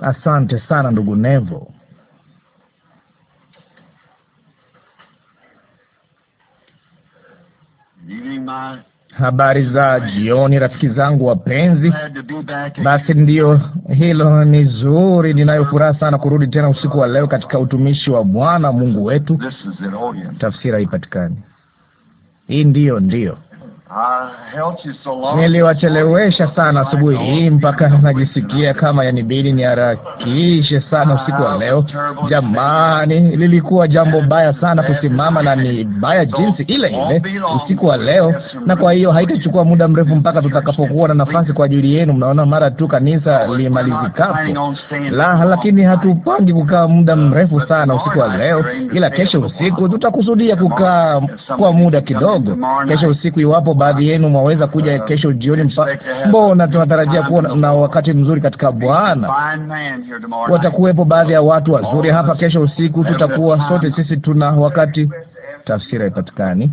Asante sana ndugu Nevo. Habari za jioni, rafiki zangu wapenzi. Basi ndiyo, hilo ni zuri. Ninayo furaha sana kurudi tena usiku wa leo katika utumishi wa Bwana Mungu wetu. Tafsiri haipatikani. Hii ndiyo ndiyo Niliwachelewesha sana asubuhi hii mpaka najisikia kama yanibidi niharakishe sana usiku wa leo. Jamani, lilikuwa jambo baya sana kusimama, na ni baya jinsi ile ile usiku wa leo, na kwa hiyo haitachukua muda mrefu mpaka tutakapokuwa na nafasi kwa ajili yenu. Mnaona, mara tu kanisa limalizikapo la, lakini hatupangi kukaa muda mrefu sana usiku wa leo, ila kesho usiku tutakusudia kukaa kwa muda kidogo. Kesho usiku iwapo baadhi yenu mwaweza kuja uh, kesho jioni. Mbona tunatarajia kuwa na wakati mzuri katika Bwana. Watakuwepo baadhi ya watu wazuri hapa kesho usiku, tutakuwa sote sisi tuna wakati. Tafsiri haipatikani.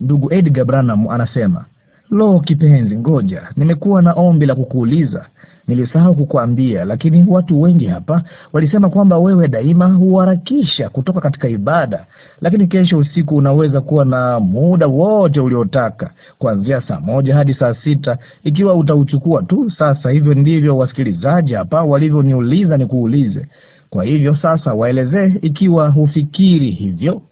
Ndugu Edgar Branham anasema, lo, kipenzi, ngoja nimekuwa na ombi la kukuuliza. Nilisahau kukuambia, lakini watu wengi hapa walisema kwamba wewe daima huharakisha kutoka katika ibada, lakini kesho usiku unaweza kuwa na muda wote uliotaka kuanzia saa moja hadi saa sita ikiwa utauchukua tu. Sasa hivyo ndivyo wasikilizaji hapa walivyoniuliza nikuulize. Kwa hivyo sasa, waelezee ikiwa hufikiri hivyo.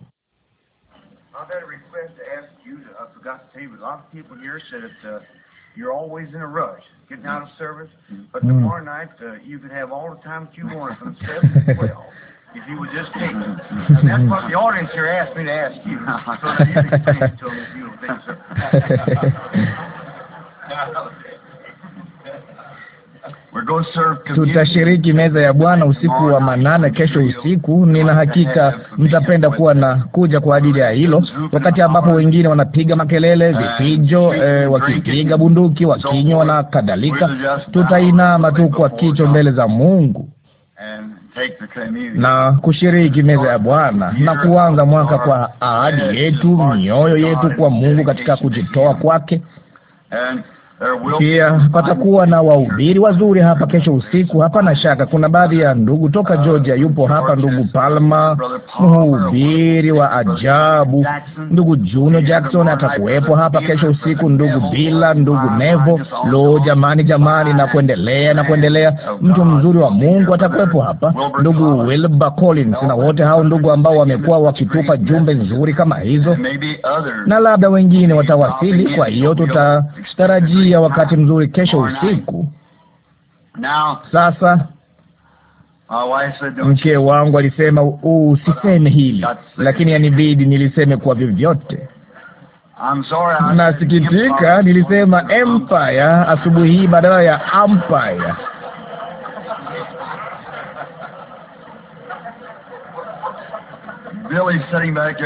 getting out of service. Mm-hmm. But mm. tomorrow night, uh, you could have all the time that you wanted from 7 to 12 if you would just take it. And that's what the audience here asked me to ask you. So that you can explain it to them if you don't think so. tutashiriki meza ya Bwana usiku wa manane kesho usiku. Nina hakika mtapenda kuwa na kuja kwa ajili ya hilo, wakati ambapo wengine wanapiga makelele, vifijo, e, eh, wakipiga bunduki, wakinywa na kadhalika. Tutainama tu kwa kichwa mbele za Mungu na kushiriki meza ya Bwana na kuanza mwaka kwa ahadi yetu, mioyo yetu kwa Mungu katika kujitoa kwake pia patakuwa na wahubiri wazuri hapa kesho usiku, hapana shaka. Kuna baadhi ya ndugu toka Georgia, yupo hapa ndugu Palma, mhubiri wa ajabu. Ndugu Juno Jackson atakuwepo hapa kesho usiku, ndugu Bila, ndugu Nevo. Lo, jamani, jamani, na kuendelea na kuendelea. Mtu mzuri wa Mungu atakuwepo hapa, ndugu Wilbur Collins na wote hao ndugu ambao wamekuwa wakitupa jumbe nzuri kama hizo, na labda wengine watawasili. Kwa hiyo tutatarajia kufikiria wakati mzuri kesho usiku. Sasa mke wangu alisema usiseme hili, lakini yanibidi niliseme kwa vyovyote. Nasikitika, nilisema empire asubuhi hii badala ya umpire.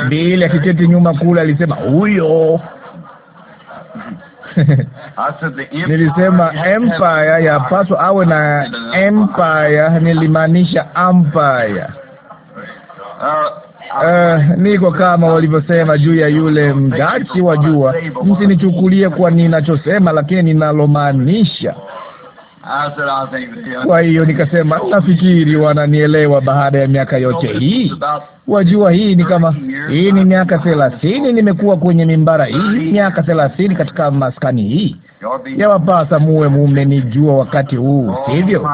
Bili akiketi nyuma kule alisema huyo Nilisema empire yapaswa awe na empire, nilimaanisha empire. Uh, eh, niko kama walivyosema juu ya yule mgachi wa jua. Msinichukulie kwa ninachosema, lakini ninalomaanisha kwa hiyo nikasema, nafikiri wananielewa baada ya miaka yote hii. Wajua, hii ni kama hii ni miaka thelathini nimekuwa kwenye mimbara hii, miaka thelathini katika maskani hii. Yawapasa muwe mumenijua wakati huu, oh sivyo?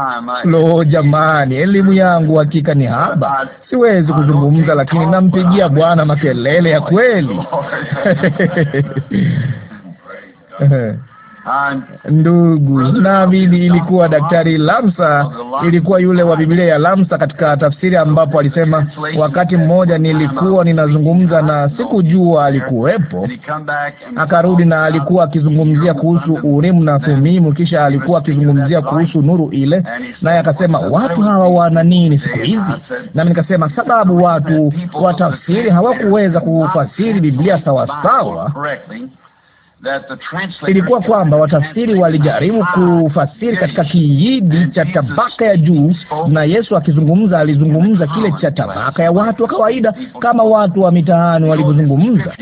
Lo, jamani, elimu yangu hakika ni haba, siwezi kuzungumza, lakini nampigia Bwana makelele ya kweli ndugu, na vili ilikuwa daktari Lamsa, ilikuwa yule wa Biblia ya Lamsa katika tafsiri, ambapo alisema, wakati mmoja nilikuwa ninazungumza na sikujua alikuwepo. Akarudi na oh, alikuwa akizungumzia kuhusu Urimu na Thumimu, kisha alikuwa akizungumzia kuhusu nuru ile, naye akasema, watu hawa wana nini siku hizi? Nami nikasema, sababu watu wa tafsiri hawakuweza kufasiri Biblia sawasawa ilikuwa kwamba watafsiri walijaribu kufasiri katika kiyidi cha tabaka ya juu, na Yesu akizungumza alizungumza kile cha tabaka ya watu wa kawaida, kama watu wa mitaani walivyozungumza.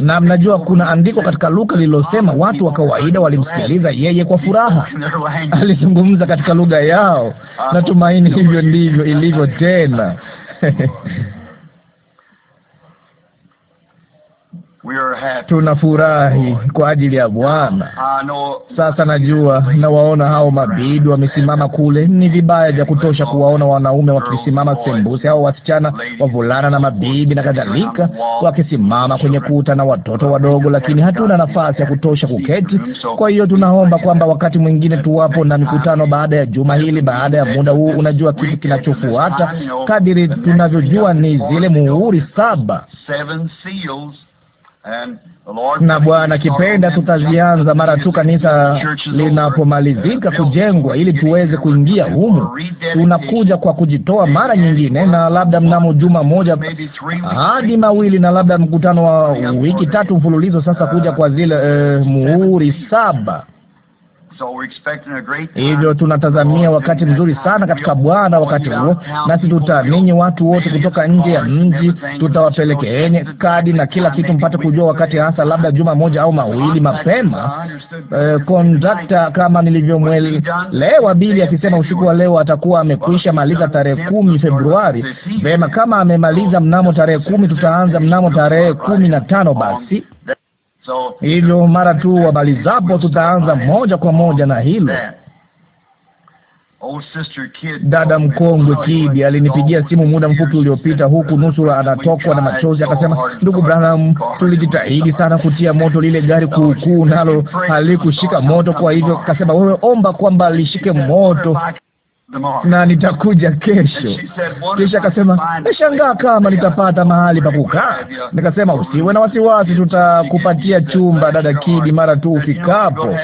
Na mnajua kuna andiko katika Luka lililosema watu wa kawaida walimsikiliza yeye kwa furaha, alizungumza katika lugha yao. Natumaini hivyo ndivyo ilivyo tena. tunafurahi kwa ajili ya Bwana. Sasa najua, nawaona hao mabibi wamesimama kule. Ni vibaya vya kutosha kuwaona wanaume wakisimama sembuse, au wasichana, wavulana na mabibi na kadhalika, wakisimama kwenye kuta na watoto wadogo, lakini hatuna nafasi ya kutosha kuketi. Kwa hiyo tunaomba kwamba wakati mwingine tuwapo na mikutano baada ya juma hili, baada ya muda huu, unajua kitu kinachofuata, kadiri tunavyojua ni zile muhuri saba na Bwana akipenda tutazianza mara tu kanisa linapomalizika kujengwa, ili tuweze kuingia humu. Tunakuja kwa kujitoa mara nyingine, na labda mnamo juma moja hadi mawili, na labda mkutano wa wiki tatu mfululizo. Sasa kuja uh, kwa zile uh, muhuri saba Hivyo tunatazamia oh, wakati mzuri sana katika Bwana wakati huo, nasi tuta ninyi watu wote kutoka nje ya mji tutawapelekeeni kadi na kila kitu, mpate kujua wakati hasa, labda juma moja au mawili mapema. Eh, kondakta kama nilivyomwelewa Bili akisema usiku wa leo atakuwa amekwisha maliza tarehe kumi Februari. Vema, kama amemaliza oh, mnamo tarehe kumi, tutaanza mnamo tarehe kumi na tano basi Hivyo mara tu wabalizapo, tutaanza moja kwa moja na hilo. Dada mkongwe Kidi alinipigia simu muda mfupi uliopita, huku nusura anatokwa na machozi, akasema, ndugu Branham, tulijitahidi sana kutia moto lile gari kuukuu, nalo halikushika moto. Kwa hivyo akasema, wewe omba kwamba lishike moto na nitakuja kesho. Kisha akasema, nishangaa kama nitapata mahali pa kukaa. Nikasema, usiwe na wasiwasi, tutakupatia chumba, dada Kidi, mara tu ufikapo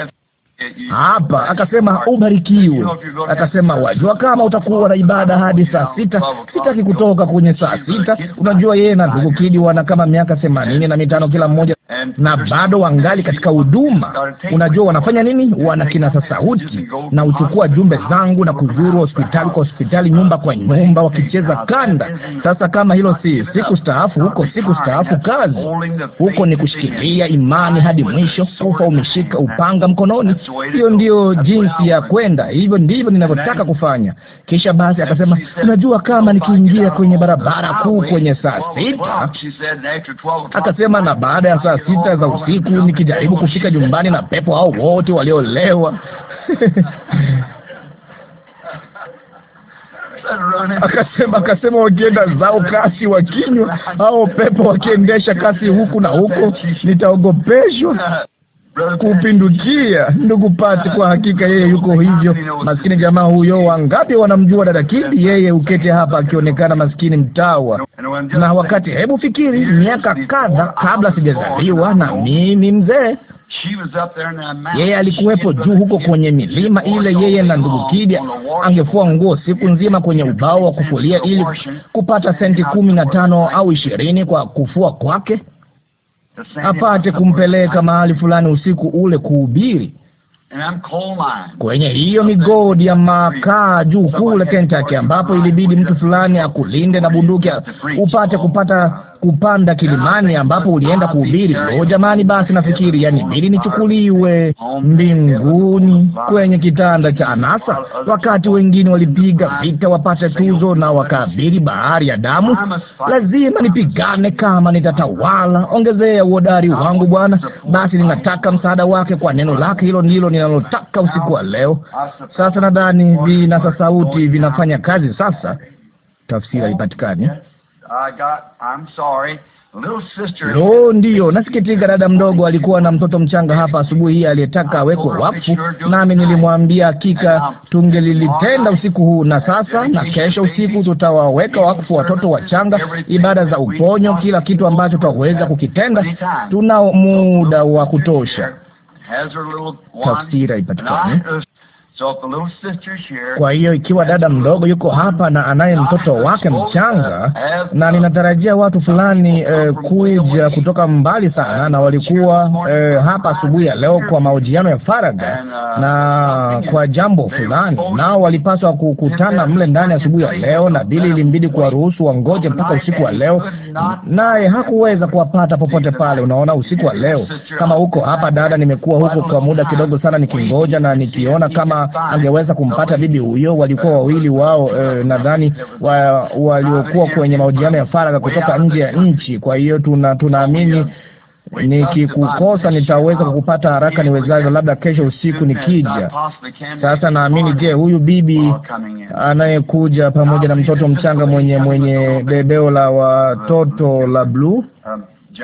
hapa akasema, ubarikiwe. Akasema, wajua kama utakuwa na ibada hadi saa sita, sitaki kutoka kwenye saa sita. Unajua, yeye na ndugu Kidi wana kama miaka themanini na mitano kila mmoja, na bado wangali katika huduma. Unajua wanafanya nini? Wana kinasa sauti na uchukua jumbe zangu na kuzuru hospitali kwa hospitali, nyumba kwa nyumba, wakicheza kanda. Sasa kama hilo si sikustaafu huko, sikustaafu kazi huko, ni kushikilia imani hadi mwisho, kufa umeshika upanga mkononi hiyo ndiyo jinsi ya kwenda, hivyo ndivyo ninavyotaka kufanya. Kisha basi akasema, unajua, kama nikiingia kwenye barabara kuu kwenye saa sita, akasema, na baada ya saa sita za usiku nikijaribu kufika nyumbani na pepo au wote waliolewa akasema akasema, wakienda zao kasi wakinywa, au pepo wakiendesha kasi huku na huko, nitaogopeshwa kupindukia. Ndugu Pati, kwa hakika yeye yuko hivyo. Maskini jamaa huyo, wangapi wanamjua dada Kidi? Yeye ukete hapa akionekana maskini mtawa, na wakati, hebu fikiri, miaka kadha kabla sijazaliwa na mimi mzee yeye alikuwepo juu huko kwenye milima ile. Yeye na ndugu Kidi angefua nguo siku nzima kwenye ubao wa kufulia ili kupata senti kumi na tano au ishirini kwa kufua kwake apate kumpeleka mahali fulani usiku ule kuhubiri kwenye hiyo migodi ya makaa juu kule Kentucky, ambapo ilibidi mtu fulani akulinde na bunduki upate kupata kupanda kilimani ambapo ulienda kuhubiri. O oh, jamani, basi nafikiri yani bili nichukuliwe mbinguni kwenye kitanda cha anasa, wakati wengine walipiga vita wapata tuzo na wakabiri bahari ya damu. Lazima nipigane kama nitatawala. Ongezea uodari wangu Bwana. Basi ninataka msaada wake kwa neno lake, hilo ndilo ninalotaka usiku wa leo. Sasa nadhani vinasa sauti vinafanya kazi sasa. Tafsiri haipatikani. Lo, ndiyo nasikitika. Dada mdogo alikuwa na mtoto mchanga hapa asubuhi hii aliyetaka awekwe wakfu, nami nilimwambia hakika um, tungelilitenda usiku huu, na sasa na kesho usiku tutawaweka wakfu watoto wachanga, ibada za uponyo, kila kitu ambacho tutaweza kukitenda. Tuna muda wa kutosha. Tafsira ipatikane. Kwa hiyo ikiwa dada mdogo yuko hapa na anaye mtoto wake mchanga, na ninatarajia watu fulani eh, kuja kutoka mbali sana, na walikuwa eh, hapa asubuhi ya leo kwa mahojiano ya faragha uh, na kwa jambo fulani, nao walipaswa kukutana mle ndani asubuhi ya leo, na Bili ilimbidi kuwaruhusu wangoje mpaka usiku wa leo, naye hakuweza kuwapata popote pale. Unaona, usiku wa leo kama uko hapa dada, nimekuwa huko kwa muda kidogo sana nikingoja na nikiona kama angeweza kumpata bibi huyo. Walikuwa wawili wao, e, nadhani wa, waliokuwa kwenye mahojiano ya faragha kutoka nje ya nchi. Kwa hiyo tuna tunaamini nikikukosa nitaweza kukupata haraka niwezavyo, labda kesho usiku nikija. Sasa naamini. Je, huyu bibi anayekuja pamoja na mtoto mchanga mwenye mwenye bebeo la watoto la bluu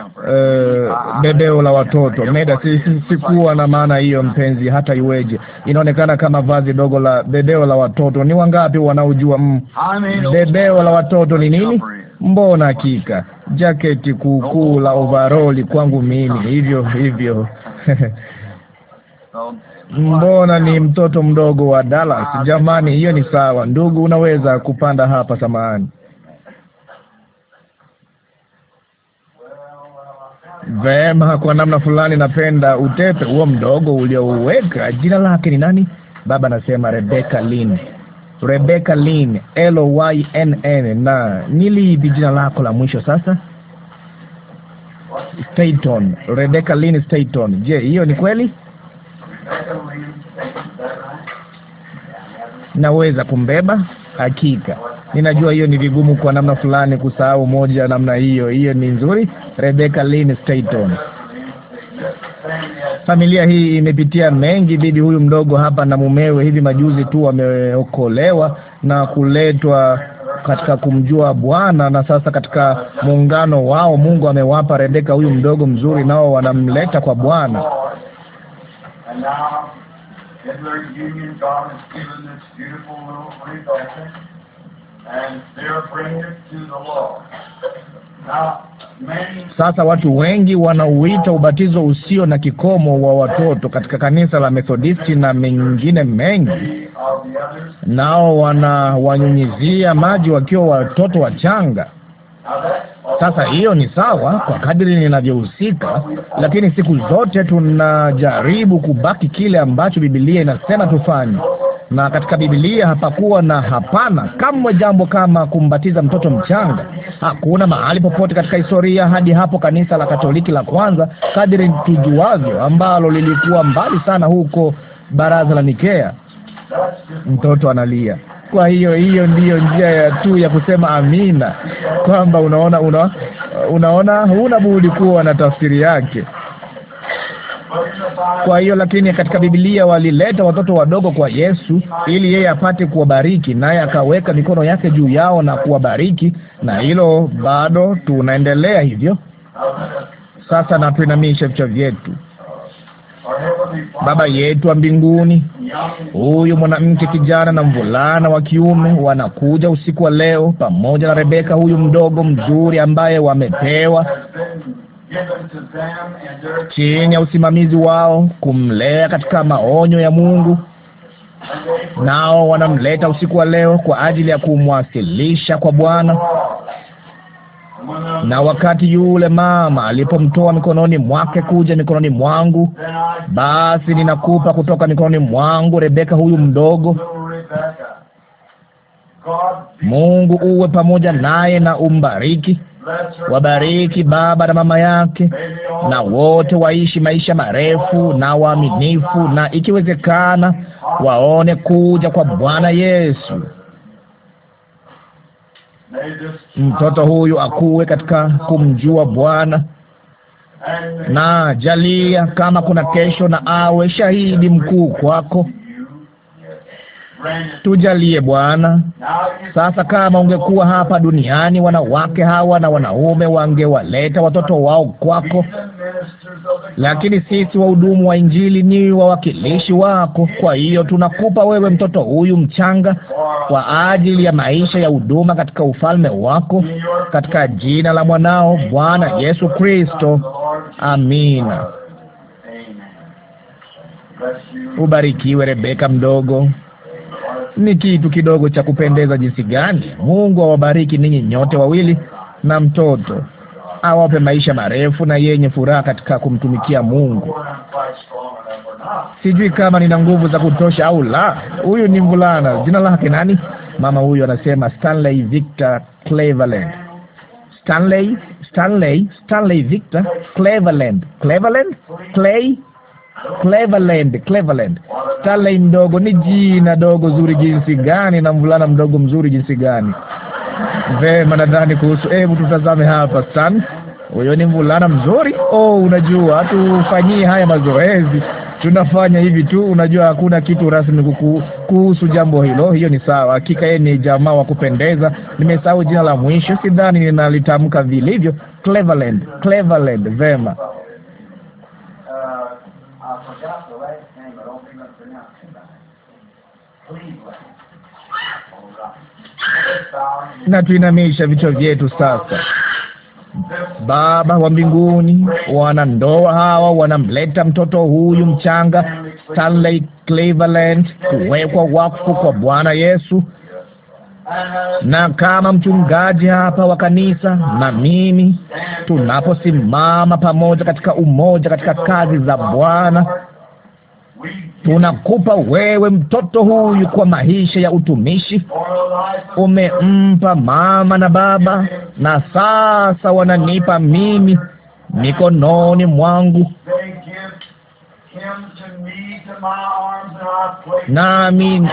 uh, bebeo la watoto meda. Sikuwa si, na maana hiyo mpenzi, hata iweje. Inaonekana kama vazi dogo la bebeo la watoto. Ni wangapi wanaojua mm, bebeo la watoto ni nini? Mbona hakika jaketi kuukuu la ovaroli kwangu mimi hivyo hivyo Mbona ni mtoto mdogo wa Dallas? Jamani, hiyo ni sawa. Ndugu, unaweza kupanda hapa, samahani. Vema, kwa namna fulani napenda utepe huo mdogo ulioweka. Jina lake ni nani? Baba anasema Rebecca Lynn. Rebecca Lynn, L O Y N N. Na nilipi jina lako la mwisho sasa? Stayton. Rebecca Lynn Stayton. Je, hiyo ni kweli? Naweza kumbeba? Hakika. Ninajua hiyo ni vigumu kwa namna fulani kusahau moja namna hiyo. Hiyo ni nzuri. Rebecca Lynn Staton. Familia hii imepitia mengi. Bibi huyu mdogo hapa na mumewe hivi majuzi tu wameokolewa na kuletwa katika kumjua Bwana, na sasa katika muungano wao Mungu amewapa Rebeka huyu mdogo mzuri, nao wanamleta kwa Bwana. Sasa watu wengi wanauita ubatizo usio na kikomo wa watoto katika kanisa la Methodisti na mengine mengi, nao wanawanyunyizia maji wakiwa watoto wachanga. Sasa hiyo ni sawa kwa kadiri ninavyohusika, lakini siku zote tunajaribu kubaki kile ambacho Biblia inasema tufanye na katika Biblia hapakuwa na hapana kamwe jambo kama kumbatiza mtoto mchanga. Hakuna mahali popote katika historia hadi hapo kanisa la Katoliki la kwanza, kadiri tujuavyo, ambalo lilikuwa mbali sana huko baraza la Nikea. Mtoto analia. Kwa hiyo hiyo ndiyo njia ya tu ya kusema amina, kwamba unaona, una, unaona huna budi kuwa na tafsiri yake. Kwa hiyo lakini katika Biblia walileta watoto wadogo kwa Yesu ili yeye apate kuwabariki, naye akaweka mikono yake juu yao na kuwabariki, na hilo bado tunaendelea hivyo sasa. Na tuinamishe vichwa vyetu. Baba yetu wa mbinguni, huyu mwanamke kijana na mvulana wa kiume wanakuja usiku wa leo pamoja na Rebeka, huyu mdogo mzuri ambaye wamepewa chini ya usimamizi wao, kumlea katika maonyo ya Mungu, nao wanamleta usiku wa leo kwa ajili ya kumwasilisha kwa Bwana. Na wakati yule mama alipomtoa mikononi mwake kuja mikononi mwangu, basi ninakupa kutoka mikononi mwangu Rebeka huyu mdogo. Mungu uwe pamoja naye na umbariki. Wabariki baba na mama yake, na wote waishi maisha marefu na waaminifu, na ikiwezekana waone kuja kwa Bwana Yesu. Mtoto huyu akuwe katika kumjua Bwana na jalia, kama kuna kesho, na awe shahidi mkuu kwako. Tujalie Bwana. Sasa kama ungekuwa hapa duniani, wanawake hawa na wanaume wangewaleta watoto wao kwako, lakini sisi wahudumu wa Injili ni wawakilishi wako. Kwa hiyo tunakupa wewe mtoto huyu mchanga kwa ajili ya maisha ya huduma katika ufalme wako, katika jina la mwanao Bwana Yesu Kristo, amina. Ubarikiwe Rebeka mdogo ni kitu kidogo cha kupendeza jinsi gani! Mungu awabariki ninyi nyote wawili na mtoto, awape maisha marefu na yenye furaha katika kumtumikia Mungu. Sijui kama nina nguvu za kutosha au la. Huyu ni mvulana, jina lake nani? Mama huyu anasema Stanley Victor Cleveland. Stanley, Stanley, Stanley Victor Cleveland, Cleveland, Clay Cleveland, Cleveland. Stanley mdogo ni jina dogo zuri jinsi gani, na mvulana mdogo mzuri jinsi gani! Vema, nadhani kuhusu, hebu tutazame hapa. Stan, huyo ni mvulana mzuri. Oh, unajua hatufanyii haya mazoezi, tunafanya hivi tu. Unajua hakuna kitu rasmi kuku, kuhusu jambo hilo. Hiyo ni sawa. Hakika yeye ni jamaa wa kupendeza. Nimesahau jina la mwisho, sidhani ninalitamka vilivyo. Cleveland, Cleveland. Vema. na tuinamisha vichwa vyetu sasa. Baba wa mbinguni, wanandoa hawa wanamleta mtoto huyu mchanga Stanley Cleveland kuwekwa wakfu kwa Bwana Yesu, na kama mchungaji hapa wa kanisa na mimi tunaposimama pamoja katika umoja katika kazi za Bwana unakupa wewe mtoto huyu kwa maisha ya utumishi. Umempa mama na baba, na sasa wananipa mimi mikononi mwangu, nami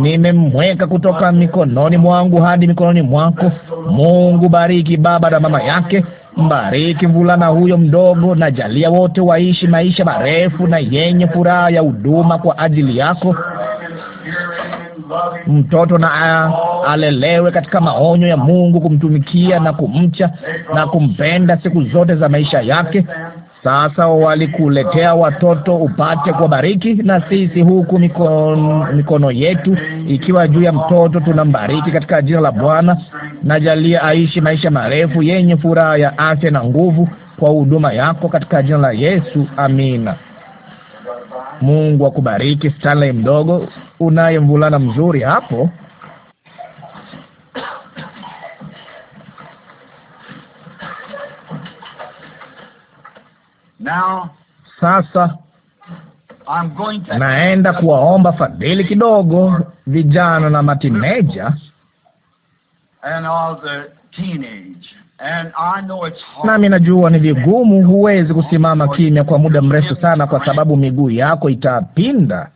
nimemweka kutoka mikononi mwangu hadi mikononi mwako. Mungu bariki baba na mama yake Mbariki mvulana huyo mdogo, na jalia wote waishi maisha marefu na yenye furaha ya huduma kwa ajili yako. Mtoto na a, alelewe katika maonyo ya Mungu, kumtumikia na kumcha na kumpenda siku zote za maisha yake. Sasa walikuletea watoto upate kuwabariki, na sisi huku mikono, mikono yetu ikiwa juu ya mtoto tunambariki katika jina la Bwana. Najalia aishi maisha marefu yenye furaha ya afya na nguvu kwa huduma yako katika jina la Yesu, amina. Mungu akubariki Stanley mdogo, unaye mvulana mzuri hapo. Sasa naenda kuwaomba fadhili kidogo vijana na matineja nami najua ni vigumu, huwezi kusimama kimya kwa muda mrefu sana, kwa sababu miguu yako itapinda,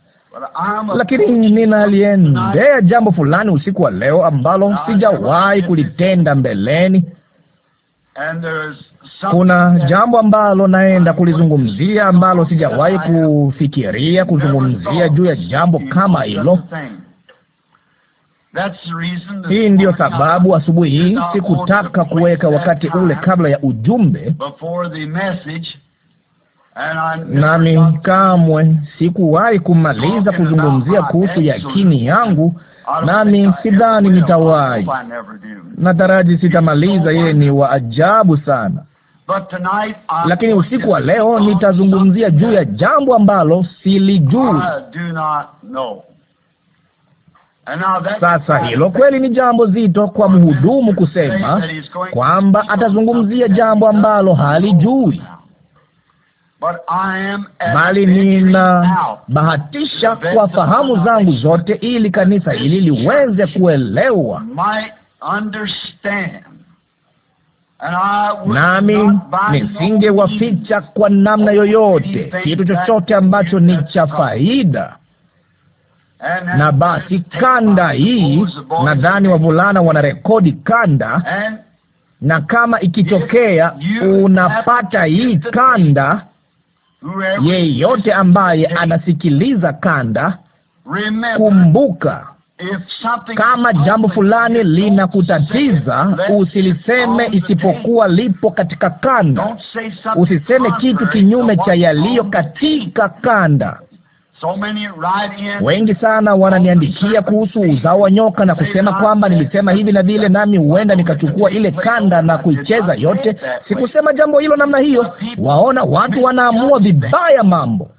lakini ninaliendea jambo fulani usiku wa leo ambalo sijawahi kulitenda mbeleni, kuna jambo ambalo naenda kulizungumzia ambalo sijawahi kufikiria kuzungumzia juu ya jambo kama hilo. Hii ndiyo sababu asubuhi hii sikutaka kuweka wakati ule kabla ya ujumbe, nami kamwe sikuwahi kumaliza kuzungumzia kuhusu yakini yangu, nami sidhani nitawahi. Nataraji sitamaliza. Yeye ni wa ajabu sana. Lakini usiku wa leo nitazungumzia juu ya jambo ambalo silijui. Sasa hilo kweli ni jambo zito kwa mhudumu kusema kwamba atazungumzia jambo ambalo halijui, bali ninabahatisha kwa fahamu zangu zote ili kanisa hili liweze kuelewa nami nisingewaficha kwa namna yoyote kitu chochote ambacho ni cha faida. Na basi kanda hii, nadhani wavulana wanarekodi kanda, na kama ikitokea unapata hii kanda, yeyote ambaye anasikiliza kanda, kumbuka kama jambo fulani linakutatiza, usiliseme isipokuwa lipo katika kanda. Usiseme kitu kinyume cha yaliyo katika kanda. Wengi sana wananiandikia kuhusu uzao wa nyoka na kusema kwamba nilisema hivi na vile, nami huenda nikachukua ile kanda na kuicheza yote. Sikusema jambo hilo namna hiyo. Waona, watu wanaamua vibaya mambo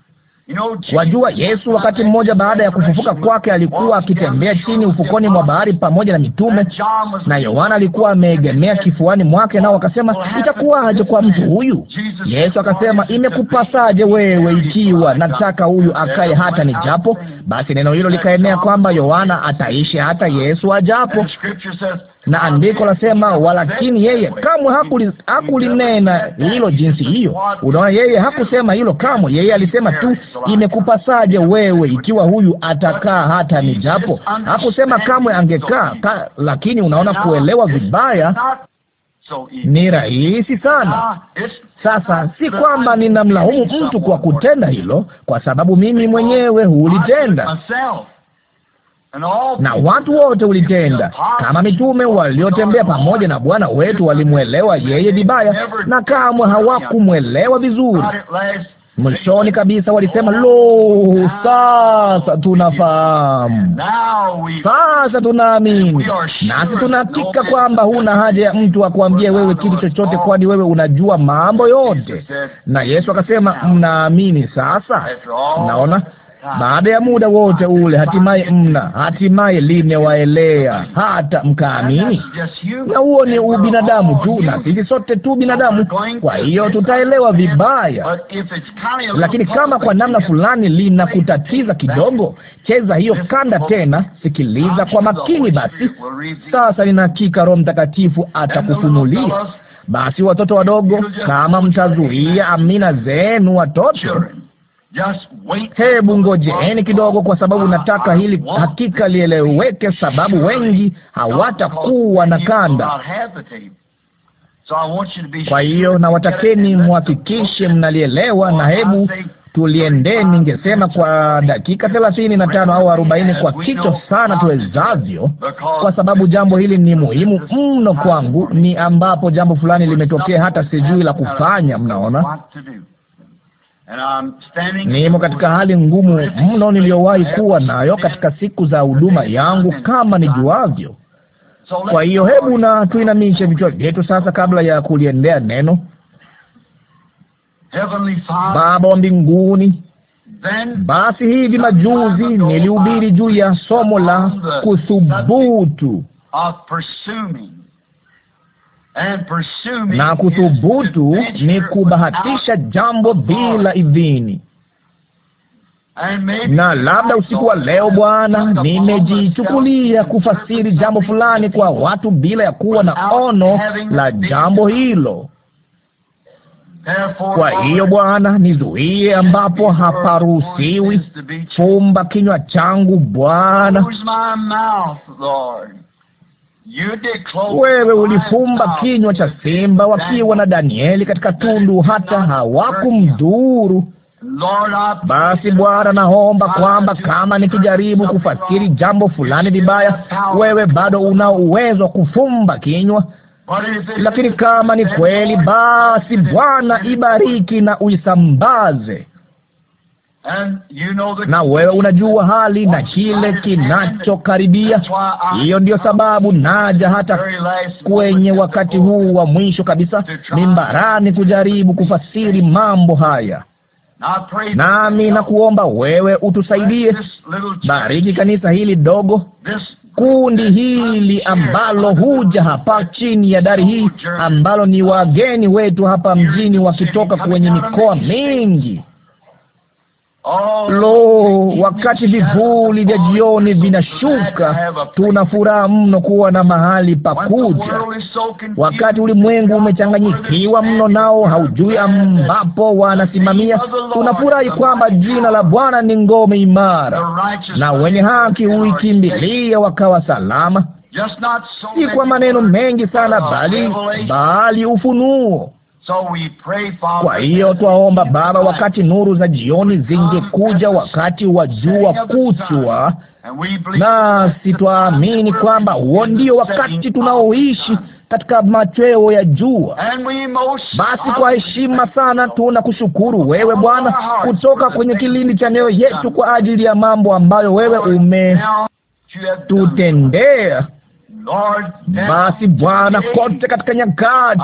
Wajua, Yesu wakati mmoja baada ya kufufuka kwake alikuwa akitembea chini ufukoni mwa bahari pamoja na mitume, na Yohana alikuwa ameegemea kifuani mwake, nao akasema, itakuwaje kwa mtu huyu? Yesu akasema, imekupasaje wewe ikiwa nataka huyu akaye hata nijapo? Basi neno hilo likaenea kwamba Yohana ataishi hata uh, Yesu ajapo na andiko lasema, walakini yeye kamwe hakulinena hilo jinsi hiyo. Unaona, yeye hakusema hilo kamwe. Yeye alisema tu, imekupasaje wewe ikiwa huyu atakaa hata ni japo. Hakusema kamwe angekaa ka, lakini unaona, kuelewa vibaya ni rahisi sana. Sasa si kwamba ninamlaumu mtu kwa kutenda hilo, kwa sababu mimi mwenyewe hulitenda na watu wote ulitenda. Kama mitume waliotembea pamoja na Bwana wetu walimwelewa yeye vibaya, na kamwe hawakumwelewa vizuri. Mwishoni kabisa walisema, lo, sasa tunafahamu, sasa tunaamini, nasi tunahakika kwamba huna haja ya mtu akuambie wewe kitu chochote, kwani wewe unajua mambo yote. Na Yesu akasema, mnaamini sasa? Naona baada ya muda wote ule, hatimaye mna hatimaye limewaelea hata mkaamini. Na huo ni ubinadamu tu, na sisi sote tu binadamu, kwa hiyo tutaelewa vibaya. Lakini kama kwa namna fulani linakutatiza kidogo, cheza hiyo kanda tena, sikiliza kwa makini. Basi sasa, ninahakika Roho Mtakatifu atakufunulia. Basi watoto wadogo, kama mtazuia amina zenu, watoto Hebu ngojeeni kidogo, kwa sababu nataka hili hakika lieleweke, sababu wengi hawatakuwa na kanda. Kwa hiyo nawatakeni mwhakikishe mnalielewa, na hebu tuliendeni, ningesema kwa dakika thelathini na tano au arobaini kwa kicho sana tuwezavyo, kwa sababu jambo hili ni muhimu mno kwangu. Ni ambapo jambo fulani limetokea, hata sijui la kufanya. Mnaona? Nimo katika hali ngumu mno niliyowahi kuwa nayo katika siku za huduma yangu kama nijuavyo. Kwa hiyo hebu na tuinamishe vichwa vyetu sasa kabla ya kuliendea neno. Baba wa mbinguni, basi hivi majuzi nilihubiri juu ya somo la kuthubutu na kuthubutu ni kubahatisha jambo bila idhini. Na labda usiku wa leo, Bwana, nimejichukulia kufasiri jambo fulani kwa watu bila ya kuwa na ono la jambo hilo. Kwa hiyo Bwana, nizuie ambapo haparuhusiwi. Fumba kinywa changu Bwana wewe ulifumba kinywa cha simba wakiwa na Danieli katika tundu, hata hawakumdhuru. Basi Bwana, naomba kwamba kama nikijaribu kufasiri jambo fulani vibaya, wewe bado una uwezo wa kufumba kinywa. Lakini kama ni kweli, basi Bwana, ibariki na uisambaze na wewe unajua hali na kile kinachokaribia. Hiyo ndiyo sababu naja hata kwenye wakati huu wa mwisho kabisa mimbarani kujaribu kufasiri mambo haya, nami nakuomba wewe utusaidie. Bariki kanisa hili dogo, kundi hili ambalo huja hapa chini ya dari hii, ambalo ni wageni wetu hapa mjini wakitoka kwenye mikoa mingi Lo, wakati vivuli vya jioni vinashuka, tuna furaha mno kuwa na mahali pa kuja. Wakati ulimwengu umechanganyikiwa mno, nao haujui ambapo wanasimamia, tunafurahi kwamba jina la Bwana ni ngome imara, na wenye haki huikimbilia wakawa salama. Si kwa maneno mengi sana, bali bali ufunuo kwa hiyo twaomba Baba, wakati nuru za jioni zingekuja, wakati wa jua kuchwa, nasi twaamini kwamba huo ndio wakati tunaoishi katika machweo ya jua. Basi kwa heshima sana tunakushukuru wewe Bwana, kutoka kwenye kilindi cha mioyo yetu kwa ajili ya mambo ambayo wewe umetutendea. Basi Bwana, kote katika nyakati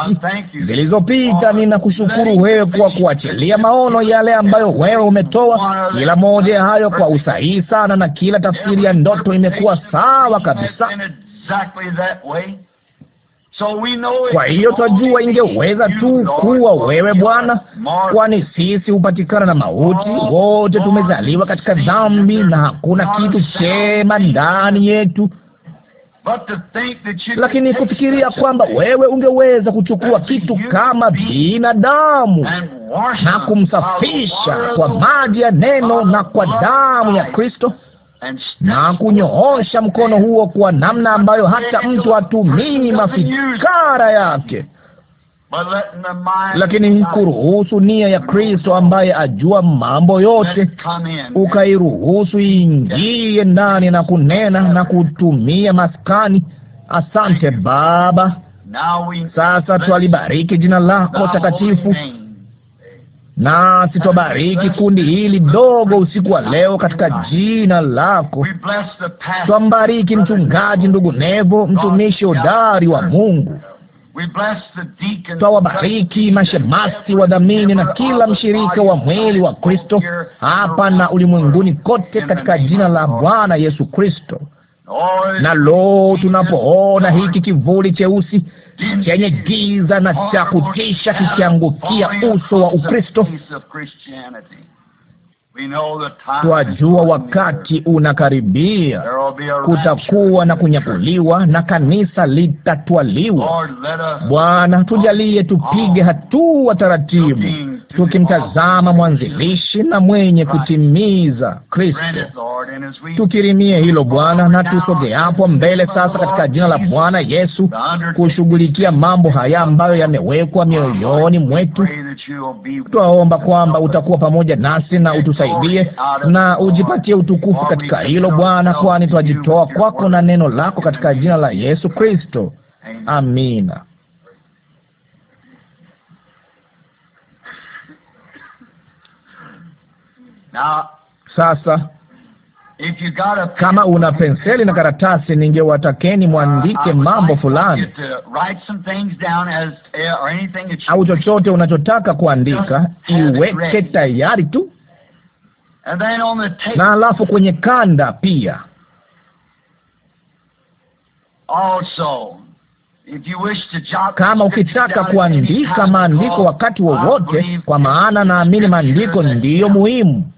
zilizopita, ninakushukuru wewe kwa kuachilia maono yale ambayo wewe umetoa, kila moja ya hayo kwa usahihi sana, na kila tafsiri ya ndoto imekuwa sawa kabisa. Kwa hiyo twajua ingeweza tu kuwa wewe Bwana, kwani sisi hupatikana na mauti, wote tumezaliwa katika dhambi na hakuna kitu chema ndani yetu. Lakini kufikiria kwamba wewe ungeweza kuchukua kitu kama binadamu na kumsafisha kwa maji ya neno na kwa damu ya Kristo na kunyoosha mkono huo kwa namna ambayo hata mtu hatumii mafikara yake lakini kuruhusu nia ya Kristo ambaye ajua mambo yote, ukairuhusu ingie ndani na kunena na kutumia maskani. Asante Baba. Sasa twalibariki jina lako takatifu, nasi twabariki kundi hili dogo usiku wa leo katika jina lako. Twambariki mchungaji ndugu Nevo, mtumishi hodari wa Mungu twawabariki mashemasi, wadhamini na kila mshirika wa mwili wa Kristo hapa na ulimwenguni kote, katika jina la Bwana Yesu Kristo. Na lo, tunapoona hiki kivuli cheusi chenye giza na cha kutisha kikiangukia uso wa Ukristo Twajua wakati unakaribia, kutakuwa na kunyakuliwa na kanisa litatwaliwa. Bwana, tujalie tupige hatua taratibu, tukimtazama mwanzilishi na mwenye kutimiza Kristo. Tukirimie hilo Bwana, na tusogeapo hapo mbele sasa katika jina la Bwana Yesu kushughulikia mambo haya ambayo yamewekwa mioyoni mwetu. Twaomba kwamba utakuwa pamoja nasi na utusaidie na ujipatie utukufu katika hilo Bwana, kwani twajitoa kwako na neno lako katika jina la Yesu Kristo. Amina. Sasa kama una penseli na karatasi, ningewatakeni mwandike mambo fulani eh, au chochote unachotaka kuandika, iweke tayari tu, na alafu kwenye kanda pia kama ukitaka kuandika maandiko wakati wowote, kwa maana naamini maandiko ndiyo muhimu.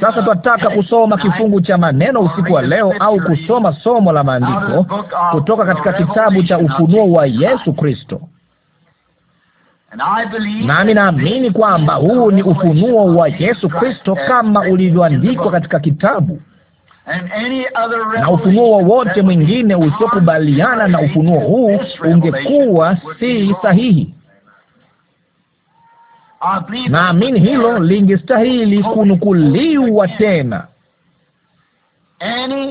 Sasa twataka kusoma kifungu cha maneno usiku wa leo, au kusoma somo la maandiko kutoka katika kitabu cha Ufunuo wa Yesu Kristo. Nami naamini kwamba huu ni ufunuo wa Yesu Kristo kama ulivyoandikwa katika kitabu, na ufunuo wowote mwingine usiokubaliana na ufunuo huu ungekuwa si sahihi naamini hilo lingestahili kunukuliwa tena.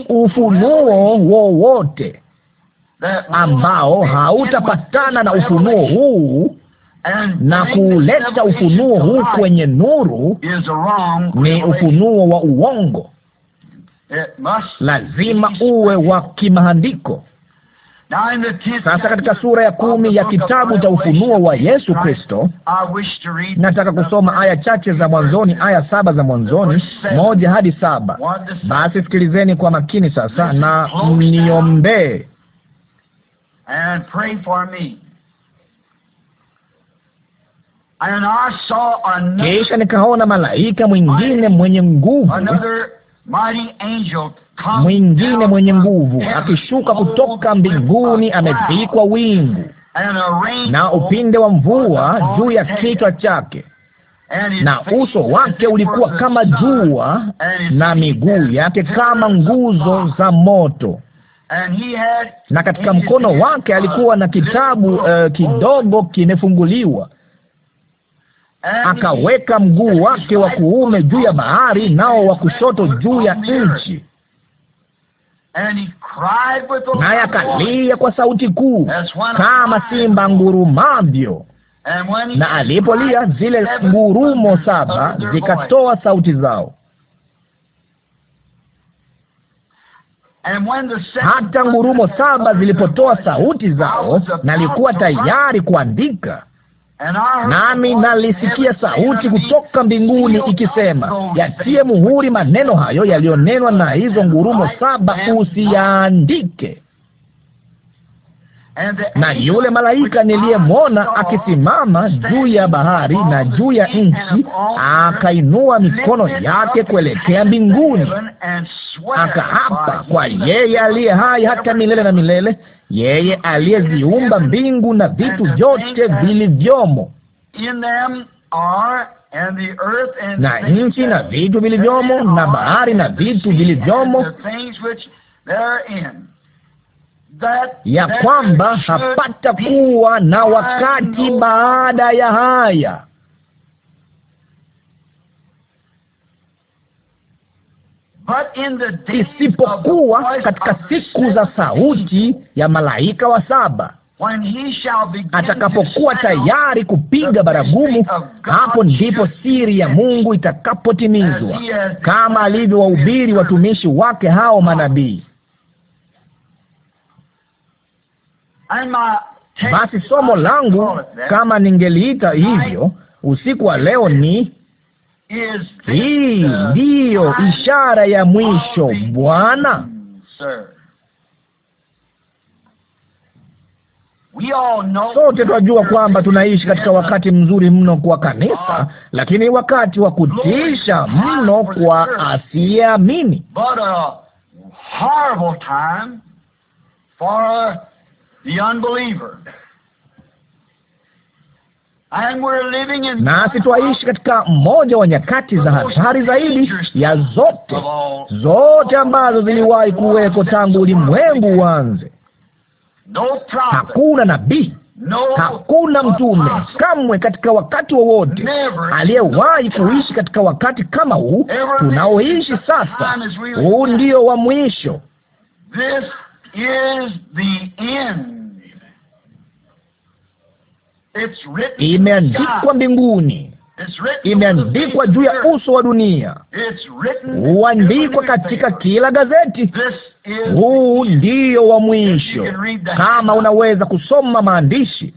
Ufunuo wowote ambao hautapatana na ufunuo huu na kuleta ufunuo huu kwenye nuru ni ufunuo wa uongo. Lazima uwe wa kimaandiko. Sasa katika sura ya kumi ya kitabu cha Ufunuo wa Yesu Kristo, nataka kusoma aya chache za mwanzoni, aya saba za mwanzoni, moja hadi saba. Basi sikilizeni kwa makini sasa na mniombee kisha nikaona malaika mwingine mwenye nguvu mwingine mwenye nguvu akishuka kutoka mbinguni, amevikwa wingu na upinde wa mvua juu ya kichwa chake, na uso wake ulikuwa kama jua, na miguu yake kama nguzo za moto na katika mkono wake alikuwa na kitabu uh, kidogo kimefunguliwa. Akaweka mguu wake wa kuume juu ya bahari, nao wa kushoto juu ya nchi, naye akalia kwa sauti kuu kama simba ngurumavyo, na alipolia zile ngurumo saba zikatoa sauti zao. Hata ngurumo saba zilipotoa sauti zao, nalikuwa tayari kuandika nami nalisikia sauti kutoka mbinguni ikisema, yatie muhuri maneno hayo yaliyonenwa na hizo ngurumo saba, usiyaandike na yule malaika niliyemwona akisimama juu ya bahari na juu ya nchi, akainua mikono yake kuelekea mbinguni, akahapa kwa yeye aliye hai hata milele na milele, yeye aliyeziumba mbingu na vitu vyote vilivyomo na nchi na vitu vilivyomo, na bahari na vitu vilivyomo ya kwamba hapata kuwa na wakati baada ya haya. Isipokuwa katika siku za sauti ya malaika wa saba atakapokuwa tayari kupiga baragumu, hapo ndipo siri ya Mungu itakapotimizwa, kama alivyo wahubiri watumishi wake hao manabii. Basi somo langu eh? kama ningeliita hivyo usiku wa leo ni hii, ndiyo ishara ya mwisho Bwana. Sote twajua kwamba tunaishi katika wakati mzuri mno kwa kanisa, lakini wakati wa kutisha mno kwa asiyeamini nasi twaishi katika mmoja wa nyakati za hatari zaidi ya zote zote ambazo ziliwahi kuweko tangu ulimwengu uanze. Hakuna nabii, hakuna mtume kamwe katika wakati wowote aliyewahi kuishi katika wakati kama huu tunaoishi sasa. Huu ndio wa mwisho. Imeandikwa mbinguni, imeandikwa juu ya uso wa dunia, huandikwa katika kila gazeti. Huu ndio wa mwisho, kama unaweza kusoma maandishi.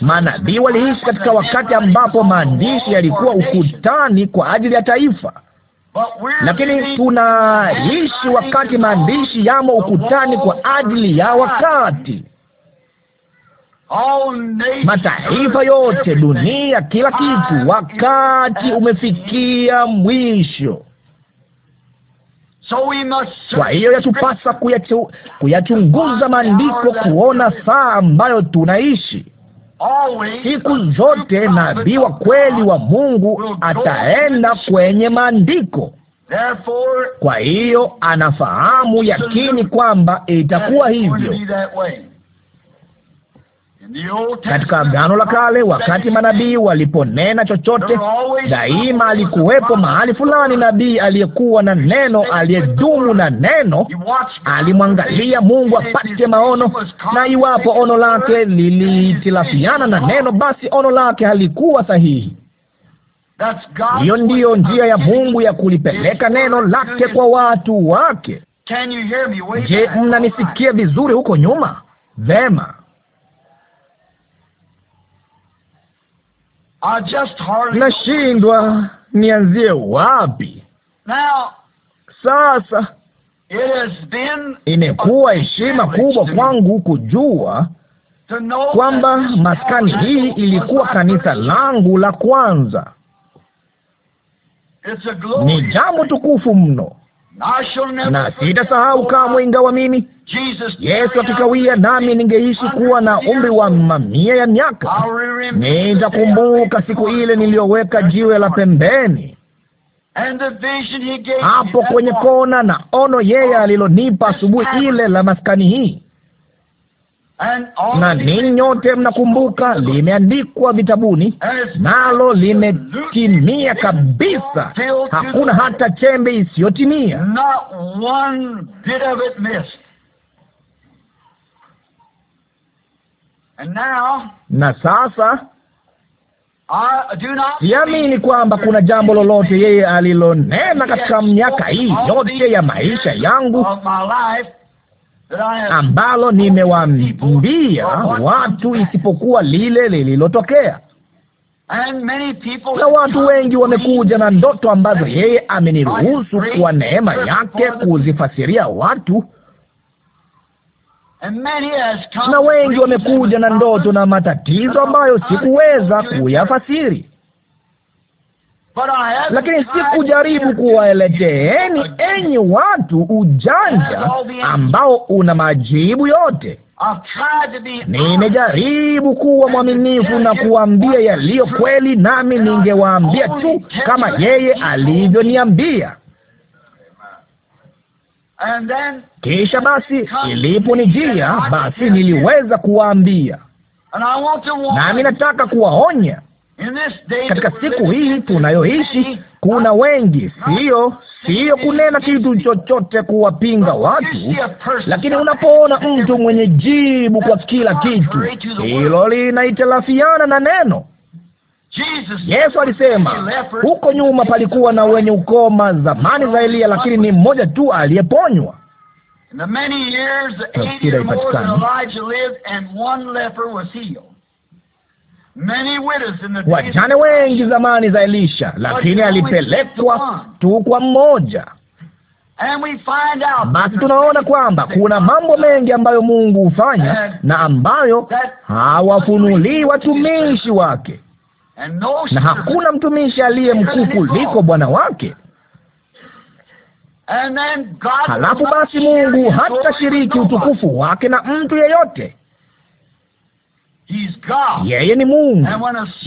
Manabii waliishi katika wakati ambapo maandishi yalikuwa ukutani kwa ajili ya taifa lakini tunaishi wakati maandishi yamo ukutani kwa ajili ya wakati. Mataifa yote, dunia, kila kitu, wakati umefikia mwisho. Kwa hiyo yatupasa kuyachunguza maandiko kuona saa ambayo tunaishi. Siku zote nabii wa kweli wa Mungu ataenda kwenye maandiko. Kwa hiyo anafahamu yakini kwamba itakuwa hivyo. Katika Agano la Kale, wakati manabii waliponena chochote, daima alikuwepo mahali fulani nabii aliyekuwa na neno, aliyedumu na neno, alimwangalia Mungu apate maono, na iwapo ono lake lilitilafiana na neno, basi ono lake halikuwa sahihi. Hiyo ndiyo njia ya Mungu ya kulipeleka neno lake kwa watu wake. Je, mnanisikia vizuri huko nyuma? Vema. nashindwa nianzie wapi sasa. Imekuwa heshima kubwa kwangu kujua kwamba maskani hii ilikuwa kanisa langu la kwanza. Ni jambo tukufu mno na sitasahau kamwe, ingawa mimi Yesu akikawia, nami ningeishi kuwa na umri wa mamia ya miaka, nitakumbuka siku ile niliyoweka jiwe la pembeni hapo kwenye kona na ono yeye alilonipa asubuhi ile la maskani hii na ninyi nyote mnakumbuka, limeandikwa vitabuni, nalo limetimia kabisa. Hakuna hata chembe isiyotimia. Na sasa siamini kwamba kuna jambo lolote yeye alilonena katika miaka hii yote ya maisha yangu ambalo nimewaambia watu isipokuwa lile lililotokea. Na watu wengi wamekuja na ndoto ambazo yeye ameniruhusu kwa neema yake kuzifasiria watu na wengi wamekuja na ndoto na matatizo ambayo sikuweza kuyafasiri lakini sikujaribu kuwaeleteeni enyi watu ujanja ambao una majibu yote. Nimejaribu kuwa mwaminifu na kuwaambia yaliyo kweli, nami ningewaambia tu kama yeye alivyoniambia. Kisha basi iliponijia, basi niliweza kuwaambia, nami nataka kuwaonya katika siku hii tunayoishi kuna wengi, sio sio kunena kitu chochote kuwapinga watu, lakini unapoona mtu mwenye jibu kwa kila kitu, hilo linaitarafiana na neno Yesu alisema huko nyuma palikuwa na wenye ukoma zamani za Eliya, lakini ni mmoja tu aliyeponywa. Tafsiri wajane wengi zamani za Elisha, lakini alipelekwa tu kwa mmoja. Basi tunaona kwamba kuna mambo mengi ambayo Mungu hufanya na ambayo hawafunulii watumishi wake, na hakuna mtumishi aliye mkuu kuliko bwana wake. Halafu basi Mungu hatashiriki utukufu wake na mtu yeyote yeye ni Mungu.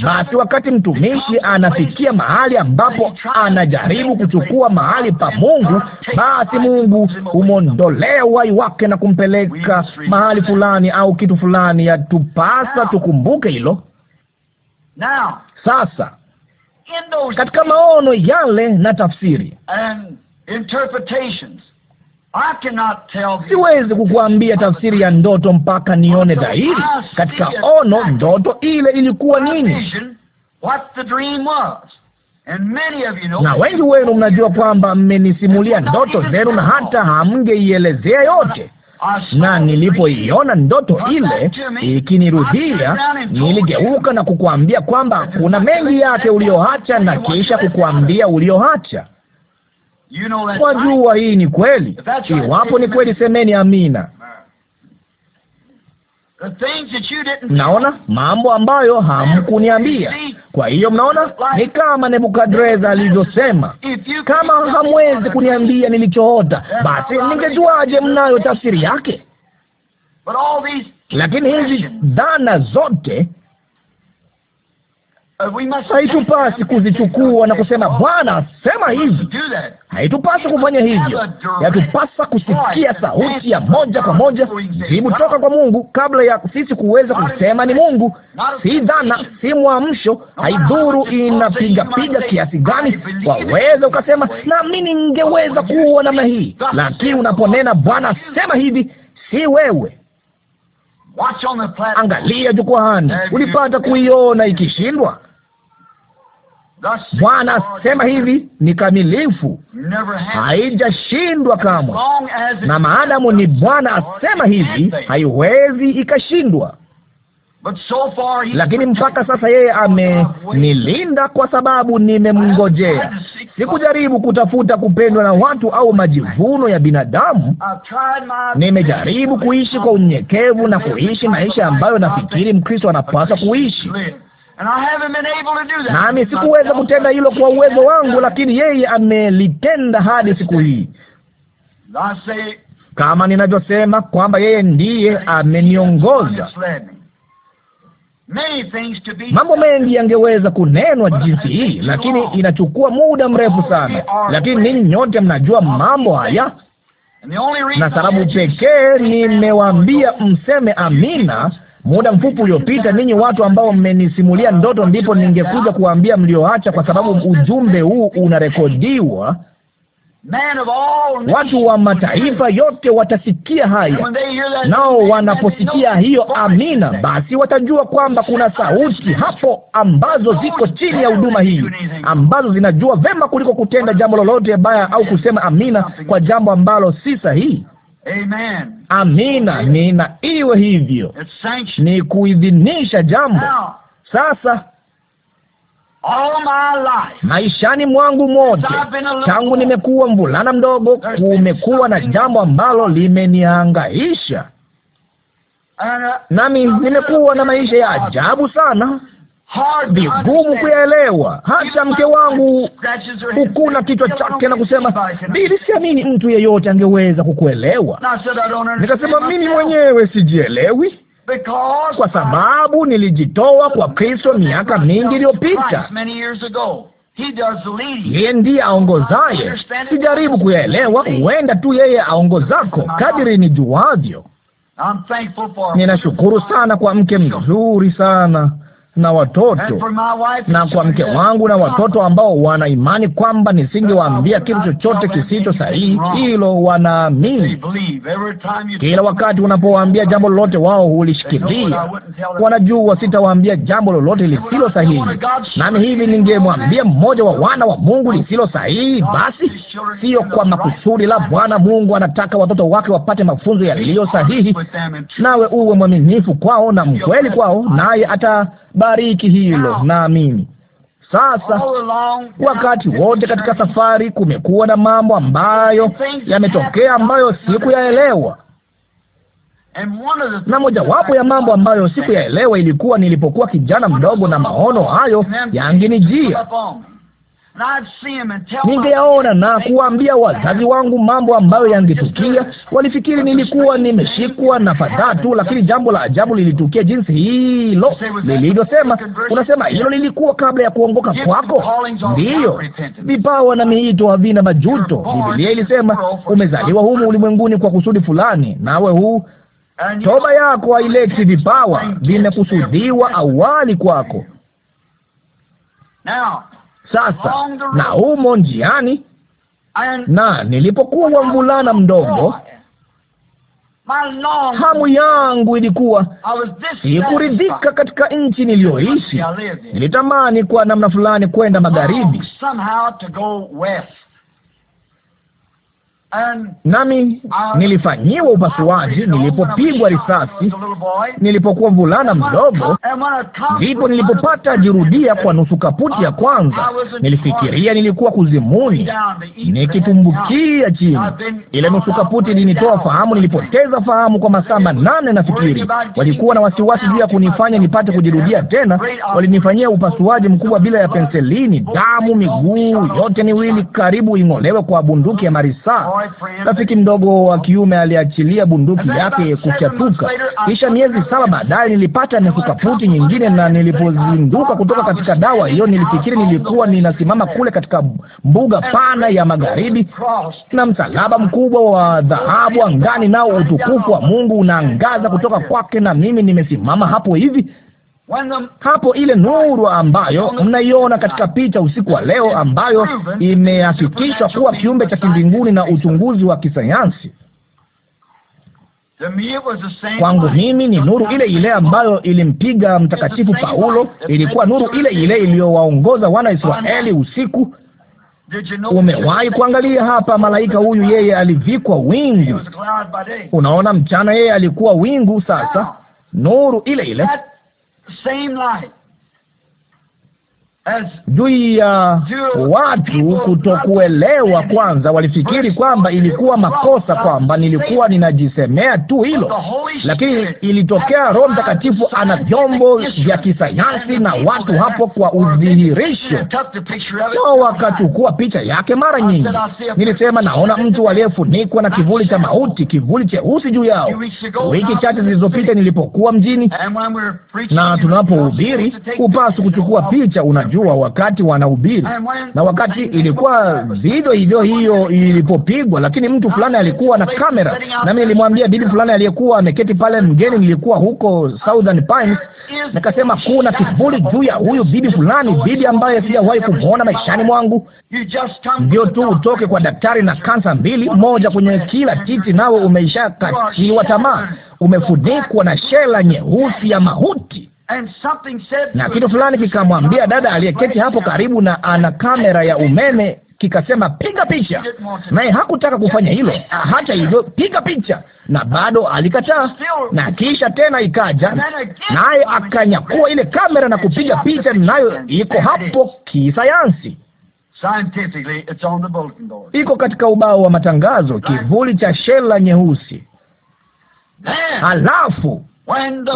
Basi wakati mtumishi anafikia mahali ambapo anajaribu kuchukua mahali pa Mungu, basi Mungu humwondolea uhai wake na kumpeleka mahali fulani au kitu fulani. Yatupasa tukumbuke hilo. Sasa katika maono yale na tafsiri Siwezi kukuambia tafsiri ya ndoto mpaka nione dhahiri katika ono ndoto ile ilikuwa nini. Na wengi wenu mnajua kwamba mmenisimulia ndoto zenu na hata hamngeielezea yote na nilipoiona ndoto ile ikinirudia, niligeuka na kukuambia kwamba kuna mengi yake ulioacha na kisha kukuambia ulioacha kwa jua hii ni kweli. Iwapo ni kweli, semeni amina. Mnaona mambo ambayo hamkuniambia. Kwa hiyo mnaona, ni kama Nebukadreza alivyosema, kama hamwezi kuniambia nilichoota, basi ningejuaje mnayo tafsiri yake? Lakini hizi dhana zote haitupasi kuzichukua na kusema Bwana sema hivi. haitupasi kufanya hivyo, yatupasa kusikia sauti ya moja kwa moja, jibu toka kwa Mungu kabla ya sisi kuweza kusema ni Mungu, si dhana, si mwamsho. Haidhuru inapigapiga kiasi gani, waweza ukasema, nami ningeweza kuwa namna hii, lakini unaponena Bwana sema hivi, si wewe Angalia jukwaani, ulipata kuiona ikishindwa. Bwana asema hivi, ni kamilifu, haijashindwa kamwe, na maadamu ni Bwana asema hivi, haiwezi ikashindwa. So far, lakini mpaka sasa yeye amenilinda kwa sababu nimemngojea. Sikujaribu kutafuta kupendwa na watu au majivuno ya binadamu. Nimejaribu kuishi kwa unyenyekevu na kuishi maisha ambayo nafikiri Mkristo anapaswa kuishi nami sikuweza kutenda hilo kwa uwezo wangu, lakini yeye amelitenda hadi siku hii, kama ninavyosema kwamba yeye ndiye ameniongoza. Mambo mengi yangeweza kunenwa jinsi hii, lakini inachukua muda mrefu sana, lakini ninyi nyote mnajua mambo haya, na sababu pekee nimewaambia mseme amina muda mfupi uliopita, ninyi watu ambao mmenisimulia ndoto, ndipo ningekuja kuwaambia mlioacha, kwa sababu ujumbe huu unarekodiwa. Watu wa mataifa yote watasikia haya, nao wanaposikia hiyo amina, basi watajua kwamba kuna sauti hapo ambazo ziko chini ya huduma hii ambazo zinajua vema kuliko kutenda jambo lolote baya au kusema amina kwa jambo ambalo si sahihi. Amina, nina iwe hivyo, ni kuidhinisha jambo. Sasa maishani mwangu mote tangu nimekuwa mvulana mdogo, kumekuwa na jambo ambalo limenihangaisha, uh, nami nimekuwa na maisha ya ajabu sana hadi kuyaelewa. Hata mke wangu hukuna kichwa chake na kusema, bibi, siamini mtu yeyote angeweza kukuelewa. Nikasema mimi mwenyewe sijielewi kwa sababu nilijitoa kwa Kristo miaka mingi iliyopita. Yeye ndiye aongozaye, sijaribu kuyaelewa. Huenda tu yeye aongozako kadiri nijuavyo. Ninashukuru sana kwa mke mzuri sana na watoto na kwa mke wangu na watoto ambao wana imani kwamba nisingewaambia kitu chochote kisicho sahihi. Hilo wanaamini. Kila wakati unapowaambia jambo lolote, wao hulishikilia. Wanajua sitawaambia jambo lolote lisilo sahihi. Nami hivi ningemwambia mmoja wa wana wa Mungu lisilo sahihi, basi sio kwa makusudi la Bwana Mungu anataka watoto wake wapate mafunzo yaliyo sahihi, nawe uwe mwaminifu kwao na mkweli kwao, naye ata bariki hilo, naamini sasa wakati wote katika safari kumekuwa na mambo ambayo yametokea ambayo sikuyaelewa, na mojawapo ya mambo ambayo sikuyaelewa ilikuwa nilipokuwa kijana mdogo, na maono hayo yangenijia ningeyaona na kuwaambia wazazi wangu mambo ambayo yangetukia. Walifikiri nilikuwa nimeshikwa na fadhaa tu, lakini jambo la ajabu lilitukia jinsi hilo lilivyosema. Unasema hilo lilikuwa kabla ya kuongoka kwako? Ndiyo, vipawa na miito havina majuto. Biblia ilisema umezaliwa humu ulimwenguni kwa kusudi fulani, nawe huu toba yako haileti vipawa, vimekusudiwa awali kwako sasa na humo njiani, na nilipokuwa mvulana mdogo, hamu yangu ilikuwa sikuridhika katika nchi niliyoishi. Nilitamani kwa namna fulani kwenda magharibi Nami nilifanyiwa upasuaji nilipopigwa risasi nilipokuwa mvulana mdogo, ndipo nilipopata jirudia kwa nusu kaputi ya uh, kwanza. Nilifikiria nilikuwa kuzimuni nikitumbukia chini. Ile nusu kaputi ilinitoa fahamu, nilipoteza fahamu kwa masaa manane. Nafikiri walikuwa na wasiwasi juu ya kunifanya nipate kujirudia tena. Walinifanyia upasuaji mkubwa bila ya penselini, damu, miguu yote miwili karibu ing'olewe kwa bunduki ya marisa Rafiki mdogo wa kiume aliachilia bunduki yake kuchatuka Kisha miezi saba baadaye nilipata nusu nyingine, na nilipozinduka kutoka katika dawa hiyo nilifikiri nilikuwa ninasimama kule katika mbuga pana ya magharibi, na msalaba mkubwa wa dhahabu angani, nao utukufu wa Mungu unaangaza kutoka kwake, na mimi nimesimama hapo hivi hapo ile nuru ambayo mnaiona katika picha usiku wa leo, ambayo imehakikishwa kuwa kiumbe cha kimbinguni na uchunguzi wa kisayansi. Kwangu mimi ni nuru ile ile ambayo ilimpiga Mtakatifu Paulo. Ilikuwa nuru ile ile iliyowaongoza wana Israeli usiku. Umewahi kuangalia hapa, malaika huyu, yeye alivikwa wingu. Unaona, mchana yeye alikuwa wingu. Sasa nuru ile ile same life. juu ya watu kutokuelewa. Kwanza walifikiri kwamba ilikuwa makosa, kwamba nilikuwa ninajisemea tu hilo, lakini ilitokea Roho Mtakatifu ana vyombo vya kisayansi na watu hapo kwa udhihirisho. So wakachukua picha yake. Mara nyingi nilisema naona mtu aliyefunikwa na kivuli cha mauti, kivuli cheusi juu yao. Wiki chache zilizopita nilipokuwa mjini na tunapohubiri, upasu kuchukua uh, picha una wanajua wakati wanahubiri, na wakati ilikuwa video hivyo hiyo ilipopigwa, lakini mtu fulani alikuwa na kamera, nami nilimwambia bibi fulani aliyekuwa ameketi pale, mgeni nilikuwa huko Southern Pines, nikasema kuna kivuli juu ya huyu bibi fulani, bibi ambaye sijawahi kumwona maishani mwangu. Ndio tu utoke kwa daktari na kansa mbili, moja kwenye kila titi, nawe umeisha katiwa tamaa, umefunikwa na shela nyeusi ya mahuti na kitu fulani kikamwambia dada aliyeketi hapo karibu na ana kamera ya umeme, kikasema piga picha, naye hakutaka kufanya hilo. Ah, Hata hivyo, piga picha, na bado alikataa. Na kisha tena ikaja, naye akanyakua ile kamera na kupiga picha, nayo iko hapo kisayansi iko katika ubao wa matangazo, kivuli cha shela nyeusi. Halafu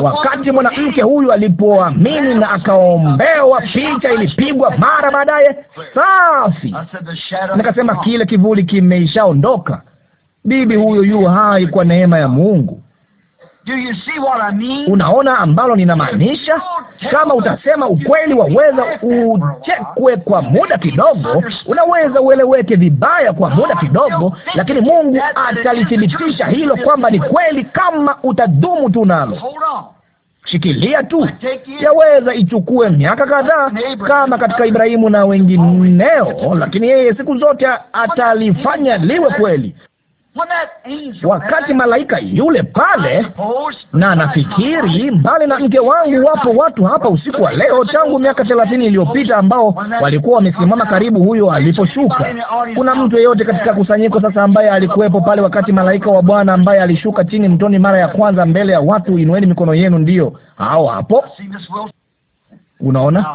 Wakati mwanamke huyu alipoamini na akaombewa, picha ilipigwa mara baadaye. Safi, nikasema kile kivuli kimeishaondoka. Bibi huyo yu hai kwa neema ya Mungu. Unaona ambalo ninamaanisha? Kama utasema ukweli, waweza uchekwe kwa muda kidogo, unaweza ueleweke vibaya kwa muda kidogo, lakini Mungu atalithibitisha hilo kwamba ni kweli, kama utadumu tu nalo. Shikilia tu. Yaweza ichukue miaka kadhaa, kama katika Ibrahimu na wengineo, lakini yeye siku zote atalifanya liwe kweli. Wakati malaika yule pale, na nafikiri mbali na mke wangu, wapo watu hapa usiku wa leo tangu miaka thelathini iliyopita ambao walikuwa wamesimama karibu huyo aliposhuka. Kuna mtu yeyote katika kusanyiko sasa ambaye alikuwepo pale wakati malaika wa Bwana ambaye alishuka chini mtoni mara ya kwanza mbele ya watu? Inueni mikono yenu. Ndiyo hao hapo, unaona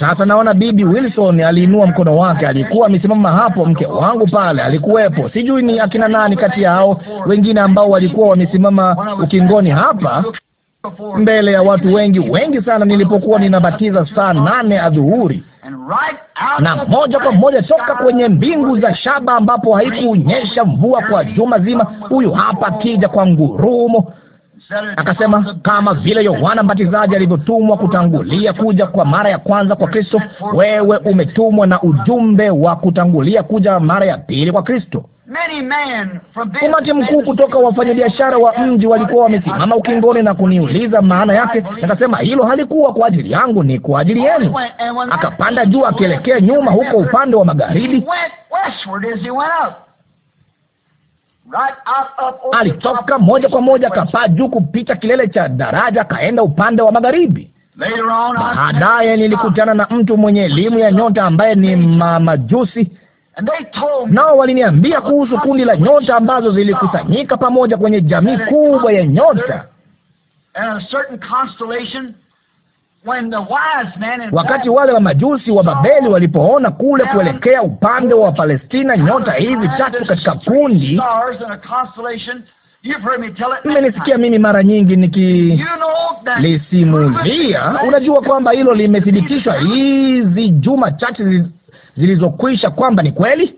sasa naona Bibi Wilson aliinua mkono wake, alikuwa amesimama hapo, mke wangu pale alikuwepo. Sijui ni akina nani kati yao wengine ambao walikuwa wamesimama ukingoni hapa mbele ya watu wengi wengi sana, nilipokuwa ninabatiza saa nane adhuhuri, na moja kwa moja toka kwenye mbingu za shaba ambapo haikunyesha mvua kwa juma zima, huyu hapa kija kwa ngurumo Akasema kama vile Yohana Mbatizaji alivyotumwa kutangulia kuja kwa mara ya kwanza kwa Kristo, wewe umetumwa na ujumbe wa kutangulia kuja mara ya pili kwa Kristo. Umati mkuu kutoka wafanyabiashara wa mji walikuwa wamesimama ukingoni na kuniuliza maana yake. Nikasema hilo halikuwa kwa ajili yangu, ni kwa ajili yenu. Akapanda juu akielekea nyuma huko upande wa magharibi alitoka moja kwa moja akapaa juu kupita kilele cha daraja akaenda upande wa magharibi. Baadaye nilikutana na mtu mwenye elimu ya nyota ambaye ni mamajusi, nao waliniambia kuhusu kundi la nyota ambazo zilikusanyika pamoja kwenye jamii kubwa ya nyota Wakati wale wa majusi wa Babeli walipoona kule kuelekea upande wa Palestina nyota hivi tatu katika kundi Mmenisikia mimi mara nyingi nikilisimulia. Unajua kwamba hilo limethibitishwa hizi juma chache zilizokwisha kwamba ni kweli.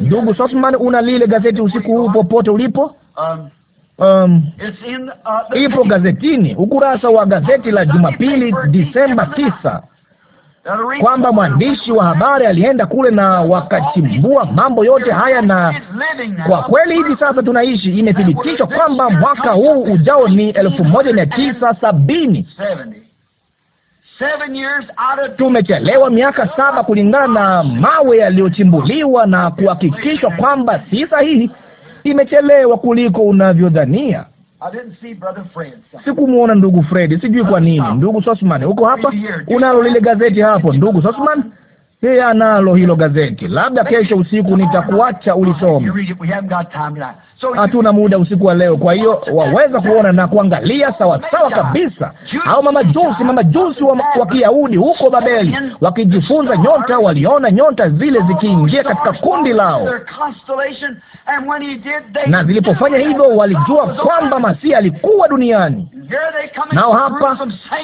Ndugu Sosman, una lile gazeti usiku huu popote ulipo? Um, Um, uh, ipo gazetini, ukurasa wa gazeti la Jumapili Disemba tisa, kwamba mwandishi wa habari alienda kule na wakachimbua mambo yote haya, na kwa kweli hivi sasa tunaishi, imethibitishwa kwamba mwaka huu ujao ni elfu moja mia tisa sabini. Tumechelewa miaka saba kulingana na mawe yaliyochimbuliwa na kuhakikishwa kwamba si sahihi imechelewa kuliko unavyodhania. Sikumwona ndugu Fredi, sijui kwa nini. Ndugu Sosman, uko hapa? Unalo lile gazeti hapo, ndugu Sosman? pia nalo hilo gazeti. Labda kesho usiku nitakuacha ulisome, hatuna muda usiku wa leo. Kwa hiyo waweza kuona na kuangalia sawasawa sawa kabisa. Au mamajusi, mamajusi wa, wa Kiyahudi huko Babeli wakijifunza nyota, waliona nyota zile zikiingia katika kundi lao, na zilipofanya hivyo walijua kwamba Masihi alikuwa duniani. Nao hapa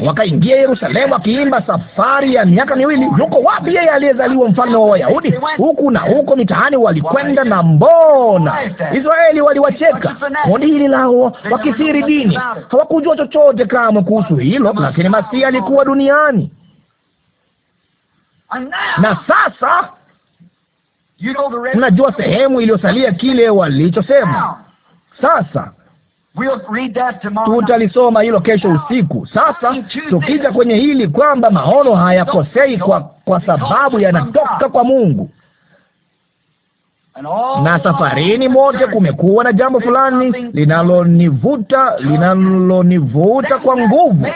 wakaingia Yerusalemu akiimba safari ya miaka miwili. Yuko wapi yeye aliye aliyezaliwa mfalme wa Wayahudi. Huku na huko mitaani walikwenda na mbona Israeli waliwacheka kundi hili lao, wakisiri dini. Hawakujua chochote kamwe kuhusu hilo, lakini Masia alikuwa duniani na sasa mnajua sehemu iliyosalia kile walichosema sasa Tutalisoma hilo kesho usiku. Sasa tukija kwenye hili kwamba maono hayakosei kwa, kwa sababu yanatoka kwa Mungu na safarini mote kumekuwa na jambo fulani linalonivuta linalonivuta kwa nguvu.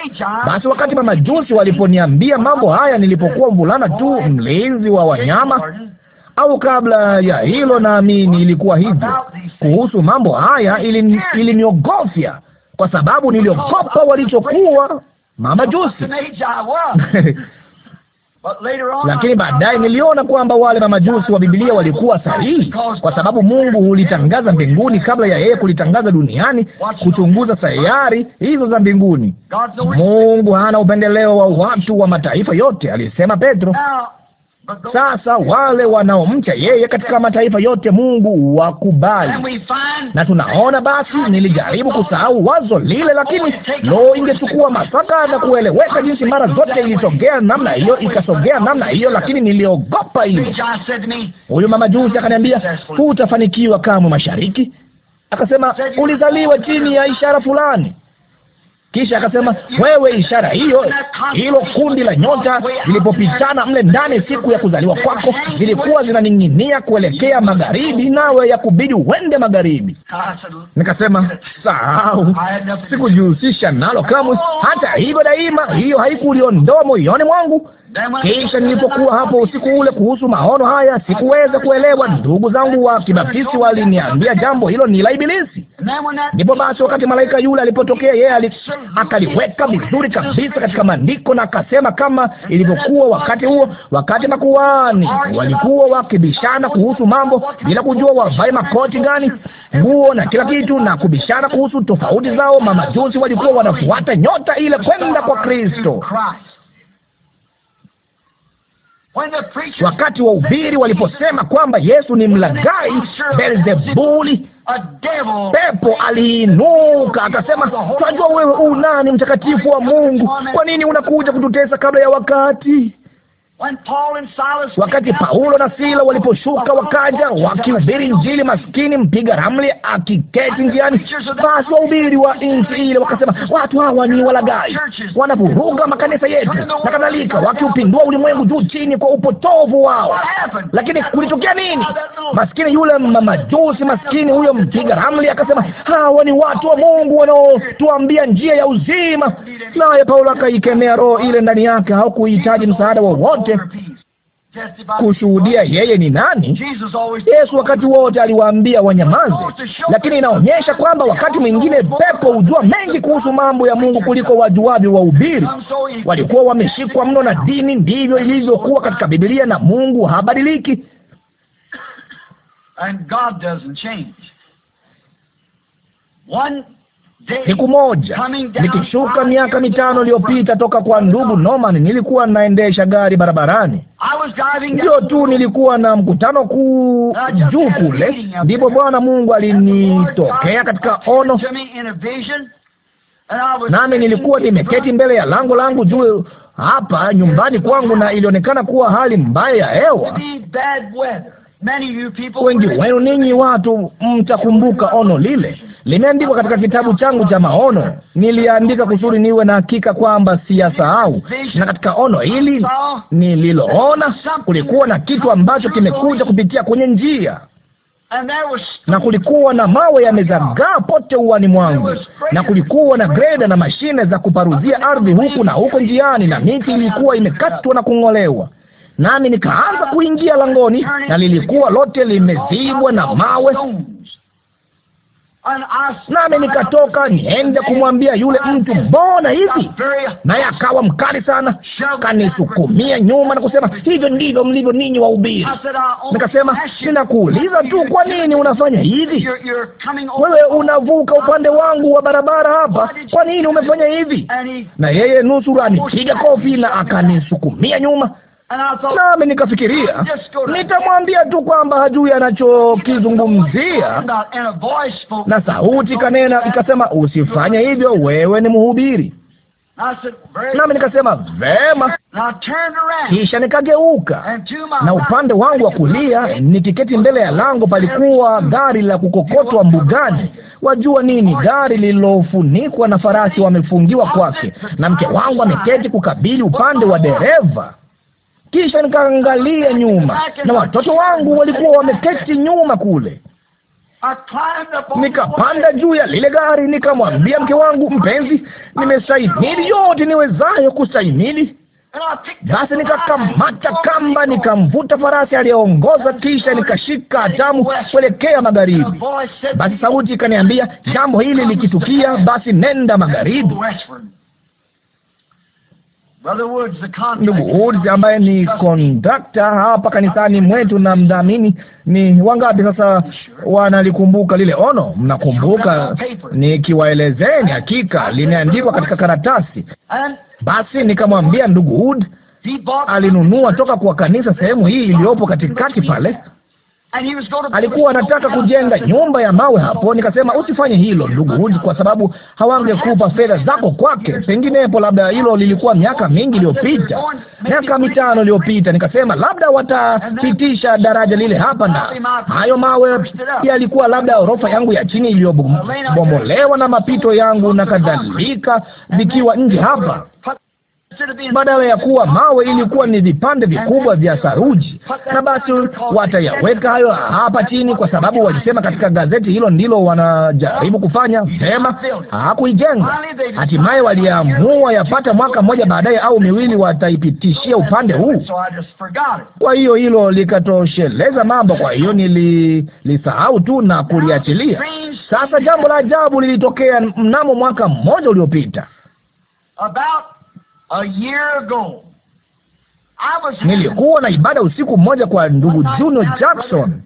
Basi wakati mamajusi waliponiambia mambo haya nilipokuwa mvulana tu, mlinzi wa wanyama, au kabla ya hilo, naamini ilikuwa hivyo. Kuhusu mambo haya, iliniogofya ili kwa sababu niliogopa walichokuwa mamajusi lakini baadaye niliona kwamba wale mamajusi wa Biblia walikuwa sahihi, kwa sababu Mungu hulitangaza mbinguni kabla ya yeye kulitangaza duniani, kuchunguza sayari hizo za mbinguni. Mungu hana upendeleo wa watu wa mataifa yote, alisema Petro. Sasa wale wanaomcha yeye katika mataifa yote Mungu wakubali. Na tunaona basi, nilijaribu kusahau wazo lile, lakini lo, ingechukua masaka na kueleweka jinsi mara zote ilisogea namna hiyo, ikasogea namna hiyo, lakini niliogopa hilo. Huyu mama juzi akaniambia, hutafanikiwa kamwe mashariki. Akasema ulizaliwa chini ya ishara fulani. Kisha akasema wewe, ishara hiyo, hilo kundi la nyota zilipopitana mle ndani siku ya kuzaliwa kwako zilikuwa zinaning'inia kuelekea magharibi, nawe ya kubidi uende magharibi. Nikasema sahau, sikujihusisha nalo kamwe. Hata hivyo, daima hiyo haikuliondoa moyoni mwangu. Kisha nilipokuwa hapo usiku ule kuhusu maono haya, sikuweza kuelewa. Ndugu zangu wa Kibaptisti waliniambia jambo hilo ni la Ibilisi. Ndipo basi, wakati malaika yule alipotokea, yeye akaliweka vizuri kabisa katika maandiko na akasema, kama ilivyokuwa wakati huo, wakati makuhani walikuwa wakibishana kuhusu mambo bila kujua wavae makoti gani, nguo na kila kitu, na kubishana kuhusu tofauti zao, mamajusi walikuwa wanafuata nyota ile kwenda kwa Kristo wakati wa ubiri waliposema kwamba Yesu ni mlagai Beelzebuli, pepo aliinuka akasema, twajua wewe unani mtakatifu wa Mungu, kwa nini unakuja kututesa kabla ya wakati? Wakati Paulo na Sila waliposhuka, wakaja wakihubiri Injili, maskini mpiga ramli akiketi njiani. Basi wahubiri wa nchi ile wakasema, watu hawa ni walagai, wanavuruga makanisa yetu na kadhalika, wakiupindua ulimwengu juu chini kwa upotovu wao. Lakini kulitokea nini? Maskini yule mamajusi, maskini huyo mpiga ramli akasema, hawa ni watu wa Mungu wanaotuambia njia ya uzima. Naye Paulo akaikemea roho ile ndani yake, haukuhitaji msaada wowote kushuhudia yeye ni nani. Yesu wakati wote aliwaambia wanyamaze, lakini inaonyesha kwamba wakati mwingine pepo hujua mengi kuhusu mambo ya Mungu kuliko wajuavyo wahubiri. Walikuwa wameshikwa mno na dini. Ndivyo ilivyokuwa katika Biblia, na Mungu habadiliki siku moja nikishuka miaka mitano iliyopita toka kwa ndugu Norman, nilikuwa naendesha gari barabarani, ndio tu nilikuwa na mkutano kuu uh, juu kule, ndipo Bwana Mungu alinitokea katika ono, nami nilikuwa nimeketi mbele ya lango langu juu hapa nyumbani kwangu, na ilionekana kuwa hali mbaya ya hewa. Wengi wenu ninyi watu mtakumbuka ono lile limeandikwa katika kitabu changu cha maono. Niliandika kusudi niwe na hakika kwamba siyasahau. Na katika ono hili nililoona, kulikuwa na kitu ambacho kimekuja kupitia kwenye njia na kulikuwa na mawe yamezagaa pote uwani mwangu, na kulikuwa na greda na mashine za kuparuzia ardhi huku na huko njiani, na miti ilikuwa imekatwa na kung'olewa. Nami nikaanza kuingia langoni, na lilikuwa lote limezibwa na mawe, nami nikatoka niende kumwambia yule mtu mbona hivi, naye akawa mkali sana, kanisukumia nyuma na kusema hivyo ndivyo mlivyo ninyi wa ubiri Nikasema, ninakuuliza tu, kwa nini unafanya hivi? Wewe unavuka upande wangu wa barabara hapa, kwa nini umefanya hivi? Na yeye nusura anipiga kofi na akanisukumia nyuma nami nikafikiria nitamwambia tu kwamba hajui anachokizungumzia, na sauti kanena ikasema, usifanye hivyo, wewe ni mhubiri. Nami nikasema vema, kisha nikageuka, na upande wangu wa kulia, nikiketi mbele ya lango, palikuwa gari la kukokotwa mbugani. Wajua nini? Gari lililofunikwa na farasi wamefungiwa kwake, na mke wangu ameketi kukabili upande wa dereva. Kisha nikaangalia nyuma na watoto wangu walikuwa wameketi nyuma kule. Nikapanda juu ya lile gari, nikamwambia mke wangu mpenzi, nimestahimili yote niwezayo kustahimili. Basi nikakamata kamba, nikamvuta farasi aliyeongoza, kisha nikashika hatamu kuelekea magharibi. Basi sauti ikaniambia, jambo hili likitukia, basi nenda magharibi. Ndugu Woods ambaye ni kondakta hapa kanisani mwetu na mdhamini, ni wangapi sasa wanalikumbuka lile ono? Mnakumbuka nikiwaelezeni? Hakika limeandikwa katika karatasi. Basi nikamwambia ndugu Wood alinunua toka kwa kanisa sehemu hii iliyopo katikati pale alikuwa anataka kujenga nyumba ya mawe hapo. Nikasema usifanye hilo ndugu Hudi, kwa sababu hawangekupa fedha zako kwake. Penginepo labda, hilo lilikuwa miaka mingi iliyopita, miaka mitano iliyopita. Nikasema labda watapitisha daraja lile hapa, na hayo mawe yalikuwa labda orofa yangu ya chini iliyobomolewa na mapito yangu na kadhalika, vikiwa nje hapa badala ya kuwa mawe ilikuwa ni vipande vikubwa vya saruji, na basi watayaweka hayo hapa chini, kwa sababu walisema katika gazeti hilo ndilo wanajaribu kufanya. Vema, hakuijenga. Hatimaye waliamua yapata mwaka mmoja baadaye au miwili, wataipitishia upande huu. Kwa hiyo hilo likatosheleza mambo, kwa hiyo nililisahau tu na kuliachilia. Sasa jambo la ajabu lilitokea mnamo mwaka mmoja uliopita Nilikuwa na ibada usiku mmoja kwa ndugu Juno Jackson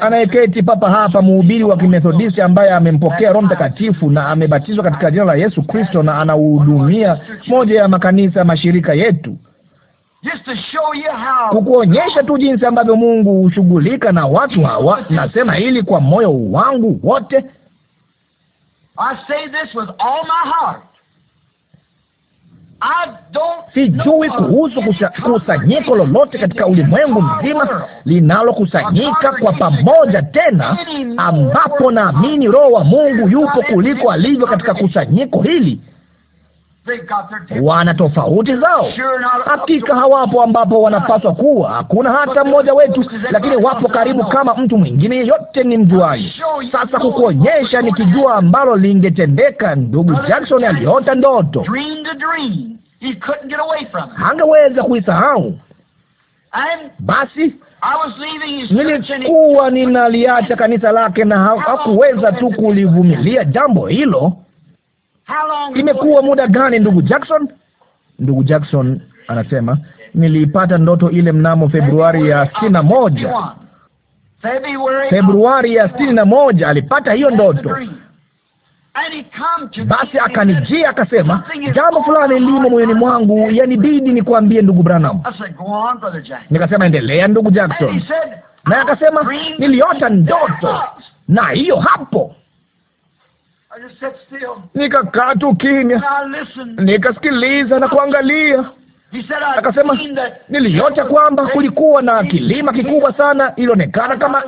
anayeketi papa hapa, mhubiri wa Kimethodisti ambaye amempokea Roho Mtakatifu na amebatizwa katika jina la Yesu Kristo, na anahudumia moja ya makanisa mashirika yetu, kukuonyesha tu jinsi ambavyo Mungu hushughulika na watu hawa. Nasema hili kwa moyo wangu wote. I say this with all my heart. Sijui kuhusu kusanyiko lolote katika ulimwengu mzima linalokusanyika kwa pamoja tena, ambapo naamini Roho wa Mungu yupo kuliko alivyo katika kusanyiko hili wana tofauti zao. Hakika hawapo ambapo wanapaswa kuwa, hakuna hata mmoja wetu, lakini wapo karibu kama mtu mwingine yeyote ni mjuaji. Sasa kukuonyesha, nikijua ambalo lingetendeka, ndugu Jackson aliota ndoto, hangeweza kuisahau. Basi nilikuwa ninaliacha kanisa lake, na hakuweza tu kulivumilia jambo hilo. Imekuwa muda gani, ndugu Jackson? Ndugu Jackson anasema niliipata ndoto ile mnamo Februari ya sitini na moja. Februari ya sitini na moja alipata hiyo ndoto. Basi akanijia akasema, jambo fulani limo moyoni mwangu, yanibidi nikuambie ndugu Branham. Nikasema, endelea ndugu Jackson. Naye akasema, niliota ndoto na hiyo hapo Nikakaa tu kimya, nikasikiliza na kuangalia. Akasema, niliota kwamba kulikuwa na kilima kikubwa sana, ilionekana kama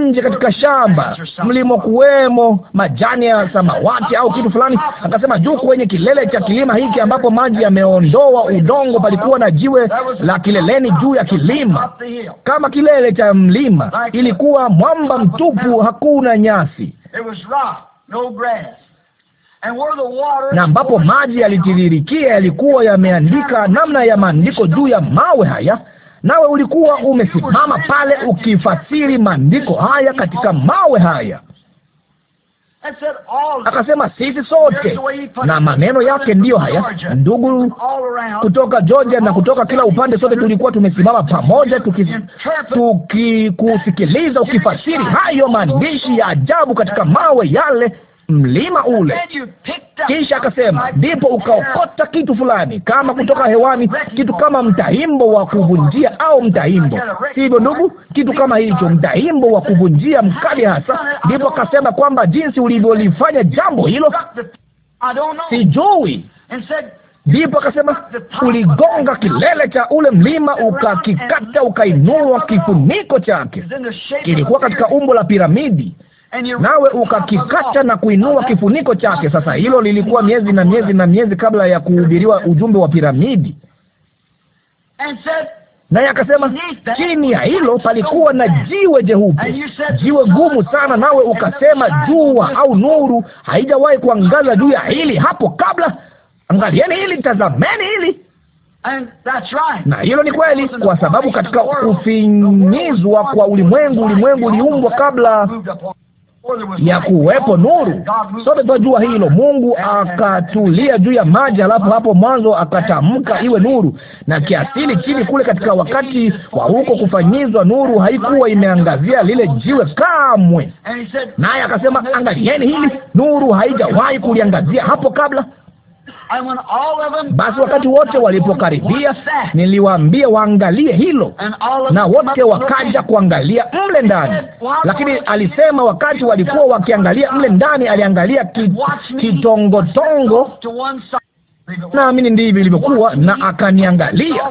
nje katika shamba, mlimo kuwemo majani ya samawati au kitu fulani. Akasema juu kwenye kilele cha kilima hiki ambapo maji yameondoa udongo, palikuwa na jiwe la kileleni juu ya kilima, kama kilele cha mlima. Ilikuwa mwamba mtupu, hakuna nyasi na ambapo maji yalitiririkia yalikuwa yameandika namna ya maandiko juu ya mawe haya, nawe ulikuwa umesimama pale ukifasiri maandiko haya katika mawe haya. Akasema sisi sote, na maneno yake ndiyo haya. Ndugu kutoka Georgia na kutoka kila upande, sote tulikuwa tumesimama pamoja, tukikusikiliza tuki ukifasiri hayo maandishi ya ajabu katika mawe yale mlima ule. Kisha akasema, ndipo ukaokota kitu fulani kama kutoka hewani, kitu kama mtaimbo wa kuvunjia au mtaimbo, sivyo ndugu? Kitu kama hicho, mtaimbo wa kuvunjia mkali hasa. Ndipo akasema kwamba jinsi ulivyolifanya jambo hilo sijui Ndipo akasema uligonga kilele cha ule mlima, ukakikata, ukainua kifuniko chake. Kilikuwa katika umbo la piramidi, nawe ukakikata na kuinua kifuniko chake. Sasa hilo lilikuwa miezi na miezi na miezi kabla ya kuhubiriwa ujumbe wa piramidi. Naye akasema chini ya hilo palikuwa na jiwe jeupe, jiwe gumu sana, nawe ukasema jua au nuru haijawahi kuangaza juu ya hili hapo kabla. Angalieni hili, tazameni hili. Na hilo ni kweli, kwa sababu katika kufinyizwa kwa ulimwengu, ulimwengu uliumbwa kabla ya kuwepo nuru. Sote twajua hilo. Mungu akatulia juu ya maji, alafu hapo mwanzo akatamka iwe nuru, na kiasili chini kule katika wakati wa huko kufanyizwa nuru haikuwa imeangazia lile jiwe kamwe, naye akasema, angalieni hili, nuru haijawahi kuliangazia hapo kabla. Basi wakati wote walipokaribia, niliwaambia waangalie hilo, na wote wakaja kuangalia mle ndani. Lakini alisema wakati walikuwa wakiangalia mle ndani, aliangalia kitongotongo Naamini ndivyo ilivyokuwa. Na akaniangalia,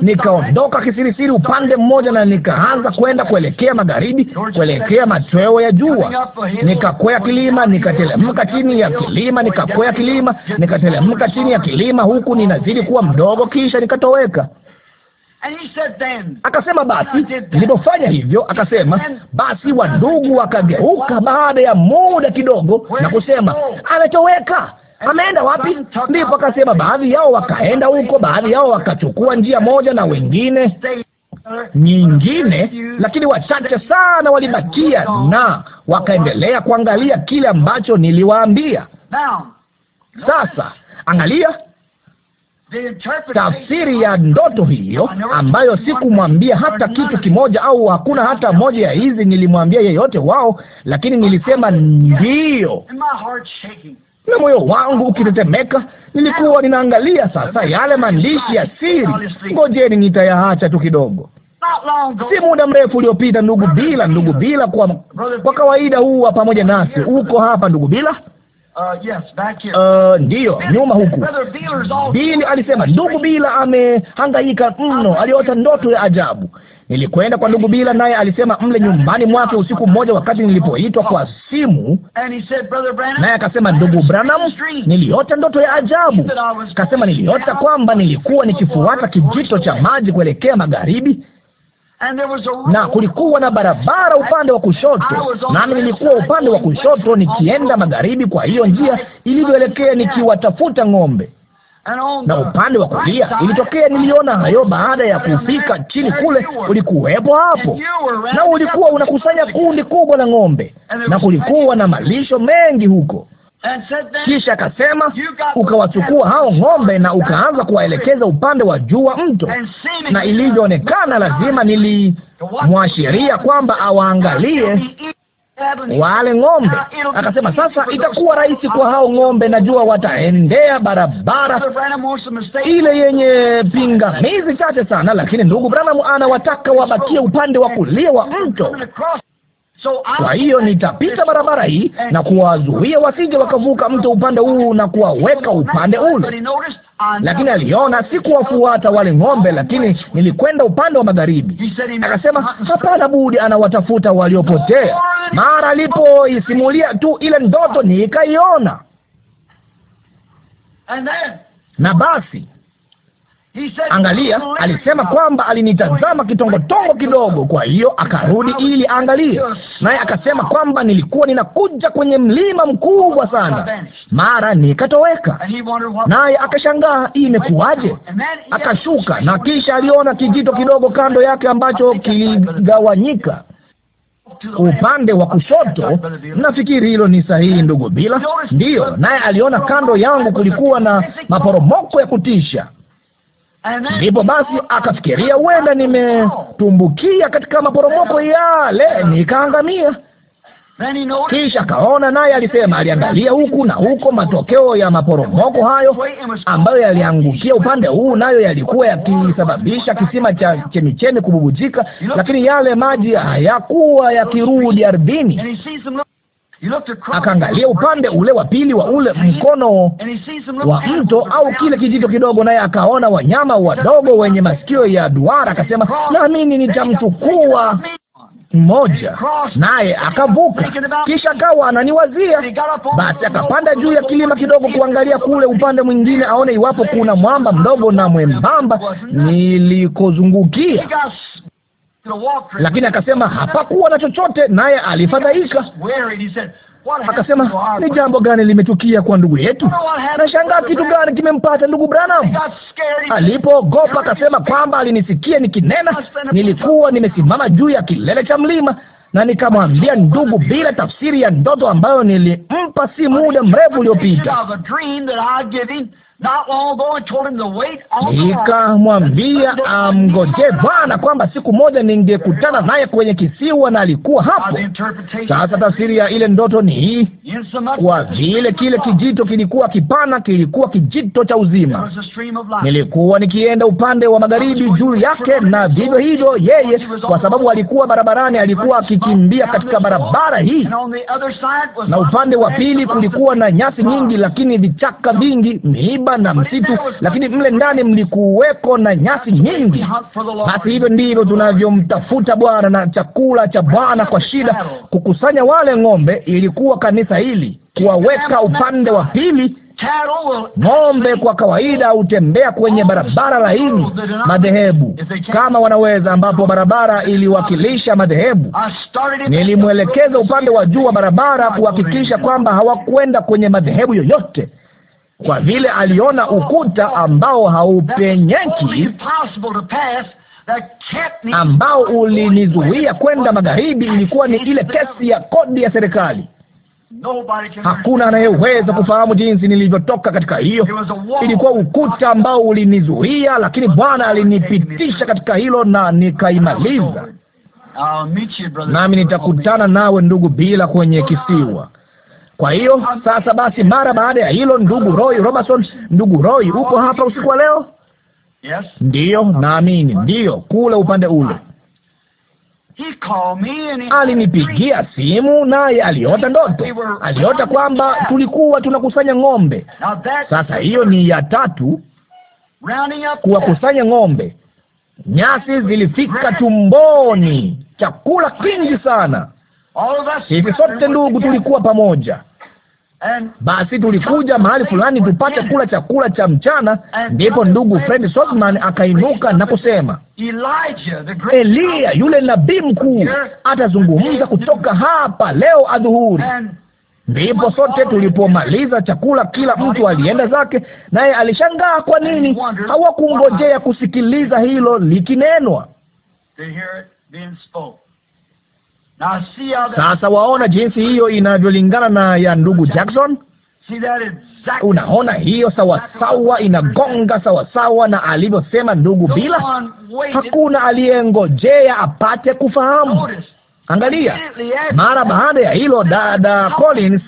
nikaondoka kisirisiri upande mmoja, na nikaanza kwenda kuelekea magharibi, kuelekea machweo ya jua. Nikakwea kilima, nikatelemka chini ya kilima, nikakwea kilima, nikatelemka chini ya kilima, huku ninazidi kuwa mdogo, kisha nikatoweka. Akasema basi, nilipofanya hivyo, akasema basi, wandugu wakageuka baada ya muda kidogo na kusema ametoweka ameenda wapi? Ndipo akasema baadhi yao wakaenda huko, baadhi yao wakachukua njia moja na wengine nyingine, lakini wachache sana walibakia na wakaendelea kuangalia kile ambacho niliwaambia. Sasa angalia tafsiri ya ndoto hiyo ambayo sikumwambia hata kitu kimoja, au hakuna hata moja ya hizi nilimwambia yeyote wao, lakini nilisema ndiyo na moyo wangu ukitetemeka. Nilikuwa ninaangalia sasa yale maandishi ya siri. Ngojeni, nitayaacha tu kidogo. Si muda mrefu uliopita, ndugu Bila, ndugu Bila kwa, kwa kawaida huwa pamoja nasi. Uko hapa ndugu Bila? Uh, yes, uh, ndiyo nyuma huku. Bili alisema ndugu Bila amehangaika mno, aliota ndoto ya ajabu. Nilikwenda kwa ndugu Bila, naye alisema mle nyumbani mwake usiku mmoja, wakati nilipoitwa kwa simu, naye akasema, ndugu Branham, niliota ndoto ya ajabu. Akasema niliota kwamba nilikuwa nikifuata kijito cha maji kuelekea magharibi na kulikuwa na barabara upande wa kushoto, nami nilikuwa upande wa kushoto nikienda magharibi. Kwa hiyo njia ilivyoelekea, nikiwatafuta ng'ombe na upande wa kulia ilitokea. Niliona hayo baada ya kufika chini kule, ulikuwepo hapo, na ulikuwa unakusanya kundi kubwa la ng'ombe, na kulikuwa na malisho mengi huko. Kisha akasema ukawachukua hao ng'ombe na ukaanza kuwaelekeza upande wa juu wa mto, na ilivyoonekana lazima nilimwashiria kwamba awaangalie wale ng'ombe. Ah, Akasema sasa itakuwa rahisi kwa hao ng'ombe, najua wataendea barabara ile yenye pingamizi chache sana, lakini ndugu Branham anawataka wabakie upande wa kulia wa mto. Kwa hiyo nitapita barabara hii na kuwazuia wasije wakavuka mto upande huu na kuwaweka upande ule lakini aliona sikuwafuata wale ng'ombe, lakini nilikwenda upande wa magharibi. Akasema hapana budi, anawatafuta waliopotea. Mara alipoisimulia tu ile ndoto nikaiona, na basi Angalia, alisema kwamba alinitazama kitongotongo kidogo, kwa hiyo akarudi ili aangalie. Naye akasema kwamba nilikuwa ninakuja kwenye mlima mkubwa sana, mara nikatoweka. Naye akashangaa hii imekuwaje? Akashuka na kisha aliona kijito kidogo kando yake ambacho kiligawanyika upande wa kushoto. Nafikiri hilo ni sahihi, ndugu. Bila ndiyo, naye aliona kando yangu kulikuwa na maporomoko ya kutisha. Ndipo basi akafikiria huenda nimetumbukia katika maporomoko yale nikaangamia. Kisha akaona naye, alisema aliangalia huku na huko, matokeo ya maporomoko hayo ambayo yaliangukia upande huu, nayo yalikuwa yakisababisha kisima cha chemichemi kububujika, lakini yale maji hayakuwa yakirudi ardhini akaangalia upande ule wa pili wa ule mkono wa mto au kile kijito kidogo, naye akaona wanyama wadogo wenye masikio ya duara. Akasema, naamini nitamchukua mmoja naye akavuka. Kisha kawa ananiwazia, basi akapanda juu ya kilima kidogo kuangalia kule upande mwingine, aone iwapo kuna mwamba mdogo na mwembamba nilikozungukia lakini akasema hapakuwa na chochote, naye alifadhaika akasema ni jambo gani limetukia kwa ndugu yetu? Nashangaa kitu gani kimempata ndugu Branham. Alipoogopa akasema kwamba alinisikia nikinena, nilikuwa nimesimama juu ya kilele cha mlima na nikamwambia ndugu, bila tafsiri ya ndoto ambayo nilimpa si muda mrefu uliopita Nikamwambia amngojee Bwana kwamba siku moja ningekutana naye kwenye kisiwa, na alikuwa hapo. Sasa tafsiri ya ile ndoto ni hii: kwa vile kile kijito kilikuwa kipana, kilikuwa kijito cha uzima, nilikuwa nikienda upande wa magharibi juu yake, na vivyo hivyo yeye, kwa sababu alikuwa barabarani, alikuwa akikimbia katika barabara hii, na upande wa pili kulikuwa na nyasi nyingi, lakini vichaka vingi miiba rutuba na msitu, lakini mle ndani mlikuweko na nyasi nyingi. Basi hivyo ndivyo tunavyomtafuta Bwana na chakula cha Bwana kwa shida. Kukusanya wale ng'ombe ilikuwa kanisa hili, kuwaweka upande wa pili Ng'ombe kwa kawaida hutembea kwenye barabara laini, madhehebu kama wanaweza, ambapo barabara iliwakilisha madhehebu. Nilimwelekeza upande wa juu wa barabara kuhakikisha kwamba hawakwenda kwenye madhehebu yoyote kwa vile aliona ukuta ambao haupenyeki ambao ulinizuia kwenda magharibi. Ilikuwa ni ile kesi ya kodi ya serikali. Hakuna anayeweza kufahamu jinsi nilivyotoka katika hiyo. Ilikuwa ukuta ambao ulinizuia, lakini Bwana alinipitisha katika hilo na nikaimaliza. Nami nitakutana nawe ndugu bila kwenye kisiwa kwa hiyo sasa basi, mara baada ya hilo, ndugu Roy Robertson, ndugu Roy, uko hapa usiku wa leo? Ndiyo, naamini ndiyo, kule upande ule alinipigia simu naye aliota ndoto, aliota kwamba tulikuwa tunakusanya ng'ombe. Sasa hiyo ni ya tatu, kuwakusanya ng'ombe. Nyasi zilifika tumboni, chakula kingi sana hivi sote ndugu tulikuwa pamoja. Basi tulikuja mahali fulani tupate kula chakula cha mchana, ndipo ndugu Fred Sosman akainuka na kusema, Eliya yule nabii mkuu atazungumza kutoka hapa leo adhuhuri. Ndipo sote tulipomaliza chakula, kila mtu alienda zake, naye alishangaa kwa nini hawakungojea kusikiliza hilo likinenwa. Sasa waona jinsi hiyo inavyolingana na ya ndugu Jackson. Unaona hiyo sawasawa, inagonga sawasawa na alivyosema ndugu Bila. Hakuna aliyengojea apate kufahamu. Angalia, mara baada ya hilo, dada Collins,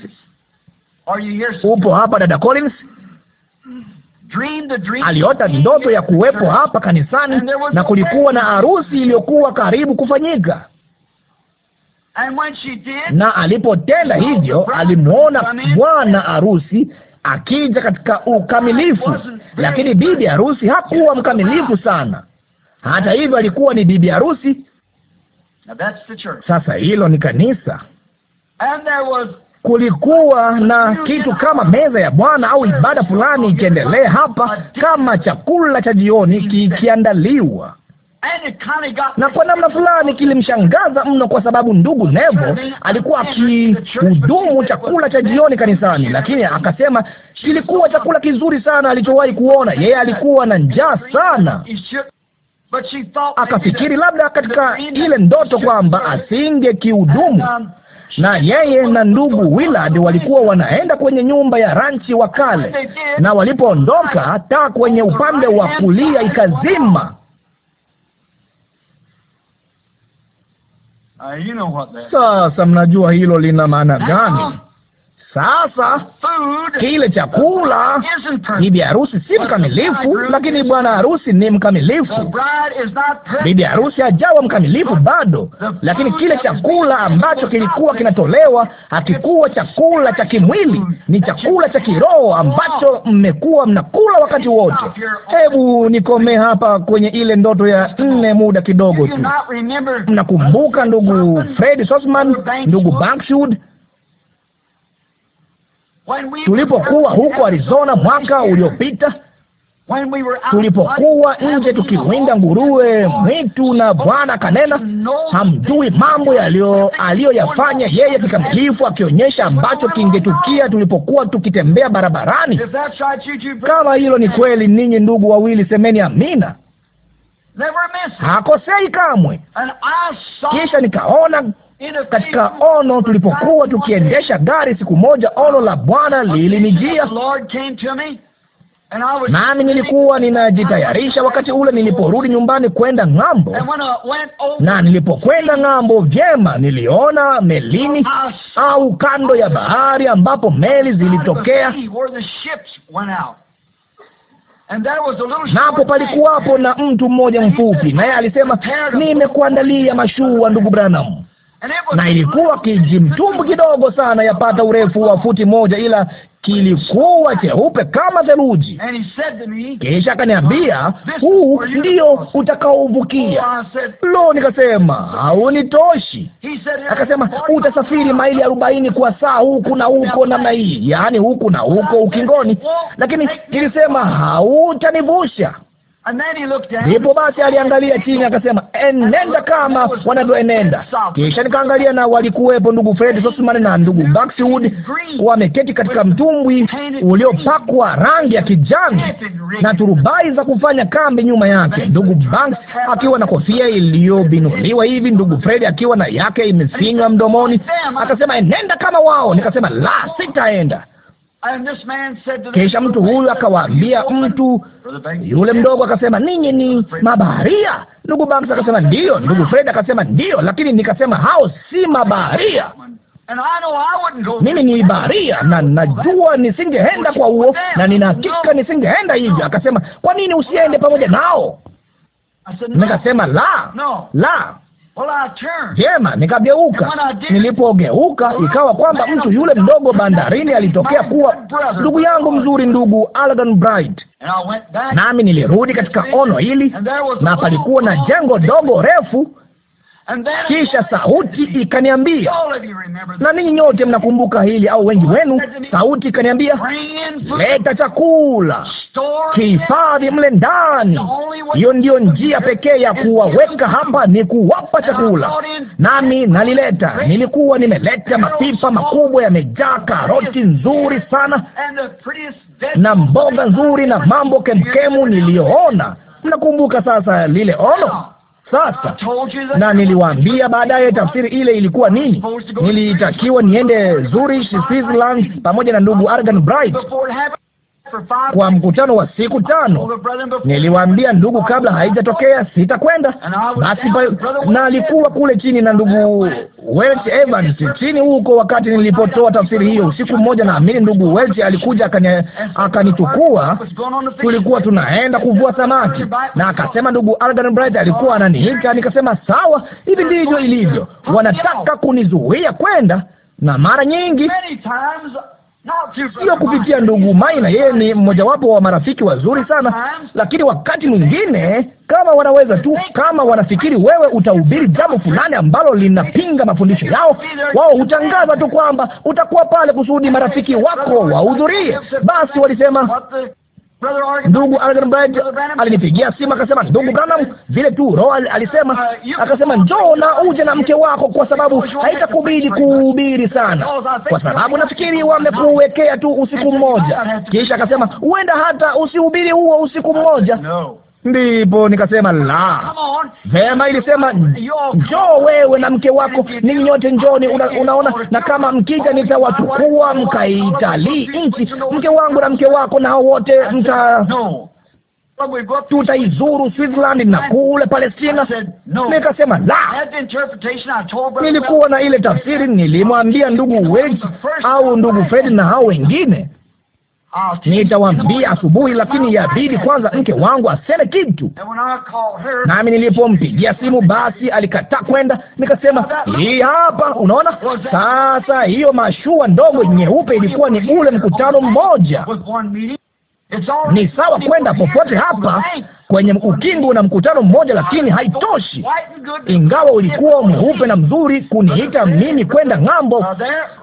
upo hapa dada Collins aliota ndoto ya kuwepo hapa kanisani na kulikuwa na harusi iliyokuwa karibu kufanyika na alipotenda hivyo, alimwona bwana harusi akija katika ukamilifu, lakini bibi harusi hakuwa mkamilifu sana. Hata hivyo, alikuwa ni bibi harusi. Sasa hilo ni kanisa. Kulikuwa na kitu kama meza ya Bwana au ibada fulani ikiendelea hapa, kama chakula cha jioni kikiandaliwa na kwa namna fulani kilimshangaza mno, kwa sababu ndugu Nevo alikuwa akihudumu chakula cha jioni kanisani, lakini akasema kilikuwa chakula kizuri sana alichowahi kuona. Yeye alikuwa na njaa sana, akafikiri labda katika ile ndoto kwamba asinge kihudumu um, na yeye na ndugu Willard walikuwa wanaenda kwenye nyumba ya ranchi wa kale, na walipoondoka, taa kwenye upande wa kulia ikazima. Ah, Sasa mnajua hilo lina maana gani? Sasa kile chakula, bibi harusi si mkamilifu, lakini bwana harusi ni mkamilifu. Bibi harusi hajawa mkamilifu bado, lakini kile chakula ambacho kilikuwa kinatolewa hakikuwa chakula cha kimwili, ni chakula cha kiroho ambacho mmekuwa mnakula wakati wote. Hebu nikomee hapa kwenye ile ndoto ya nne muda kidogo tu. Mnakumbuka ndugu Fred Sosman, ndugu Bankshud tulipokuwa huko Arizona mwaka uliopita, tulipokuwa nje tukiwinda nguruwe mwitu, na Bwana kanena, hamjui mambo aliyoyafanya yeye kikamilifu, akionyesha ambacho kingetukia tulipokuwa tukitembea barabarani. Kama hilo ni kweli, ninyi ndugu wawili, semeni amina. Hakosei kamwe. Kisha nikaona katika ono tulipokuwa tukiendesha gari siku moja, ono la Bwana lilinijia nami nilikuwa ninajitayarisha wakati ule niliporudi nyumbani kwenda ng'ambo, na nilipokwenda ng'ambo, vyema niliona melini au kando ya bahari ambapo meli zilitokea napo palikuwapo na mtu mmoja mfupi, naye alisema, nimekuandalia mashua, ndugu Branham na ilikuwa kijimtumbu kidogo sana, yapata urefu wa futi moja, ila kilikuwa cheupe kama theluji. Kisha akaniambia huu ndio utakaovukia. Lo, nikasema haunitoshi. Akasema utasafiri maili arobaini kwa saa huku na huko namna hii, yaani huku na huko ukingoni, lakini nilisema hautanivusha. Ndipo basi aliangalia chini akasema, enenda kama wanavyoenenda. Kisha nikaangalia na walikuwepo ndugu Fred Sosman na ndugu Baxwood wameketi katika mtumbwi uliopakwa rangi ya kijani na turubai za kufanya kambi nyuma yake, ndugu Banks akiwa na kofia iliyobinuliwa hivi, ndugu Fred akiwa na yake imesinywa mdomoni. Akasema, enenda kama wao. Nikasema, la, sitaenda. Kisha mtu huyu akawaambia mtu yule mdogo, akasema ninyi ni mabaharia. Ndugu Banks akasema ndiyo. Ndugu Fred akasema ndiyo, lakini nikasema hao si mabaharia. Mimi ni baharia na najua nisingeenda kwa huo, na ninakika nisingeenda hivyo. Akasema kwa nini usiende pamoja nao? Nikasema la la Vyema, nikageuka. Nilipogeuka ikawa kwamba mtu yule mdogo bandarini alitokea kuwa ndugu yangu mzuri, ndugu Alden Bright. Nami nilirudi katika ono hili, na palikuwa na jengo dogo refu kisha sauti ikaniambia, na ninyi nyote mnakumbuka hili au wengi wenu, sauti ikaniambia, leta chakula, kihifadhi mle ndani. Hiyo ndiyo njia pekee ya kuwaweka hapa, ni kuwapa chakula. Nami nalileta, nilikuwa nimeleta mapipa makubwa yamejaa karoti nzuri sana na mboga nzuri na mambo kemkemu niliyoona. Mnakumbuka sasa lile ono sasa na niliwaambia baadaye tafsiri ile ilikuwa nini. Nilitakiwa niende Zurich, Switzerland pamoja na ndugu Argan Bright kwa mkutano wa siku tano. Niliwaambia ndugu, kabla haijatokea sitakwenda. Basi na alikuwa kule chini na ndugu Welch Evans chini huko, wakati nilipotoa tafsiri hiyo usiku mmoja, naamini ndugu Welch alikuja akanitukua tulikuwa tunaenda kuvua samaki, na akasema ndugu algan Bright alikuwa ananiita. Nikasema sawa, hivi ndivyo ilivyo, wanataka kunizuia kwenda, na mara nyingi sio kupitia ndugu Maina, yeye ni mmojawapo wa marafiki wazuri sana, lakini wakati mwingine kama wanaweza tu, kama wanafikiri wewe utahubiri jambo fulani ambalo linapinga mafundisho yao, wao hutangaza tu kwamba utakuwa pale kusudi marafiki wako wahudhurie. Basi walisema Ndugu Algan Bright alinipigia simu akasema, ndugu Branham, vile tu Roho alisema, uh, akasema njoo na uje na mke wako, kwa sababu haitakubidi kuhubiri sana, kwa sababu nafikiri wamekuwekea tu usiku mmoja. Kisha akasema huenda hata usihubiri huo usiku mmoja. Ndipo nikasema la vema, ilisema njoo wewe na mke wako, ninyi nyote njoni. Una, unaona, na kama mkija nitawachukua mkaitalii nchi, mke wangu na mke wako, nao wote mta tutaizuru Switzerland na kule Palestina. Nikasema la. Nilikuwa na ile tafsiri, nilimwambia ndugu Wei au ndugu Fred na hao wengine nitawaambia asubuhi, lakini yabidi kwanza mke wangu aseme kitu. Nami nilipompigia simu, basi alikataa kwenda. Nikasema hii hapa, unaona sasa. Hiyo mashua ndogo nyeupe ilikuwa ni ule mkutano mmoja ni sawa kwenda popote hapa kwenye ukingo na mkutano mmoja, lakini haitoshi. Ingawa ulikuwa mweupe na mzuri kuniita mimi kwenda ng'ambo.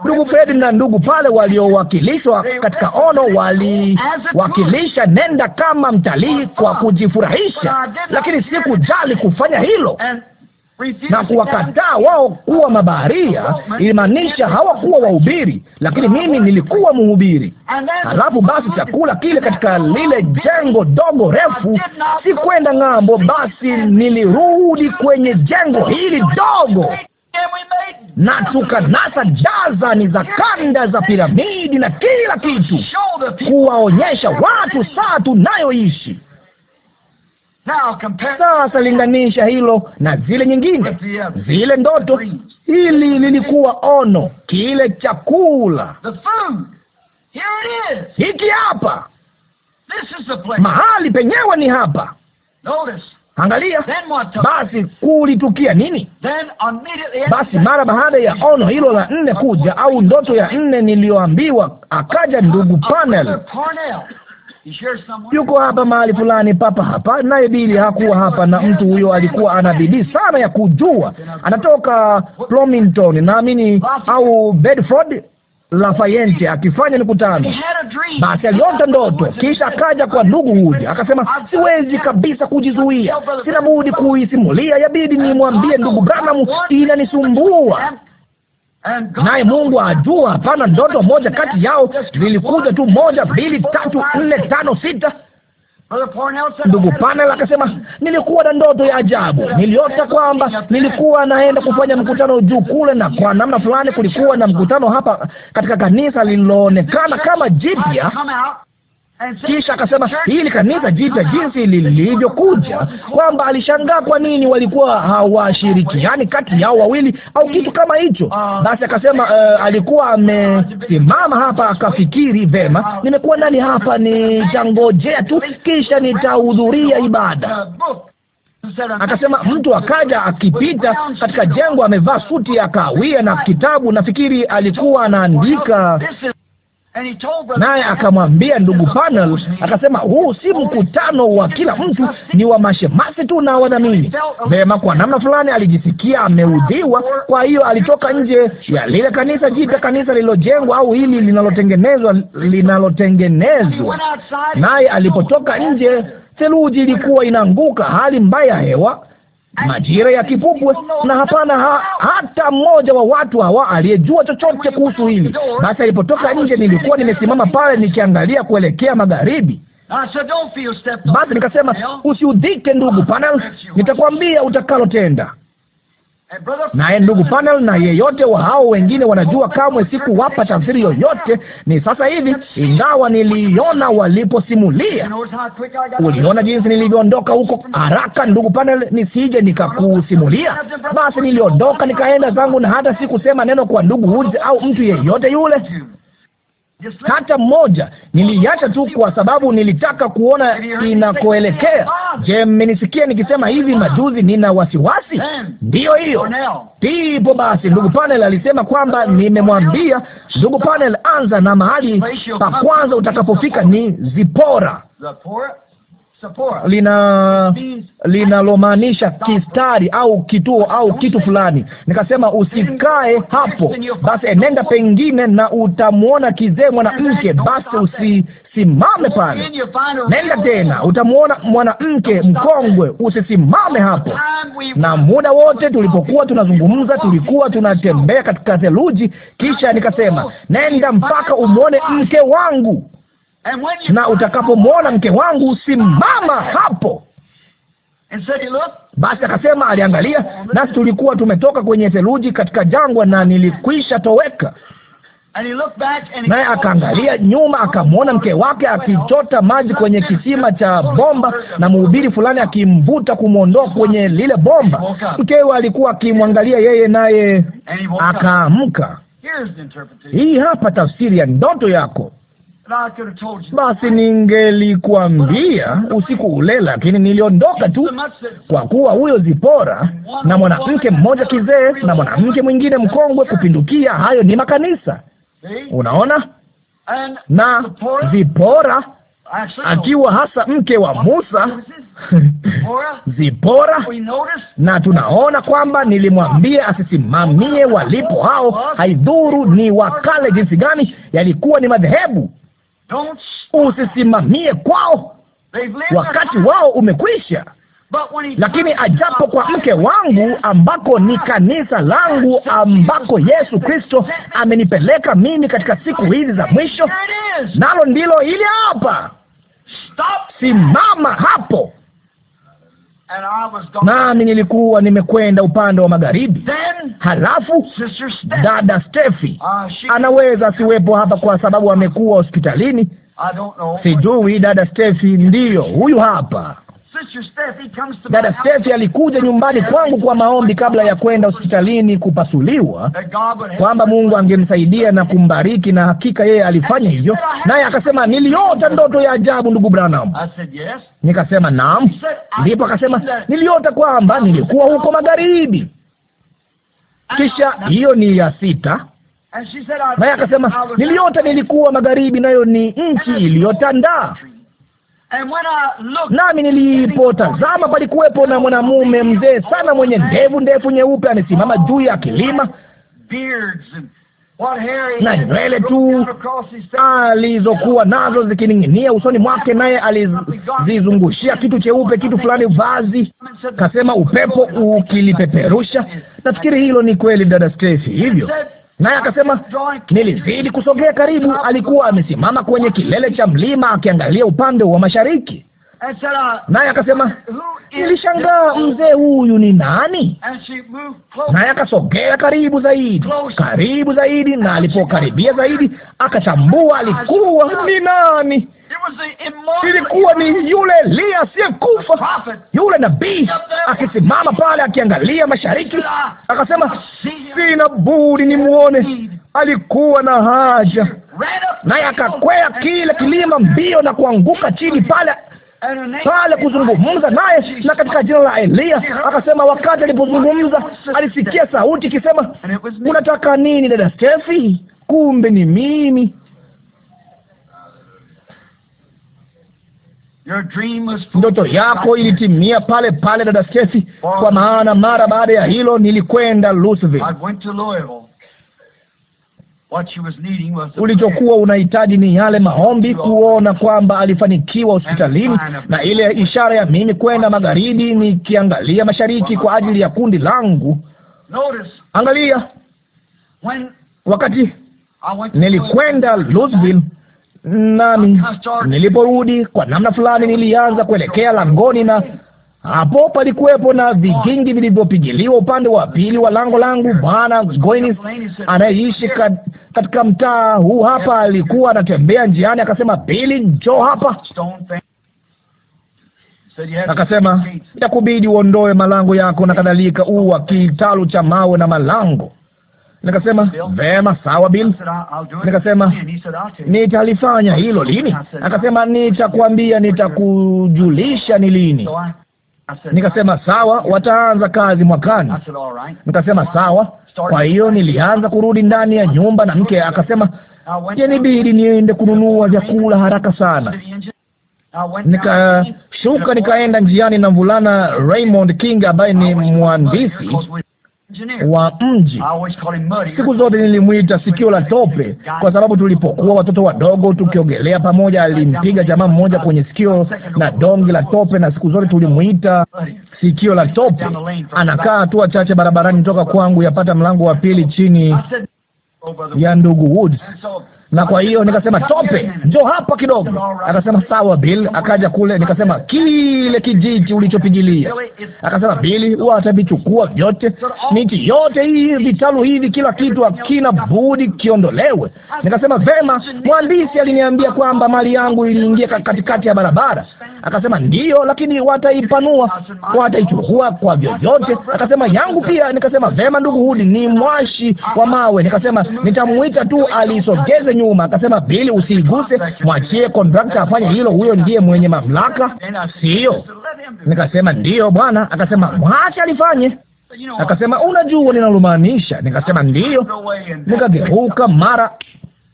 Ndugu Fredi na ndugu pale waliowakilishwa katika ono waliwakilisha nenda kama mtalii kwa kujifurahisha, lakini sikujali kufanya hilo na kuwakataa wao kuwa mabaharia ilimaanisha hawakuwa wahubiri, lakini mimi nilikuwa mhubiri. Halafu basi chakula kile katika lile jengo dogo refu, si kwenda ng'ambo, basi nilirudi kwenye jengo hili dogo na tukanasa jazani za kanda za piramidi na kila kitu, kuwaonyesha watu saa tunayoishi. Sasa linganisha hilo na zile nyingine, zile ndoto. Hili lilikuwa ono, kile chakula hiki hapa, mahali penyewe ni hapa. Angalia basi, kulitukia nini? Basi mara baada ya ono hilo la nne kuja, au ndoto ya nne niliyoambiwa, akaja ndugu Panel yuko hapa mahali fulani papa hapa, naye Bili hakuwa hapa, na mtu huyo alikuwa ana bidii sana ya kujua. Anatoka plomington naamini, au Bedford Lafayette akifanya mikutano. Basi aliota ndoto, kisha akaja kwa ndugu huyu, akasema, siwezi kabisa kujizuia, sina budi kuisimulia, yabidi nimwambie ndugu Branham, inanisumbua naye Mungu ajua hapana ndoto moja kati yao zilikuja tu, moja, mbili, tatu, nne, tano, sita. Ndugu Panel akasema, nilikuwa na ndoto ya ajabu. Niliota kwamba nilikuwa naenda kufanya mkutano juu kule, na kwa namna fulani kulikuwa na mkutano hapa katika kanisa lililoonekana kama jipya kisha akasema hili kanisa jipya jinsi lilivyokuja, kwamba alishangaa kwa nini walikuwa hawashirikiani kati yao wawili au kitu kama hicho. Basi akasema uh, alikuwa amesimama hapa akafikiri vema, nimekuwa nani hapa, nitangojea tu, kisha nitahudhuria ibada. Akasema mtu akaja akipita katika jengo, amevaa suti ya kahawia na kitabu. Nafikiri alikuwa anaandika naye akamwambia ndugu Panel, akasema huu si mkutano wa kila mtu, ni wa mashemasi tu na wadhamini. Mema, kwa namna fulani alijisikia ameudhiwa, kwa hiyo alitoka nje ya lile kanisa jipya, kanisa lililojengwa au hili linalotengenezwa, linalotengenezwa. Naye alipotoka nje, theluji ilikuwa inaanguka, hali mbaya ya hewa majira ya kipupwe, na hapana ha, hata mmoja wa watu hawa aliyejua chochote kuhusu hili. Basi alipotoka nje, nilikuwa nimesimama pale nikiangalia kuelekea magharibi. Ah, Basi nikasema, usiudhike ndugu Panels, nitakwambia utakalotenda. Naye ndugu Panel na yeyote wa hao wengine wanajua, kamwe sikuwapa tafsiri yoyote. Ni sasa hivi, ingawa niliona waliposimulia. Uliona jinsi nilivyoondoka huko haraka, ndugu Panel, nisije nikakusimulia. Basi niliondoka nikaenda zangu, na hata sikusema neno kwa ndugu Woods au mtu yeyote yule hata mmoja. Niliacha tu kwa sababu nilitaka kuona inakoelekea. Je, mmenisikia nikisema hivi majuzi? Nina wasiwasi. Ndiyo hiyo ndipo basi. Ndugu Panel alisema kwamba nimemwambia ndugu Panel, anza na mahali pa kwanza utakapofika ni Zipora lina linalomaanisha kistari au kituo au kitu fulani. Nikasema usikae hapo, basi enenda pengine na utamwona kizee mwanamke, basi usisimame pale. Nenda tena utamwona mwanamke mkongwe, usisimame hapo. Na muda wote tulipokuwa tunazungumza, tulikuwa tunatembea katika theluji, kisha nikasema nenda mpaka umwone mke wangu na utakapomwona mke wangu simama hapo. Basi akasema, aliangalia, nasi tulikuwa tumetoka kwenye theluji katika jangwa na nilikwisha toweka naye akaangalia nyuma akamwona mke wake akichota maji kwenye kisima cha bomba, na mhubiri fulani akimvuta kumwondoa kwenye lile bomba. Mkewe alikuwa akimwangalia yeye, naye akaamka. Hii hapa tafsiri ya ndoto yako. Basi ningelikuambia usiku ule, lakini niliondoka tu, kwa kuwa huyo Zipora na mwanamke mmoja kizee na mwanamke mwingine mkongwe kupindukia, hayo ni makanisa. Unaona, na Zipora akiwa hasa mke wa Musa Zipora, na tunaona kwamba nilimwambia asisimamie walipo hao, haidhuru ni wakale jinsi gani, yalikuwa ni madhehebu usisimamie kwao, wakati wao umekwisha. Lakini ajapo kwa mke wangu, ambako ni kanisa langu, ambako Yesu Kristo amenipeleka mimi katika siku hizi za mwisho, nalo ndilo hili hapa. Simama hapo nami nilikuwa nimekwenda upande wa magharibi. Halafu dada Stefi ah, anaweza asiwepo hapa kwa sababu amekuwa hospitalini, sijui. Dada Stefi, ndiyo huyu hapa. Dada Stefi alikuja nyumbani kwangu kwa maombi kabla ya kwenda hospitalini kupasuliwa, kwamba Mungu angemsaidia na kumbariki, na hakika yeye alifanya hivyo. Naye akasema, niliota ndoto ya ajabu, ndugu Branham. Nikasema naam. Ndipo akasema, niliota kwamba nilikuwa huko magharibi. Kisha hiyo ni ya sita naye akasema niliota nilikuwa magharibi, nayo ni nchi iliyotandaa nami nilipotazama, palikuwepo na mwanamume mzee sana mwenye ndevu ndefu nyeupe, amesimama juu ya kilima na nywele tu alizokuwa nazo zikining'inia usoni mwake, naye alizizungushia kitu cheupe, kitu fulani vazi, kasema upepo ukilipeperusha. Nafikiri hilo ni kweli, dada Steffi, hivyo naye akasema, nilizidi kusogea karibu. Alikuwa amesimama kwenye kilele cha mlima akiangalia upande wa mashariki, naye akasema, nilishangaa mzee huyu ni nani? Naye akasogea karibu zaidi, karibu zaidi, na alipokaribia zaidi akatambua alikuwa ni nani ilikuwa ni yule Eliya asiyekufa, yule nabii akisimama pale akiangalia mashariki, akasema sina budi nimwone. Alikuwa na haja, naye akakwea kile kilima mbio na kuanguka chini pale pale kuzungumza naye, na katika jina la Eliya akasema. Wakati alipozungumza alisikia sauti ikisema, unataka nini dada Stefi? Kumbe ni mimi. ndoto yako ilitimia pale pale, dada Stesi, kwa maana mara baada ya hilo nilikwenda Louisville. Ulichokuwa unahitaji ni yale maombi, kuona kwamba alifanikiwa hospitalini, na ile ishara ya mimi kwenda magharibi nikiangalia mashariki kwa ajili ya kundi langu. Angalia, wakati nilikwenda Louisville nami ah, ah, niliporudi kwa namna fulani nilianza kuelekea langoni, na hapo palikuwepo na vigingi vilivyopigiliwa upande wa pili wa lango langu. Bwana Goini anayeishi katika mtaa huu hapa alikuwa anatembea njiani, akasema, Bili, njoo hapa. Akasema, itakubidi uondoe malango yako na kadhalika, uu wa kitalu cha mawe na malango Nikasema vema, sawa Bill. Nikasema nitalifanya hilo lini? Akasema nitakwambia, nitakujulisha ni lini. Nikasema sawa, wataanza kazi mwakani. Nikasema sawa. Kwa hiyo nilianza kurudi ndani ya nyumba, na mke akasema yanibidi niende kununua vyakula haraka sana. Nikashuka nikaenda njiani na mvulana Raymond King ambaye ni mwandisi wa mji. Siku zote nilimwita sikio la tope, kwa sababu tulipokuwa watoto wadogo tukiogelea pamoja, alimpiga jamaa mmoja kwenye sikio na dongi la tope, na siku zote tulimwita sikio la tope. Anakaa hatua chache barabarani toka kwangu, yapata mlango wa pili chini ya ndugu Woods na kwa hiyo nikasema tope, njo hapa kidogo. Akasema sawa Bill. Akaja kule, nikasema kile kijiji ulichopigilia. Akasema Bill, watavichukua vyote, miti yote hii, vitalu hivi, kila kitu, hakina budi kiondolewe. Nikasema vema, mhandisi aliniambia kwamba mali yangu iliingia katikati ya barabara. Akasema ndiyo, lakini wataipanua, wataichukua kwa vyovyote. Akasema yangu pia. Nikasema vema, ndugu Hudi ni mwashi wa mawe. Nikasema nitamwita tu alisogeze nyuma, akasema Bili, usiguse, mwachie kontrakta afanye hilo, huyo ndiye mwenye mamlaka, sio? Nikasema ndiyo bwana. Akasema mwache alifanye Akasema unajua ninalomaanisha. Nikasema ndiyo. Nikageuka mara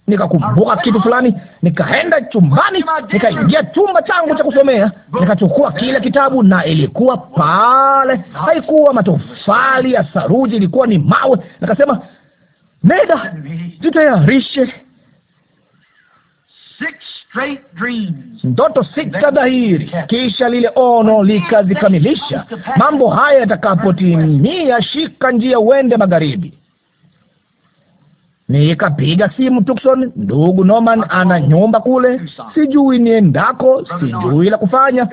nikakumbuka kitu fulani, nikaenda chumbani, nikaingia chumba changu cha kusomea, nikachukua kile kitabu, na ilikuwa pale. Haikuwa matofali ya saruji, ilikuwa ni mawe. Nikasema Meda, jitayarishe ndoto sita dhahiri, kisha lile ono likazikamilisha. Mambo haya yatakapotimia, shika njia uende magharibi. Nikapiga simu Tucson, ndugu Norman ana nyumba kule, sijui niendako, sijui la kufanya.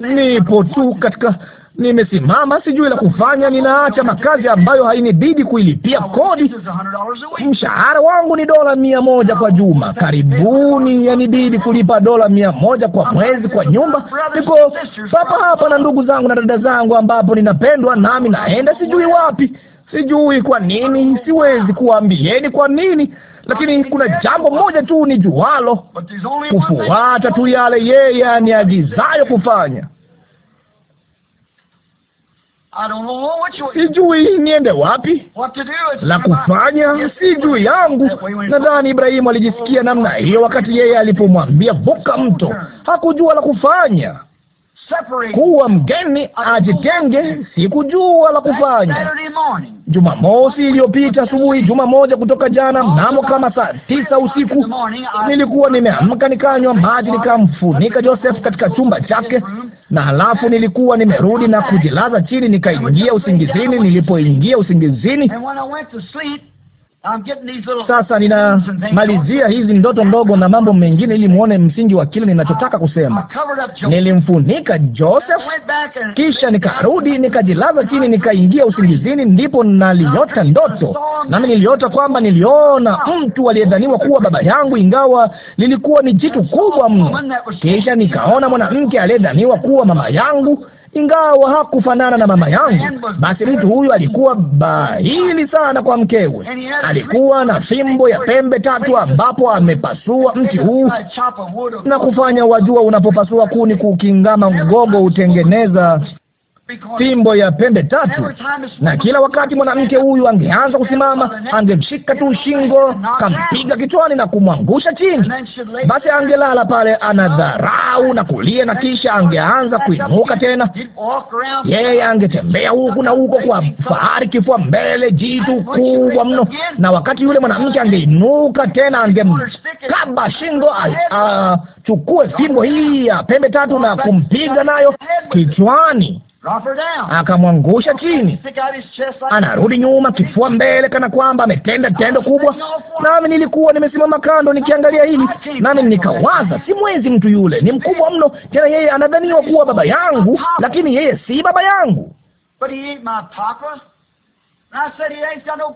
Nipo tu katika nimesimama, sijui la kufanya, ninaacha makazi ambayo hainibidi kuilipia kodi. Mshahara wangu ni dola mia moja kwa juma, karibuni yanibidi kulipa dola mia moja kwa mwezi kwa nyumba. Niko papa hapa na ndugu zangu na dada zangu, ambapo ninapendwa, nami naenda sijui wapi, sijui kwa nini, siwezi kuambieni kwa nini lakini kuna jambo moja tu ni jualo, kufuata tu yale yeye aniagizayo kufanya sijui niende wapi, la kufanya si juu yangu. Nadhani Ibrahimu alijisikia namna hiyo wakati yeye alipomwambia vuka mto, hakujua la kufanya kuwa mgeni ajitenge, sikujua la kufanya. Jumamosi iliyopita asubuhi, juma moja kutoka jana, mnamo kama saa tisa usiku, nilikuwa nimeamka nikanywa maji, nikamfunika Joseph katika chumba chake, na halafu nilikuwa nimerudi na kujilaza chini, nikaingia usingizini. Nilipoingia usingizini sasa ninamalizia hizi ndoto ndogo na mambo mengine, ili muone msingi wa kile ninachotaka ah, kusema. Nilimfunika Joseph, kisha nikarudi nikajilaza chini, nikaingia usingizini, ndipo naliota ndoto. Nami niliota kwamba niliona mtu aliyedhaniwa kuwa baba yangu, ingawa lilikuwa ni jitu kubwa mno. Kisha nikaona mwanamke aliyedhaniwa kuwa mama yangu ingawa hakufanana na mama yangu. Basi mtu huyu alikuwa bahili sana kwa mkewe. Alikuwa na fimbo ya pembe tatu, ambapo amepasua mti huu na kufanya, wajua, unapopasua kuni kukingama, mgogo hutengeneza fimbo ya pembe tatu, na kila wakati mwanamke huyu angeanza kusimama, angemshika tu shingo, kampiga kichwani na kumwangusha chini. Basi angelala pale anadharau na kulia, na kisha angeanza kuinuka tena. Yeye angetembea huku na huko kwa fahari, kifua mbele, jitu kubwa mno, na wakati yule mwanamke angeinuka tena, angemkaba shingo a, a, chukue fimbo hii ya pembe tatu na kumpiga nayo kichwani akamwangusha chini. Anarudi nyuma, kifua mbele, kana kwamba ametenda tendo kubwa. Nami nilikuwa nimesimama kando nikiangalia hili, nami nikawaza, simwezi. Mtu yule ni mkubwa mno, tena yeye anadhaniwa kuwa baba yangu, lakini yeye si baba yangu.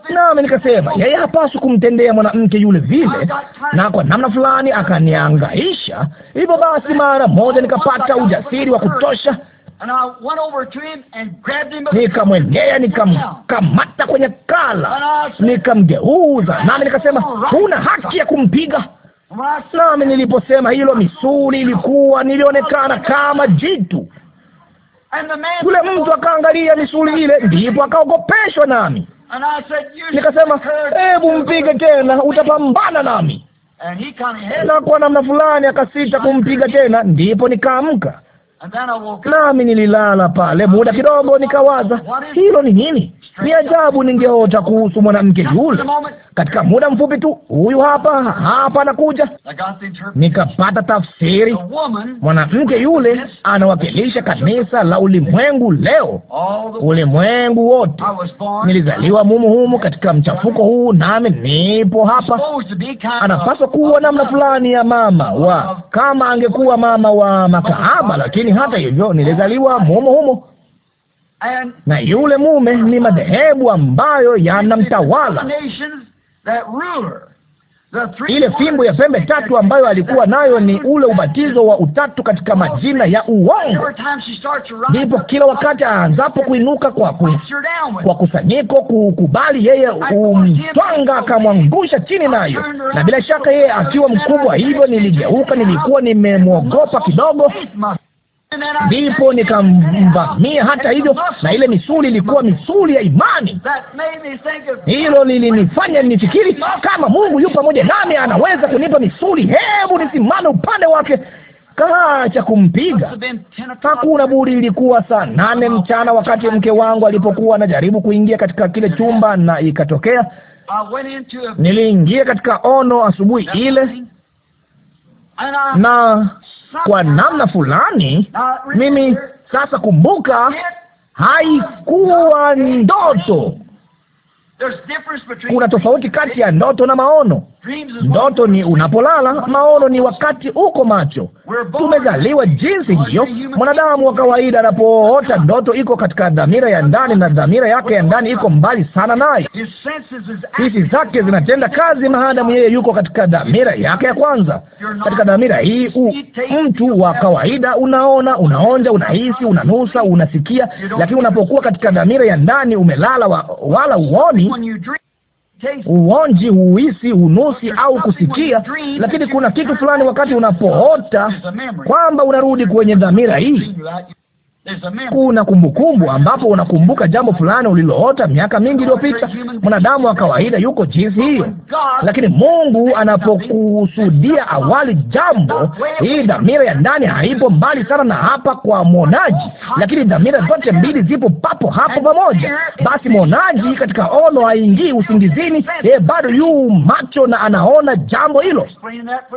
Nami nikasema yeye hapaswi kumtendea mwanamke yule vile, na kwa namna fulani akaniangaisha. Hivyo basi, mara moja nikapata ujasiri wa kutosha Nikamwendea, nikamkamata kwenye kala, nikamgeuza, nami nikasema huna haki ya kumpiga. Nami niliposema hilo, misuli ilikuwa nilionekana kama jitu. Yule mtu akaangalia misuli ile, ndipo akaogopeshwa. Nami nikasema hebu mpige tena, utapambana nami. Na kwa namna fulani akasita kumpiga tena, ndipo nikaamka nami nililala pale muda kidogo, nikawaza hilo ni nini? Ni ajabu ningeota kuhusu mwanamke yule. Katika muda mfupi tu, huyu hapa hapa anakuja, nikapata tafsiri. Mwanamke yule anawakilisha kanisa la ulimwengu leo, ulimwengu wote. Nilizaliwa mumu humu katika mchafuko huu, nami nipo hapa. Anapaswa kuwa namna fulani ya mama wa, kama angekuwa mama wa makahaba, lakini hata hivyo nilizaliwa mumo humo na yule mume ni madhehebu ambayo yanamtawala ile fimbo ya pembe tatu ambayo alikuwa nayo ni ule ubatizo wa utatu katika majina ya uongo. Ndipo kila wakati aanzapo kuinuka kwa, ku, kwa kusanyiko kukubali, yeye umtwanga akamwangusha chini nayo, na bila shaka yeye akiwa mkubwa hivyo. Niligeuka, nilikuwa nimemwogopa kidogo, ndipo nikamvamia. Hata hivyo, na ile misuli ilikuwa misuli ya imani. Hilo lilinifanya nifikiri kama Mungu yu pamoja nami, anaweza kunipa misuli. Hebu nisimame upande wake kaa cha kumpiga. Hakuna budi, ilikuwa saa nane mchana wakati mke wangu alipokuwa anajaribu kuingia katika kile chumba, na ikatokea niliingia katika ono asubuhi ile na kwa namna fulani. Mimi sasa, kumbuka, haikuwa ndoto. Kuna tofauti kati ya ndoto na maono. Ndoto ni unapolala, maono ni wakati uko macho. Tumezaliwa jinsi hiyo. Mwanadamu wa kawaida anapoota ndoto, iko katika dhamira ya ndani, na dhamira yake ya ndani iko mbali sana naye. Hisi zake zinatenda kazi maadamu yeye yuko katika dhamira yake ya kwanza. Katika dhamira hii u, mtu wa kawaida unaona, unaonja, unahisi, unanusa, unasikia, lakini unapokuwa katika dhamira ya ndani umelala wa, wala uoni uonji, huisi hunusi au kusikia, lakini kuna kitu fulani wakati unapoota kwamba unarudi kwenye dhamira hii kuna kumbukumbu ambapo unakumbuka jambo fulani uliloota miaka mingi iliyopita. Mwanadamu wa kawaida yuko jinsi hiyo, lakini Mungu anapokusudia awali jambo, hii dhamira ya ndani haipo mbali sana na hapa kwa mwonaji, lakini dhamira zote mbili zipo papo hapo pamoja. Basi mwonaji katika ono haingii usingizini, yeye bado yu macho na anaona jambo hilo.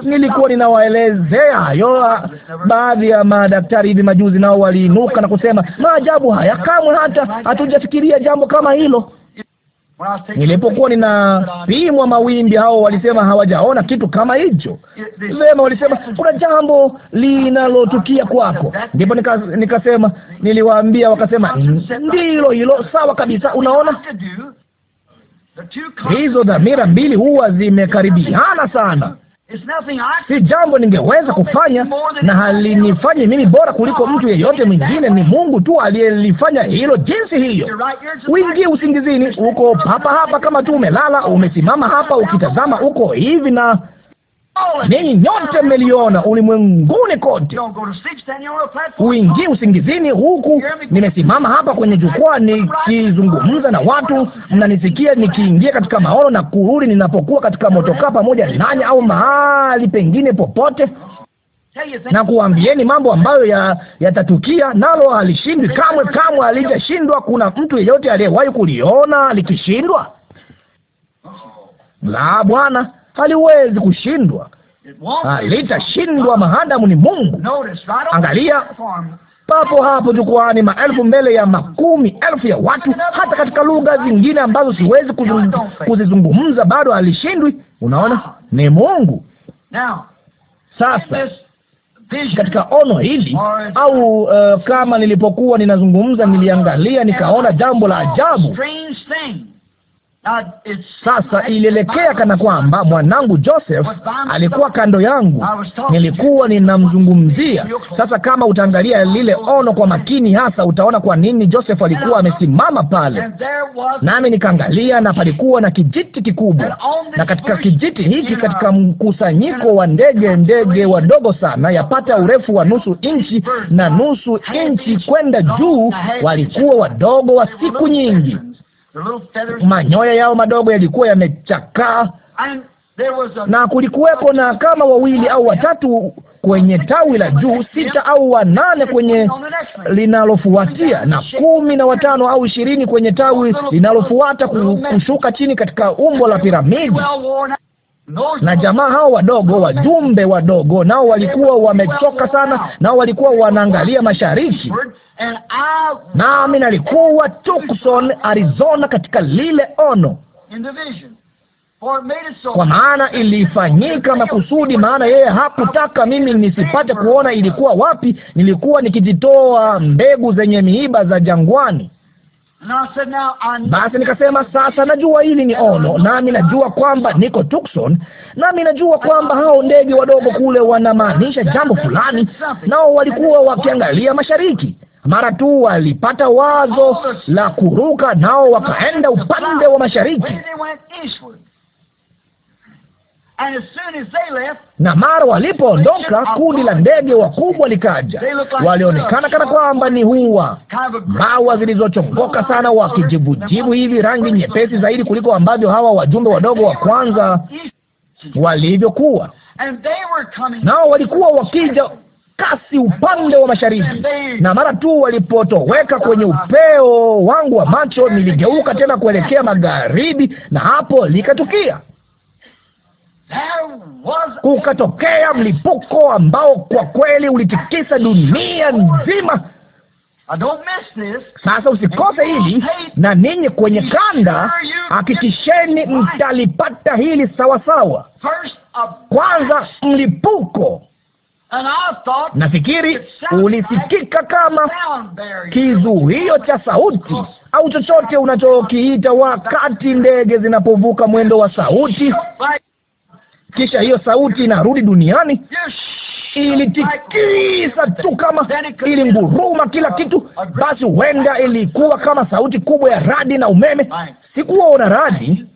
Nilikuwa ninawaelezea hayo ah, baadhi ya madaktari hivi majuzi, nao walinuka akageuka na kusema, maajabu haya, kamwe hata hatujafikiria jambo kama hilo. Nilipokuwa ninapimwa mawimbi, hao walisema hawajaona kitu kama hicho. Vema, walisema kuna jambo linalotukia kwako. Ndipo nikasema, niliwaambia, wakasema ndilo hilo. Sawa kabisa. Unaona, hizo dhamira mbili huwa zimekaribiana sana. Si jambo ningeweza kufanya, na halinifanyi mimi bora kuliko mtu yeyote mwingine. Ni Mungu tu aliyelifanya hilo jinsi hiyo. Uingie usingizini, uko hapa hapa, kama tu umelala, umesimama hapa ukitazama, uko hivi na Ninyi nyote mmeliona ulimwenguni kote. uingii usingizini huku nimesimama hapa kwenye jukwaa nikizungumza na watu, mnanisikia nikiingia katika maono na kurudi ninapokuwa katika motokaa pamoja nanyi, au mahali pengine popote, na kuambieni mambo ambayo yatatukia, ya nalo halishindwi kamwe, kamwe halijashindwa. Kuna mtu yeyote aliyewahi kuliona likishindwa? La, Bwana haliwezi kushindwa, halitashindwa ah, maadamu ni Mungu. Angalia papo hapo jukwani, maelfu mbele ya makumi elfu ya watu, hata katika lugha zingine ambazo siwezi kuzizungumza bado alishindwi. Unaona, ni Mungu. Sasa katika ono hili au uh, kama nilipokuwa ninazungumza, niliangalia nikaona jambo la ajabu sasa ilielekea kana kwamba mwanangu Joseph alikuwa kando yangu, nilikuwa ninamzungumzia. Sasa kama utaangalia lile ono kwa makini hasa, utaona kwa nini Joseph alikuwa amesimama pale. Nami nikaangalia, na palikuwa na kijiti kikubwa, na katika kijiti hiki, katika mkusanyiko wa ndege, ndege wadogo sana, yapata urefu wa nusu inchi na nusu inchi kwenda juu, walikuwa wadogo wa siku nyingi manyoya yao madogo yalikuwa yamechakaa, na kulikuwepo na kama wawili au watatu kwenye tawi la juu, sita au wanane kwenye linalofuatia, na kumi na watano au ishirini kwenye tawi linalofuata, kushuka chini katika umbo la piramidi na jamaa hao wadogo, wajumbe wadogo, nao walikuwa wamechoka sana, nao walikuwa wanaangalia mashariki, nami nalikuwa Tucson, Arizona, katika lile ono kwa maana ilifanyika makusudi, maana yeye hakutaka mimi nisipate kuona ilikuwa wapi. Nilikuwa nikijitoa mbegu zenye miiba za jangwani. Basi nikasema sasa, najua hili ni ono, nami najua kwamba niko Tucson, nami najua kwamba hao ndege wadogo kule wanamaanisha jambo fulani, nao walikuwa wakiangalia mashariki. Mara tu walipata wazo la kuruka, nao wakaenda upande wa mashariki na mara walipoondoka, kundi la ndege wakubwa likaja. Walionekana kana kwamba ni huwa mawa zilizochongoka sana, wakijibujibu hivi, rangi nyepesi zaidi kuliko ambavyo hawa wajumbe wadogo wa kwanza walivyokuwa nao. Walikuwa wakija kasi upande wa mashariki, na mara tu walipotoweka kwenye upeo wangu wa macho, niligeuka tena kuelekea magharibi, na hapo likatukia kukatokea mlipuko ambao kwa kweli ulitikisa dunia nzima. Sasa usikose hili, na ninyi kwenye kanda, hakikisheni mtalipata hili sawasawa. Kwanza mlipuko nafikiri ulisikika kama kizuio cha sauti au chochote unachokiita wakati ndege zinapovuka mwendo wa sauti. Kisha hiyo sauti inarudi duniani, ilitikisa tu kama ilinguruma kila kitu. Basi huenda ilikuwa kama sauti kubwa ya radi na umeme. Sikuona radi,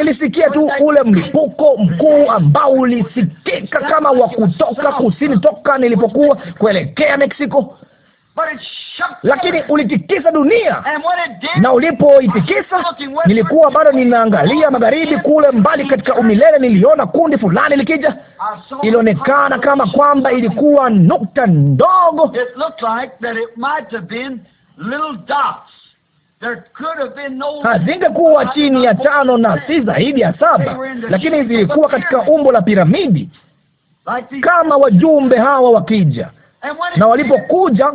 ilisikia tu ule mlipuko mkuu ambao ulisikika kama wa kutoka kusini, toka nilipokuwa kuelekea Meksiko lakini ulitikisa dunia, na ulipoitikisa, nilikuwa bado ninaangalia magharibi kule mbali katika umilele. Niliona kundi fulani likija, ilionekana kama kwamba ilikuwa nukta ndogo hazingekuwa chini ya tano na si zaidi ya saba, lakini zilikuwa katika umbo la piramidi, kama wajumbe hawa wakija, na walipokuja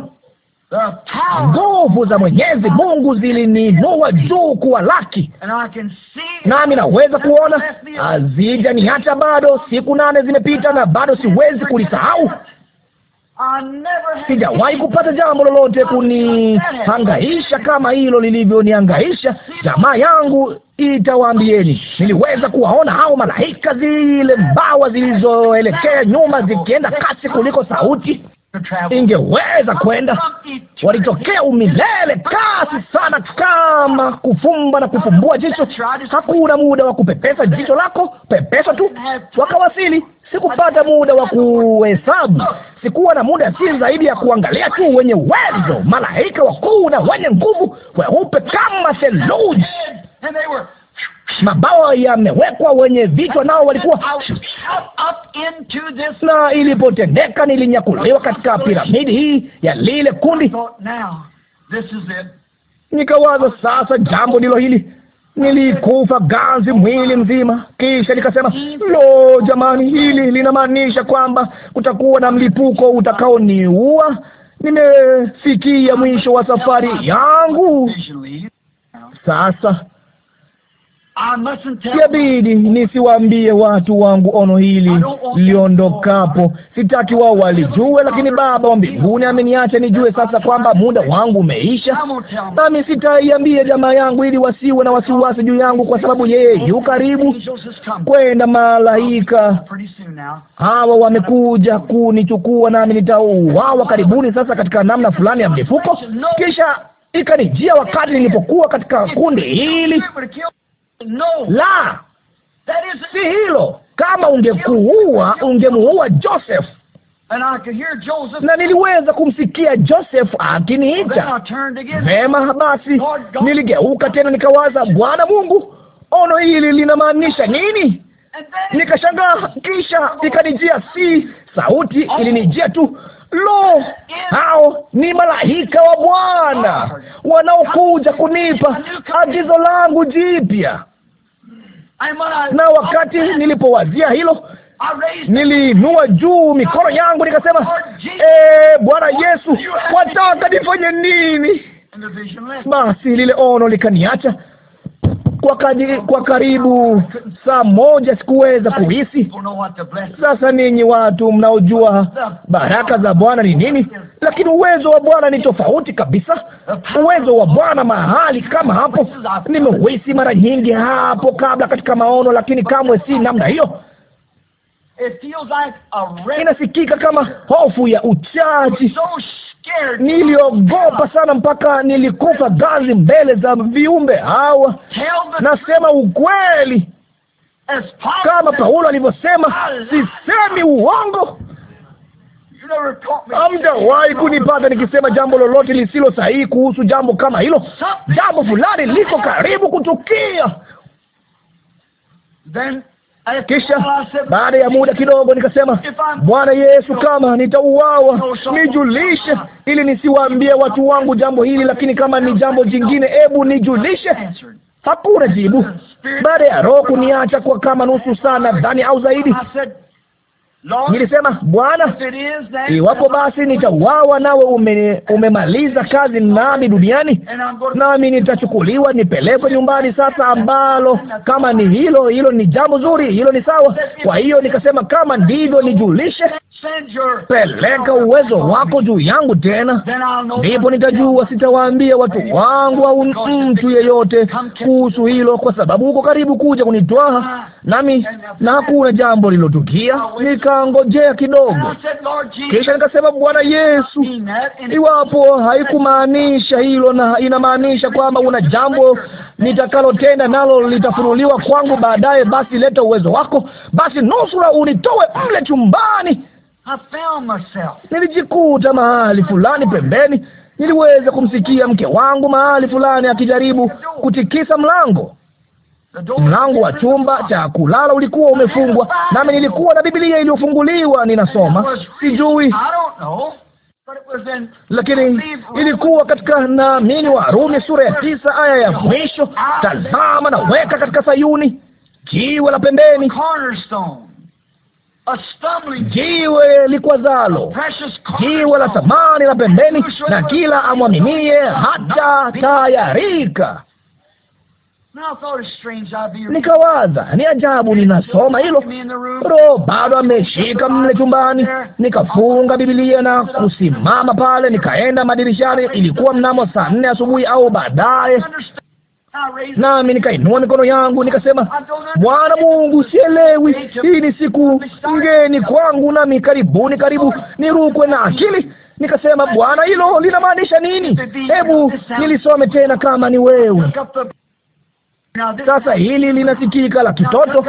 Nguvu za Mwenyezi Mungu zilininua juu kuwa laki nami naweza kuona azija ni hata bado. Siku nane zimepita na bado siwezi kulisahau. Sijawahi kupata jambo lolote kunihangaisha kama hilo lilivyonihangaisha. Jamaa yangu itawaambieni, niliweza kuwaona hao malaika, zile mbawa zilizoelekea nyuma zikienda kasi kuliko sauti ingeweza kwenda. Walitokea umilele kasi sana, kama kufumba na kufumbua jicho. Hakuna muda wa kupepesa jicho lako, pepesa tu. Wakawasili, sikupata muda wa kuhesabu, sikuwa na muda si zaidi ya kuangalia tu. Wenye uwezo, malaika wakuu na wenye nguvu, weupe kama theluji mabawa yamewekwa wenye vichwa, nao walikuwa na. Ilipotendeka nilinyakuliwa katika piramidi hii ya lile kundi. Nikawaza sasa, jambo ndilo hili. Nilikufa ganzi mwili mzima, kisha nikasema, lo, jamani, hili linamaanisha kwamba kutakuwa na mlipuko utakaoniua. Nimefikia mwisho wa safari yangu sasa Yabidi nisiwaambie watu wangu ono hili liondokapo, sitaki wao walijue, lakini Baba wa mbinguni ameniacha nijue sasa kwamba muda wangu umeisha, nami sitaiambie jamaa yangu, ili wasiwe na wasiwasi juu yangu, kwa sababu yeye yu karibu kwenda. Malaika hawa wamekuja kunichukua, nami nitauawa karibuni sasa katika namna fulani ya mlipuko. Kisha ikanijia wakati nilipokuwa katika kundi hili la, si hilo. Kama ungekuua ungemuua Joseph. Na niliweza kumsikia Joseph akiniita. Vema basi, niligeuka tena nikawaza, Bwana Mungu, ono hili linamaanisha nini? Nikashangaa, kisha ikanijia, si sauti, ilinijia tu Lo, hao ni malaika wa Bwana wanaokuja kunipa agizo langu jipya na wakati nilipowazia hilo niliinua juu mikono yangu nikasema, ee Bwana Yesu, wataka nifanye nini? Basi lile ono likaniacha kwa, kadi, kwa karibu saa moja sikuweza kuhisi. Sasa ninyi watu mnaojua baraka za Bwana ni nini, lakini uwezo wa Bwana ni tofauti kabisa. Uwezo wa Bwana mahali kama hapo, nimehisi mara nyingi hapo kabla katika maono, lakini kamwe si namna hiyo. Inasikika kama hofu ya uchaji Niliogopa sana mpaka nilikufa gazi mbele za viumbe hawa. Nasema ukweli kama Paulo alivyosema, sisemi uongo. Hamjawahi kunipata nikisema jambo lolote lisilo sahihi kuhusu jambo kama hilo. Jambo fulani liko karibu kutukia, kisha baada ya muda kidogo nikasema, Bwana Yesu, kama nitauawa nijulishe, ili nisiwaambie watu wangu jambo hili, lakini kama ni jambo jingine, hebu nijulishe. Hakuna jibu. Baada ya roho kuniacha kwa kama nusu saa nadhani au zaidi, Nilisema, Bwana, iwapo basi nitauawa, nawe umemaliza kazi nami duniani, nami nitachukuliwa nipelekwe nyumbani sasa, ambalo kama ni hilo hilo ni jambo zuri, hilo ni sawa. Kwa hiyo nikasema, kama ndivyo nijulishe, peleka uwezo wako juu yangu tena, ndipo nitajua. Sitawaambia watu wangu au mtu yeyote kuhusu hilo, kwa sababu uko karibu kuja kunitwaha nami, na hakuna jambo lilotukia nika Mtangojea kidogo. Kisha nikasema, Bwana Yesu, iwapo haikumaanisha hilo na inamaanisha kwamba una jambo nitakalotenda nalo litafunuliwa kwangu baadaye, basi leta uwezo wako, basi nusura unitoe mle chumbani. Nilijikuta mahali fulani pembeni. Niliweza kumsikia mke wangu mahali fulani akijaribu kutikisa mlango mlango wa chumba cha kulala ulikuwa umefungwa, nami nilikuwa na Biblia iliyofunguliwa ninasoma, sijui lakini ilikuwa katika naamini Warumi sura ya tisa aya ya mwisho, tazama na weka katika Sayuni jiwe la pembeni, jiwe likwazalo, jiwe la thamani la pembeni, na kila amwaminie hata tayarika Nikawaza, ni ajabu, ninasoma hilo. Roho bado ameshika mle chumbani. Nikafunga Biblia na kusimama pale, nikaenda madirishani. Ilikuwa mnamo saa nne asubuhi au baadaye, nami nikainua mikono yangu nikasema, Bwana Mungu, sielewi, hii ni siku ngeni kwangu, nami karibuni karibu nirukwe na akili nikasema, Bwana, hilo linamaanisha nini? Hebu nilisome tena kama ni wewe. Sasa hili linasikika la kitoto.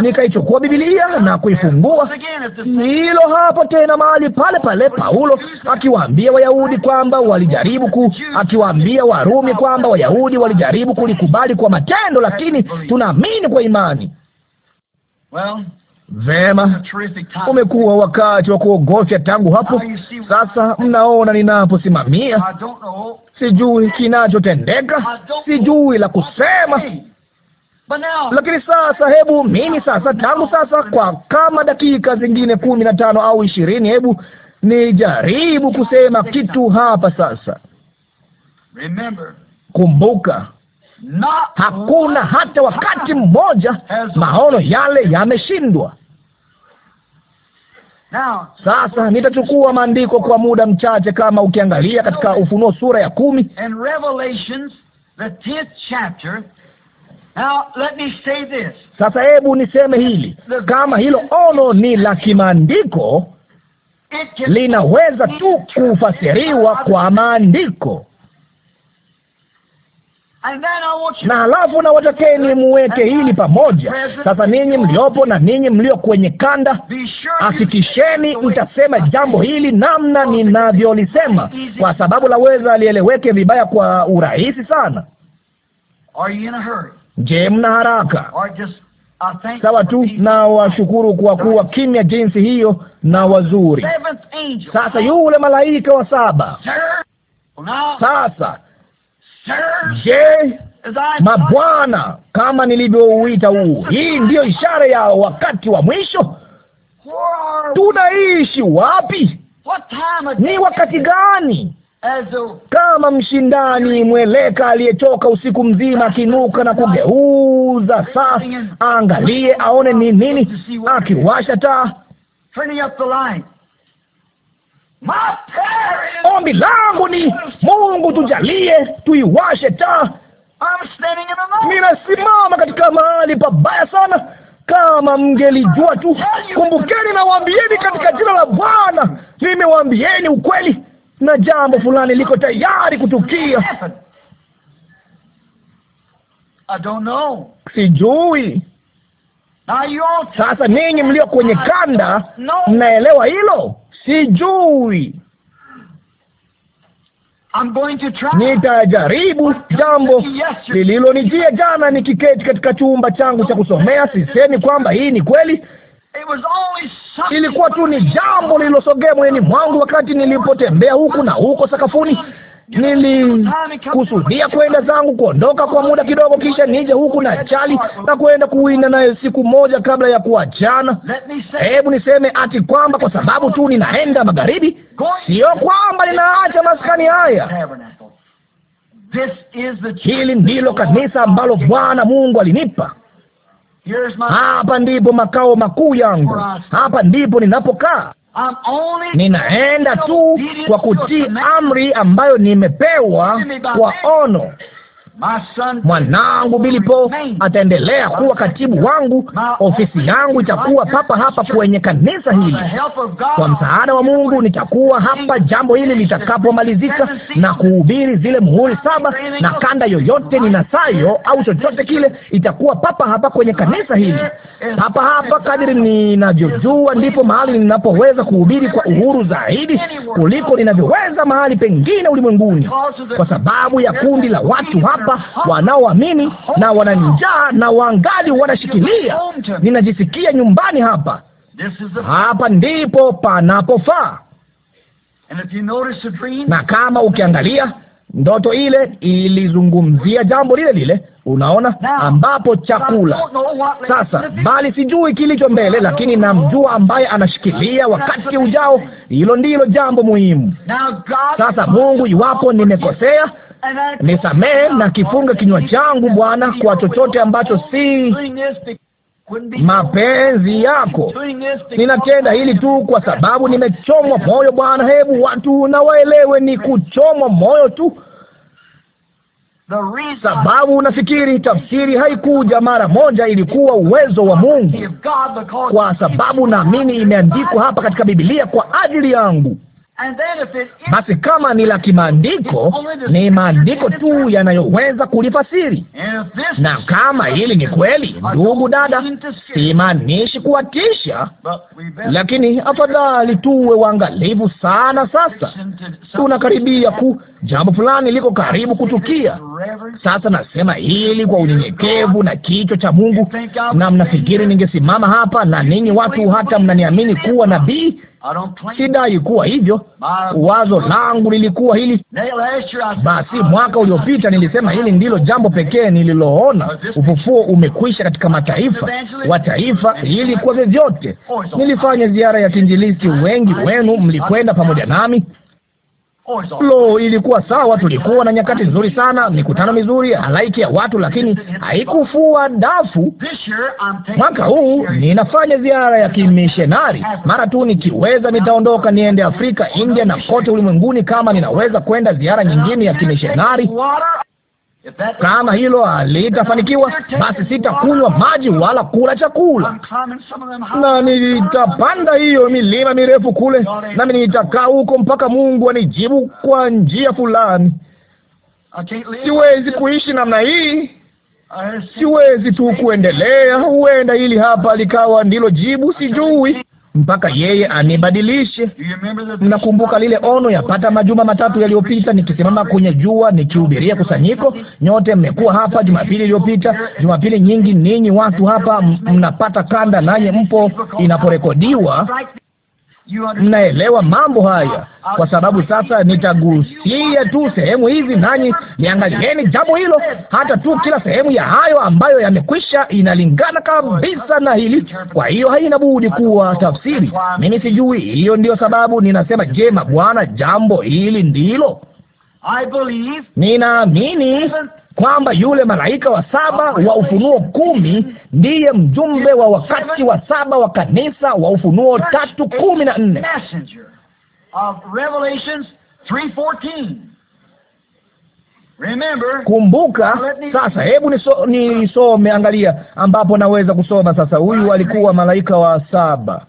Nikaichukua Biblia na kuifungua, hilo hapo tena, mahali pale pale, Paulo akiwaambia Wayahudi kwamba walijaribu ku, akiwaambia Warumi kwamba Wayahudi walijaribu kulikubali kwa matendo, lakini tunaamini kwa imani. Vema, umekuwa wakati wa kuogofya tangu hapo sasa. Mnaona ninaposimamia, sijui kinachotendeka, sijui la kusema. Lakini sasa, hebu mimi sasa, tangu sasa, kwa kama dakika zingine kumi na tano au ishirini, hebu nijaribu kusema kitu hapa sasa. Kumbuka Hakuna hata wakati mmoja maono yale yameshindwa. Sasa nitachukua maandiko kwa muda mchache. Kama ukiangalia katika Ufunuo sura ya kumi sasa hebu niseme hili, kama hilo ono ni la kimaandiko, linaweza tu kufasiriwa kwa maandiko na alafu na watakeni muweke hili pamoja. Sasa ninyi mliopo na ninyi mlio kwenye kanda, hakikisheni mtasema jambo hili namna ninavyolisema, kwa sababu laweza alieleweke vibaya kwa urahisi sana. Je, mna haraka? Sawa tu, na washukuru kwa kuwa kimya jinsi hiyo na wazuri. Sasa yule malaika wa saba sasa Je, mabwana, kama nilivyouita huu, hii ndiyo ishara ya wakati wa mwisho. Tunaishi wapi? Ni wakati gani? Kama mshindani mweleka aliyetoka usiku mzima akinuka na kugeuza saa, angalie aone ni nini, akiwasha taa Ombi langu ni Mungu, tujalie tuiwashe taa. Ninasimama katika mahali pabaya sana. Kama mngelijua tu! Kumbukeni, nawaambieni katika jina la Bwana, nimewaambieni ukweli, na jambo fulani liko tayari kutukia. Sijui. Sasa ninyi mlio kwenye kanda mnaelewa hilo sijui. Nitajaribu jambo lililonijia jana nikiketi katika chumba changu cha kusomea. Sisemi kwamba hii ni kweli, ilikuwa tu ni jambo lililosogea moyoni mwangu wakati nilipotembea huku na huko sakafuni nilikusudia kwenda zangu kuondoka kwa muda kidogo, kisha nije huku na chali na kwenda kuwinda naye siku moja kabla ya kuachana. Hebu niseme ati kwamba kwa sababu tu ninaenda magharibi, sio kwamba ninaacha maskani haya. Hili ndilo kanisa ambalo Bwana Mungu alinipa. Hapa ndipo makao makuu yangu, hapa ndipo ninapokaa ninaenda tu kwa kutii amri ambayo nimepewa kwa ono. Mwanangu bilipo ataendelea kuwa katibu wangu. Ofisi yangu itakuwa papa hapa kwenye kanisa hili. Kwa msaada wa Mungu nitakuwa hapa jambo hili litakapomalizika, na kuhubiri zile muhuri saba na kanda yoyote ninasayo au chochote kile, itakuwa papa hapa kwenye kanisa hili, papa hapa. Kadiri ninavyojua, ndipo mahali ninapoweza kuhubiri kwa uhuru zaidi kuliko ninavyoweza mahali pengine ulimwenguni, kwa sababu ya kundi la watu hapa hapa wanaoamini na wana njaa na wangali wanashikilia. Ninajisikia nyumbani hapa, hapa ndipo panapofaa. Na kama ukiangalia ndoto ile ilizungumzia jambo lile lile, unaona, ambapo chakula sasa. Bali sijui kilicho mbele, lakini namjua ambaye anashikilia wakati ujao. Hilo ndilo jambo muhimu. Sasa Mungu, iwapo nimekosea Nisamehe na kifunge kinywa changu Bwana, kwa chochote ambacho si mapenzi yako. Ninatenda hili tu kwa sababu nimechomwa moyo Bwana. Hebu watu na waelewe, ni kuchomwa moyo tu sababu unafikiri tafsiri haikuja mara moja, ilikuwa uwezo wa Mungu, kwa sababu naamini imeandikwa hapa katika Biblia kwa ajili yangu. Basi kama ni la kimaandiko, ni maandiko tu yanayoweza kulifasiri. Na kama hili ni kweli, ndugu dada, simaanishi kuwatisha, lakini afadhali tuwe waangalifu sana. Sasa tunakaribia ku jambo fulani liko karibu kutukia. Sasa nasema hili kwa unyenyekevu na kichwa cha Mungu, na mnafikiri ningesimama hapa na ninyi watu hata mnaniamini kuwa nabii? Sidai kuwa hivyo. Wazo langu lilikuwa hili. Basi mwaka uliopita nilisema hili ndilo jambo pekee nililoona, ufufuo umekwisha katika mataifa wa taifa hili kwa vyovyote. Nilifanya ziara ya tinjilisti, wengi wenu mlikwenda pamoja nami. Lo, ilikuwa sawa. Tulikuwa na nyakati nzuri sana, mikutano mizuri, halaiki ya watu, lakini haikufua dafu. Mwaka huu ninafanya ziara ya kimishonari. Mara tu nikiweza, nitaondoka niende Afrika, India na kote ulimwenguni, kama ninaweza kwenda ziara nyingine ya kimishonari. Kama hilo halitafanikiwa, basi sitakunywa maji wala kula chakula, na nitapanda hiyo milima mirefu kule, nami nitakaa huko mpaka Mungu anijibu kwa njia fulani. Siwezi kuishi namna hii, siwezi tu kuendelea. Huenda hili hapa likawa ndilo jibu, sijui mpaka yeye anibadilishe. Mnakumbuka lile ono yapata majuma matatu yaliyopita, nikisimama kwenye jua nikihubiria kusanyiko. Nyote mmekuwa hapa Jumapili iliyopita, Jumapili nyingi. Ninyi watu hapa mnapata kanda, nanyi mpo inaporekodiwa mnaelewa mambo haya, kwa sababu sasa nitagusia tu sehemu hizi, nanyi liangalieni jambo hilo, hata tu kila sehemu ya hayo ambayo yamekwisha inalingana kabisa na hili. Kwa hiyo haina budi kuwa tafsiri. Mimi sijui, hiyo ndiyo sababu ninasema, je, mabwana, jambo hili ndilo ninaamini kwamba yule malaika wa saba wa Ufunuo kumi ndiye mjumbe wa wakati wa saba wa kanisa wa Ufunuo tatu kumi na nne Kumbuka sasa, hebu nisome, angalia ambapo naweza kusoma sasa. Huyu alikuwa malaika wa saba.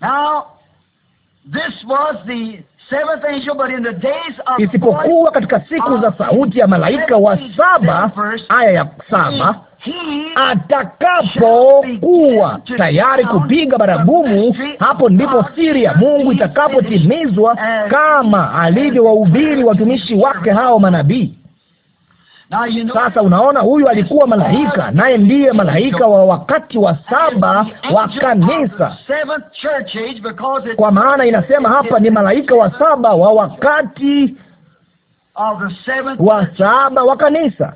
Now isipokuwa katika siku uh, za sauti ya malaika wa saba, aya ya saba, atakapokuwa tayari kupiga baragumu, hapo ndipo siri ya Mungu itakapotimizwa, kama alivyowahubiri watumishi wake hao manabii. Sasa unaona, huyu alikuwa malaika, naye ndiye malaika wa wakati wa saba wa kanisa, kwa maana inasema hapa ni malaika wa saba wa wakati wa saba wa kanisa.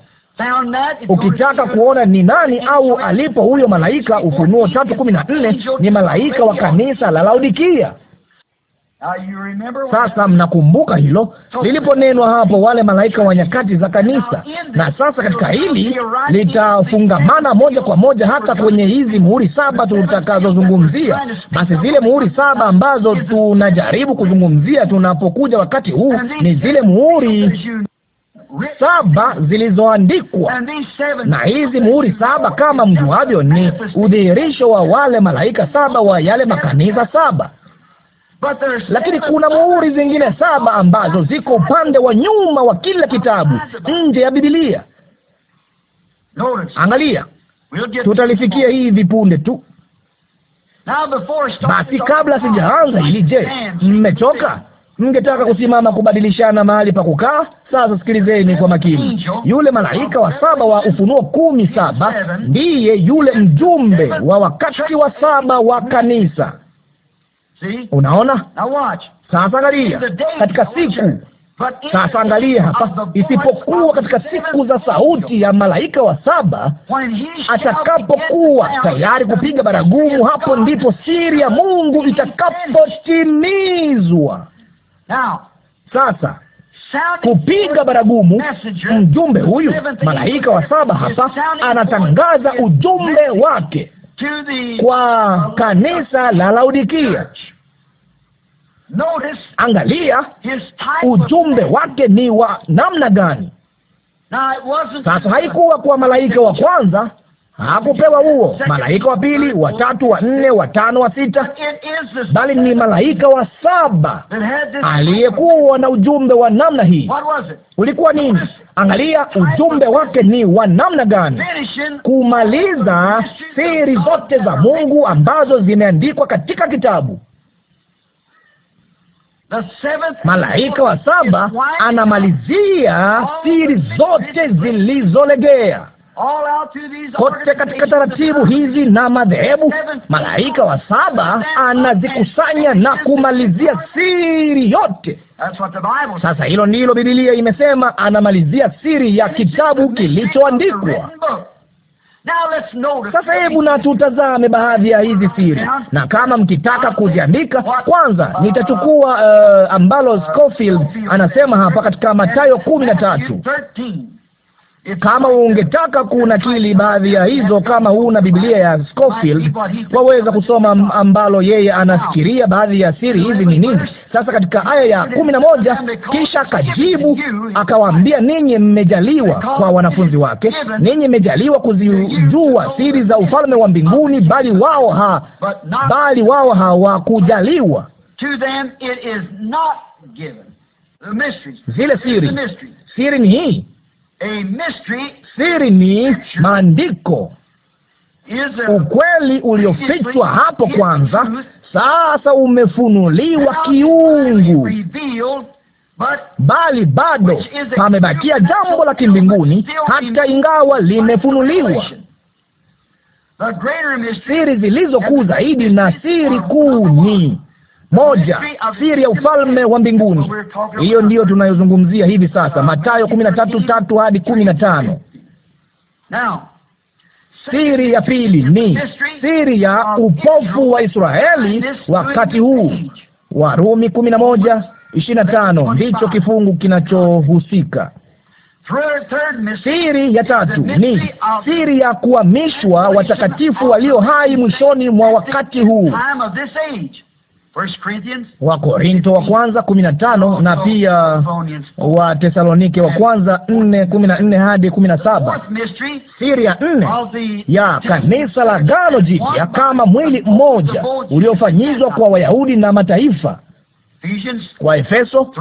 Ukitaka kuona ni nani au alipo huyo malaika, Ufunuo tatu kumi na nne ni malaika wa kanisa la Laodikia. Ah, sasa mnakumbuka hilo liliponenwa hapo, wale malaika wa nyakati za kanisa. Na sasa katika hili litafungamana moja kwa moja hata kwenye hizi muhuri saba tutakazozungumzia. Basi zile muhuri saba ambazo tunajaribu kuzungumzia tunapokuja wakati huu ni zile muhuri saba zilizoandikwa na hizi muhuri saba kama mjuavyo, ni udhihirisho wa wale malaika saba wa yale makanisa saba lakini kuna muhuri zingine saba ambazo ziko upande wa nyuma wa kila kitabu nje ya Biblia. Angalia, tutalifikia hivi punde tu. Basi kabla sijaanza hili, je, mmechoka? Mngetaka kusimama kubadilishana mahali pa kukaa? Sasa sikilizeni kwa makini. Yule malaika wa saba wa Ufunuo kumi saba ndiye yule mjumbe wa wakati wa saba wa kanisa. Unaona sasa, angalia katika siku sasa, angalia hapa, isipokuwa katika siku za sauti ya malaika wa saba atakapokuwa tayari kupiga baragumu, hapo ndipo siri ya Mungu itakapotimizwa. Sasa kupiga baragumu, mjumbe huyu malaika wa saba hapa anatangaza ujumbe wake kwa kanisa la Laodikia. Angalia ujumbe wake ni wa namna gani. Sasa haikuwa kwa malaika wa kwanza, hakupewa huo malaika wa pili, wa tatu, wa nne, wa tano, wa sita, bali ni malaika wa saba aliyekuwa na ujumbe wa namna hii. Ulikuwa nini? Angalia ujumbe wake ni wa namna gani, kumaliza siri zote za Mungu ambazo zimeandikwa katika kitabu. Malaika wa saba anamalizia siri zote zilizolegea kote katika taratibu hizi na madhehebu, malaika wa saba anazikusanya na kumalizia siri yote. Sasa hilo ndilo Bibilia imesema, anamalizia siri ya kitabu kilichoandikwa. Sasa hebu na tutazame baadhi ya hizi siri, na kama mkitaka kuziandika, kwanza nitachukua uh, ambalo uh, Scofield anasema hapa katika Mathayo kumi na tatu kama ungetaka kunakili baadhi ya hizo, kama huna Biblia ya Scofield waweza kusoma ambalo yeye anafikiria baadhi ya siri hizi ni nini. Sasa katika aya ya kumi na moja kisha akajibu akawaambia, ninyi mmejaliwa kwa wanafunzi wake, ninyi mmejaliwa kuzijua siri za ufalme wa mbinguni, bali wao ha, bali wao hawakujaliwa zile siri. Siri ni hii Siri ni maandiko, ukweli uliofichwa hapo kwanza, sasa umefunuliwa kiungu bali bado pamebakia jambo la kimbinguni, hata ingawa limefunuliwa. Siri zilizo kuu zaidi na siri kuu ni moja, siri ya ufalme wa mbinguni. Hiyo ndiyo tunayozungumzia hivi sasa, Mathayo kumi na tatu tatu hadi kumi na tano. Siri ya pili ni siri ya upofu wa Israeli wakati huu. Warumi kumi na moja ishirini na tano ndicho kifungu kinachohusika. Siri ya tatu ni siri ya kuhamishwa watakatifu walio hai mwishoni mwa wakati huu. Wakorinto wa kwanza kumi na tano na pia wa Tesalonike wa kwanza nne kumi na nne hadi kumi na saba Siri ya nne ya kanisa la gano Jipya kama mwili mmoja uliofanyizwa kwa Wayahudi na mataifa wa Efeso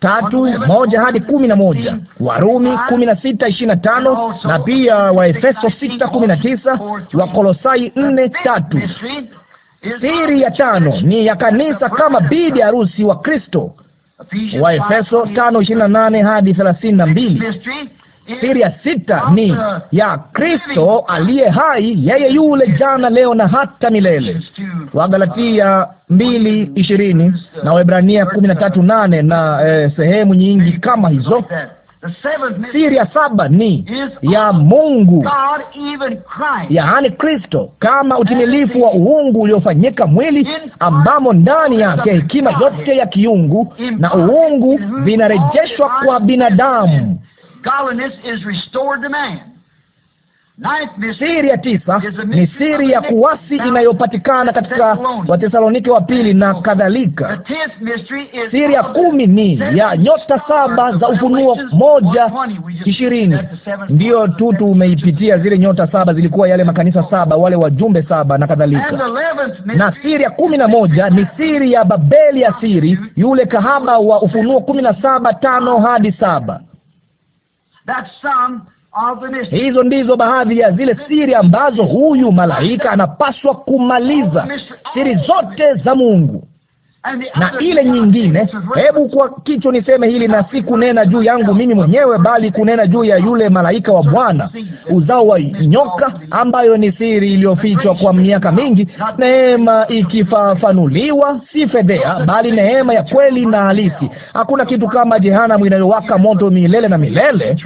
tatu moja hadi kumi na moja Warumi kumi na sita ishirini na tano na pia wa Efeso sita kumi na tisa Wakolosai nne tatu Siri ya tano ni ya kanisa kama bibi harusi wa Kristo, wa Efeso 5:28 hadi 32. Siri ya sita ni ya Kristo aliye hai, yeye yule jana, leo na hata milele, Wagalatia galatia 220 na Waebrania 13:8 na na eh, sehemu nyingi kama hizo. Siri ya saba ni ya Mungu, yaani Kristo kama utimilifu wa uungu uliofanyika mwili, ambamo ndani yake hekima yote ya kiungu na uungu vinarejeshwa kwa binadamu. Siri ya tisa ni siri ya kuwasi inayopatikana katika Wathesalonike wa pili na kadhalika. Siri ya kumi ni ya nyota saba za Ufunuo moja ishirini. Ndiyo tu tumeipitia zile nyota saba, zilikuwa yale makanisa saba, wale wajumbe saba na kadhalika. Na siri ya kumi na moja ni siri ya Babeli ya siri, yule kahaba wa Ufunuo kumi na saba tano hadi saba. Hizo ndizo baadhi ya zile siri ambazo huyu malaika anapaswa kumaliza, siri zote za Mungu na ile nyingine, hebu kwa kichwa niseme hili, na si kunena juu yangu mimi mwenyewe, bali kunena juu ya yule malaika wa Bwana, uzao wa nyoka, ambayo ni siri iliyofichwa kwa miaka mingi, neema ikifafanuliwa, si fedhea, bali neema ya kweli na halisi. Hakuna kitu kama jehanamu inayowaka moto milele na milele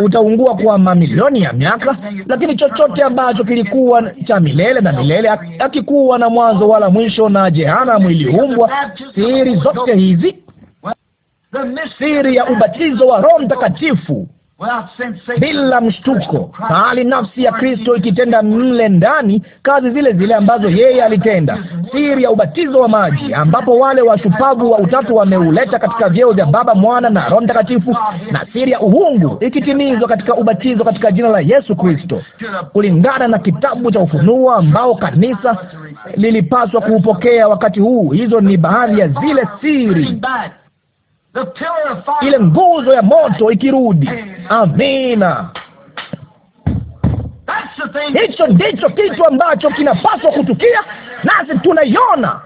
utaungua kwa mamilioni ya miaka, lakini chochote ambacho kilikuwa cha milele na milele, akikuwa na mwanzo wala mwisho, na jehanamu iliumbwa. Siri zote hizi, siri ya ubatizo wa Roho Mtakatifu bila mshtuko, hali nafsi ya Kristo ikitenda mle ndani kazi zile zile ambazo yeye alitenda. Siri ya ubatizo wa maji, ambapo wale washupavu wa utatu wameuleta katika vyeo vya Baba, Mwana na Roho Mtakatifu, na siri ya uhungu ikitimizwa katika ubatizo katika jina la Yesu Kristo, kulingana na kitabu cha Ufunuo ambao kanisa lilipaswa kuupokea wakati huu. Hizo ni baadhi ya zile siri ile nguzo ya moto ikirudi. Amina. Hicho ndicho kitu ambacho kinapaswa kutukia, nasi tunaiona.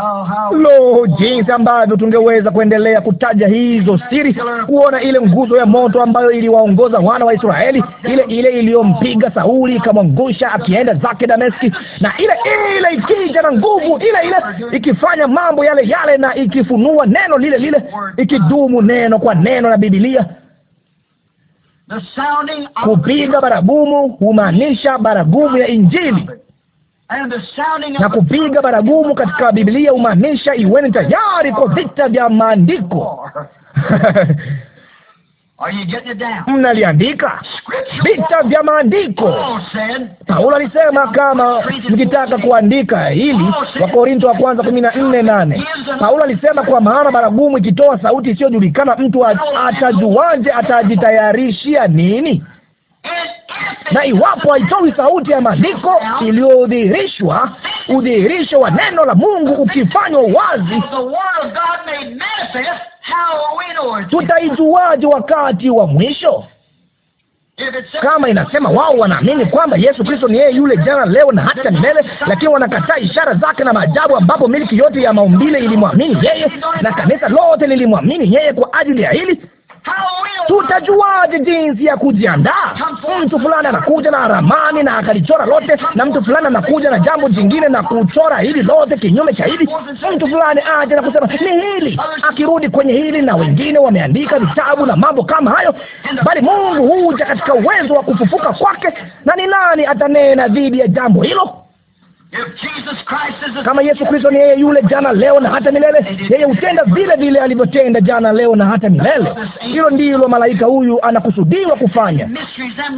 Oh, Lo, jinsi ambavyo tungeweza kuendelea kutaja hizo siri, kuona ile nguzo ya moto ambayo iliwaongoza wana wa Israeli, ile ile iliyompiga Sauli ikamwangusha akienda zake Dameski, na ile ile ikija na nguvu ile ile ikifanya mambo yale yale, na ikifunua neno lile lile, ikidumu neno kwa neno na Biblia kupiga baragumu humaanisha baragumu ya Injili na kupiga baragumu katika Biblia umaanisha iweni tayari kwa vita vya maandiko. Mnaliandika vita vya maandiko. Paulo alisema kama mkitaka kuandika hili, Wakorintho wa kwanza kumi na nne nane. Paulo alisema kwa maana baragumu ikitoa sauti isiyojulikana, mtu atajuaje atajitayarishia nini? na iwapo haitoi sauti ya maandiko iliyodhihirishwa, udhihirisho wa neno la Mungu ukifanywa wazi, tutaijuaje wakati wa mwisho? Kama inasema wao wanaamini kwamba Yesu Kristo ni yeye yule jana, leo na hata milele, lakini wanakataa ishara zake na maajabu, ambapo miliki yote ya maumbile ilimwamini yeye na kanisa lote lilimwamini yeye kwa ajili ya hili Tutajuaje jinsi ya kujiandaa? Mtu fulani anakuja na ramani na akalichora lote, na mtu fulani anakuja na jambo jingine na kuchora hili lote kinyume cha hili. Mtu fulani aje na kusema ni hili, akirudi kwenye hili, na wengine wameandika vitabu na mambo kama hayo. Bali Mungu huja katika uwezo wa kufufuka kwake, na ni nani atanena dhidi ya jambo hilo? Kama Yesu Kristo ni yeye yule jana leo na hata milele, yeye hutenda vile vile alivyotenda jana leo na hata milele. Hilo ndilo malaika huyu anakusudiwa kufanya,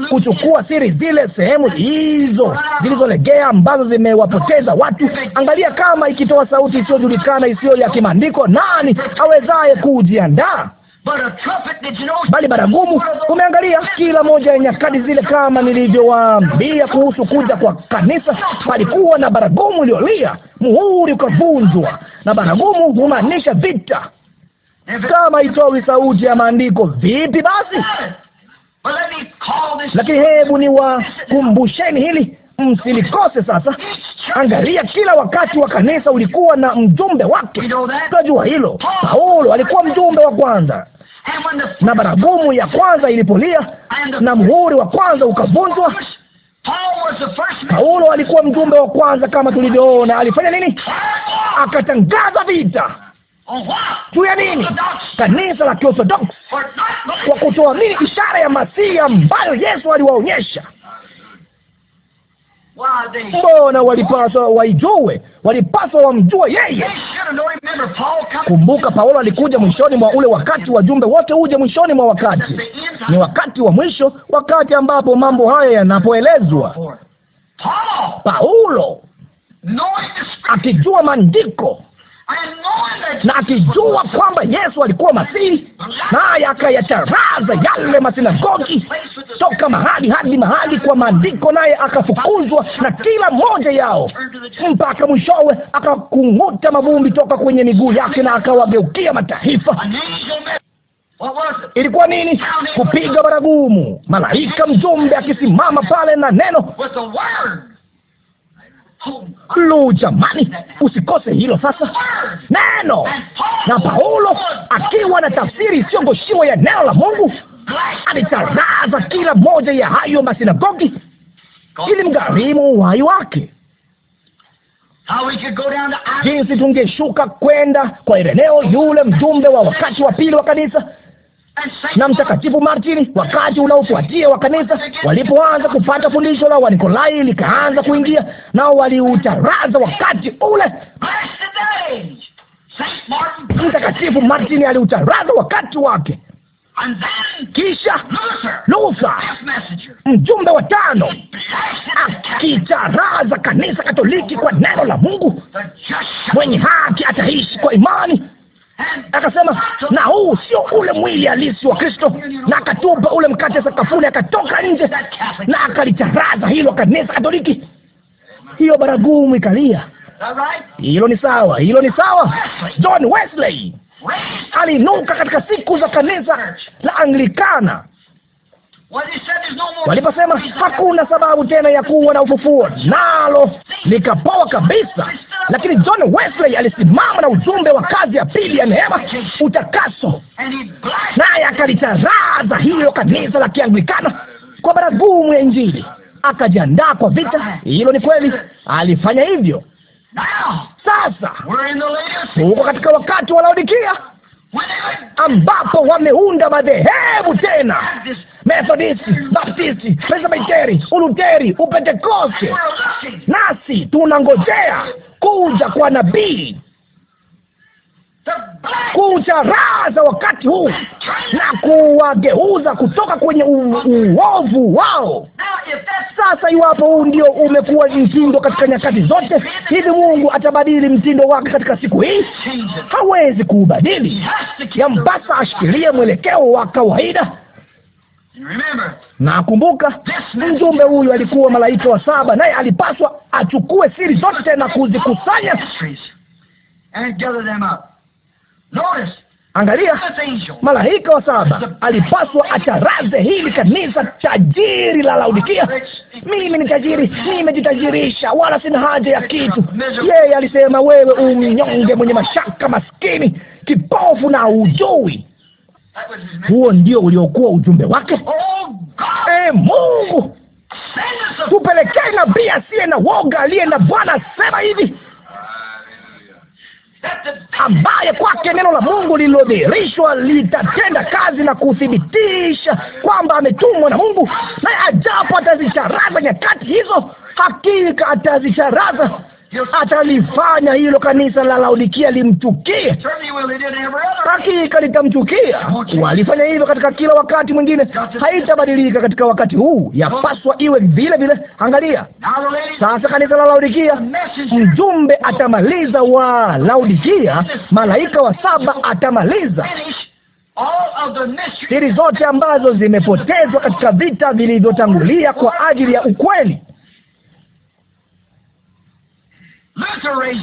kuchukua siri zile, sehemu hizo zilizolegea ambazo zimewapoteza watu. Angalia, kama ikitoa sauti isiyojulikana, isiyo ya kimaandiko, nani awezaye kujiandaa? bali baragumu. Umeangalia kila moja ya nyakati zile, kama nilivyowaambia kuhusu kuja kwa kanisa, palikuwa na baragumu iliyolia, muhuri ukavunjwa, na baragumu humaanisha vita. Kama itowi sauti ya maandiko, vipi basi? Lakini hebu niwakumbusheni hili msilikose. Mm, sasa angalia, kila wakati wa kanisa ulikuwa na mjumbe wake. Tunajua hilo. Paulo alikuwa mjumbe wa kwanza, na baragumu ya kwanza ilipolia na muhuri wa kwanza ukavunjwa, Paulo alikuwa mjumbe wa kwanza. Kama tulivyoona, alifanya nini? Akatangaza vita juu ya nini? Kanisa la Kiorthodoksi, kwa kutoamini ishara ya Masihi ambayo Yesu aliwaonyesha. Mbona walipaswa waijue, walipaswa wamjue yeye. Kumbuka Paulo alikuja mwishoni mwa ule wakati, wajumbe wote uje mwishoni mwa wakati. Ni wakati wa mwisho, wakati ambapo mambo haya yanapoelezwa. Paulo akijua maandiko na akijua kwamba Yesu alikuwa Masihi, naye akayataraza yale masinagogi toka mahali hadi mahali kwa maandiko, naye akafukuzwa na kila moja yao, mpaka mwishowe akakung'uta mavumbi toka kwenye miguu yake, na akawageukia mataifa. Ilikuwa nini? Kupiga baragumu, malaika mjumbe akisimama pale na neno Lu, jamani, usikose hilo sasa. Neno na Paulo akiwa na tafsiri isiyogoshiwa ya neno la Mungu alitangaza kila moja ya hayo masinagogi, ili mgharimu uhai wake. Jinsi tungeshuka kwenda kwa Ireneo, yule mjumbe wa wakati wa pili wa kanisa, na Mtakatifu Martini wakati unaofuatia wa kanisa, walipoanza kupata fundisho la Wanikolai likaanza kuingia, nao waliutaraza wakati ule. Mtakatifu Martini aliutaraza wakati wake. Kisha Luther, mjumbe wa tano, akitaraza kanisa Katoliki kwa neno la Mungu, mwenye haki ataishi kwa imani Akasema, na huu sio ule mwili halisi wa Kristo, na akatupa ule mkate sakafuni, akatoka nje na akalicharaza hilo kanisa Katoliki. Hiyo baragumu ikalia. Hilo ni sawa, hilo ni sawa. John Wesley alinuka katika siku za kanisa la Anglikana Waliposema hakuna sababu tena ya kuwa na ufufuo, nalo likapoa kabisa. Lakini John Wesley alisimama na ujumbe wa kazi ya pili ya neema, utakaso, naye akalitaraza hilo kanisa la Kianglikana kwa baragumu ya Injili, akajiandaa kwa vita. Hilo ni kweli, alifanya hivyo. Sasa huko katika wakati wa Laodikia ambapo wameunda madhehebu tena Methodisti, Baptisti, Presbiteri, Uluteri, Upentekoste. Nasi tunangojea kuja kwa nabii, kuja raha za wakati huu na kuwageuza kutoka kwenye uovu wao. Sasa iwapo huu ndio umekuwa mtindo katika nyakati zote, hivi Mungu atabadili mtindo wake katika siku hii? Hawezi kuubadili, yampasa ashikilie mwelekeo wa kawaida nakumbuka mjumbe huyu alikuwa malaika wa saba, naye alipaswa achukue siri zote na kuzikusanya. Angalia, malaika wa saba alipaswa acharaze hili kanisa tajiri la Laodikia. Mimi ni tajiri, nimejitajirisha, wala sina haja ya kitu. Yeye alisema, wewe umnyonge, mwenye mashaka, maskini, kipofu na ujui huo ndio uliokuwa ujumbe wake. E Mungu, tupelekee nabii asiye na woga, aliye na Bwana asema hivi, ambaye kwake neno la Mungu lililodhihirishwa litatenda kazi na kuthibitisha kwamba ametumwa na Mungu, naye ajapo atazisharaza nyakati hizo, hakika atazisharaza atalifanya hilo kanisa la Laodikia limchukie. Hakika litamchukia. Walifanya hivyo katika kila wakati mwingine, haitabadilika katika wakati huu, yapaswa iwe vile vile. Angalia sasa, kanisa la Laodikia, mjumbe atamaliza wa Laodikia, malaika wa saba atamaliza siri zote ambazo zimepotezwa katika vita vilivyotangulia kwa ajili ya ukweli.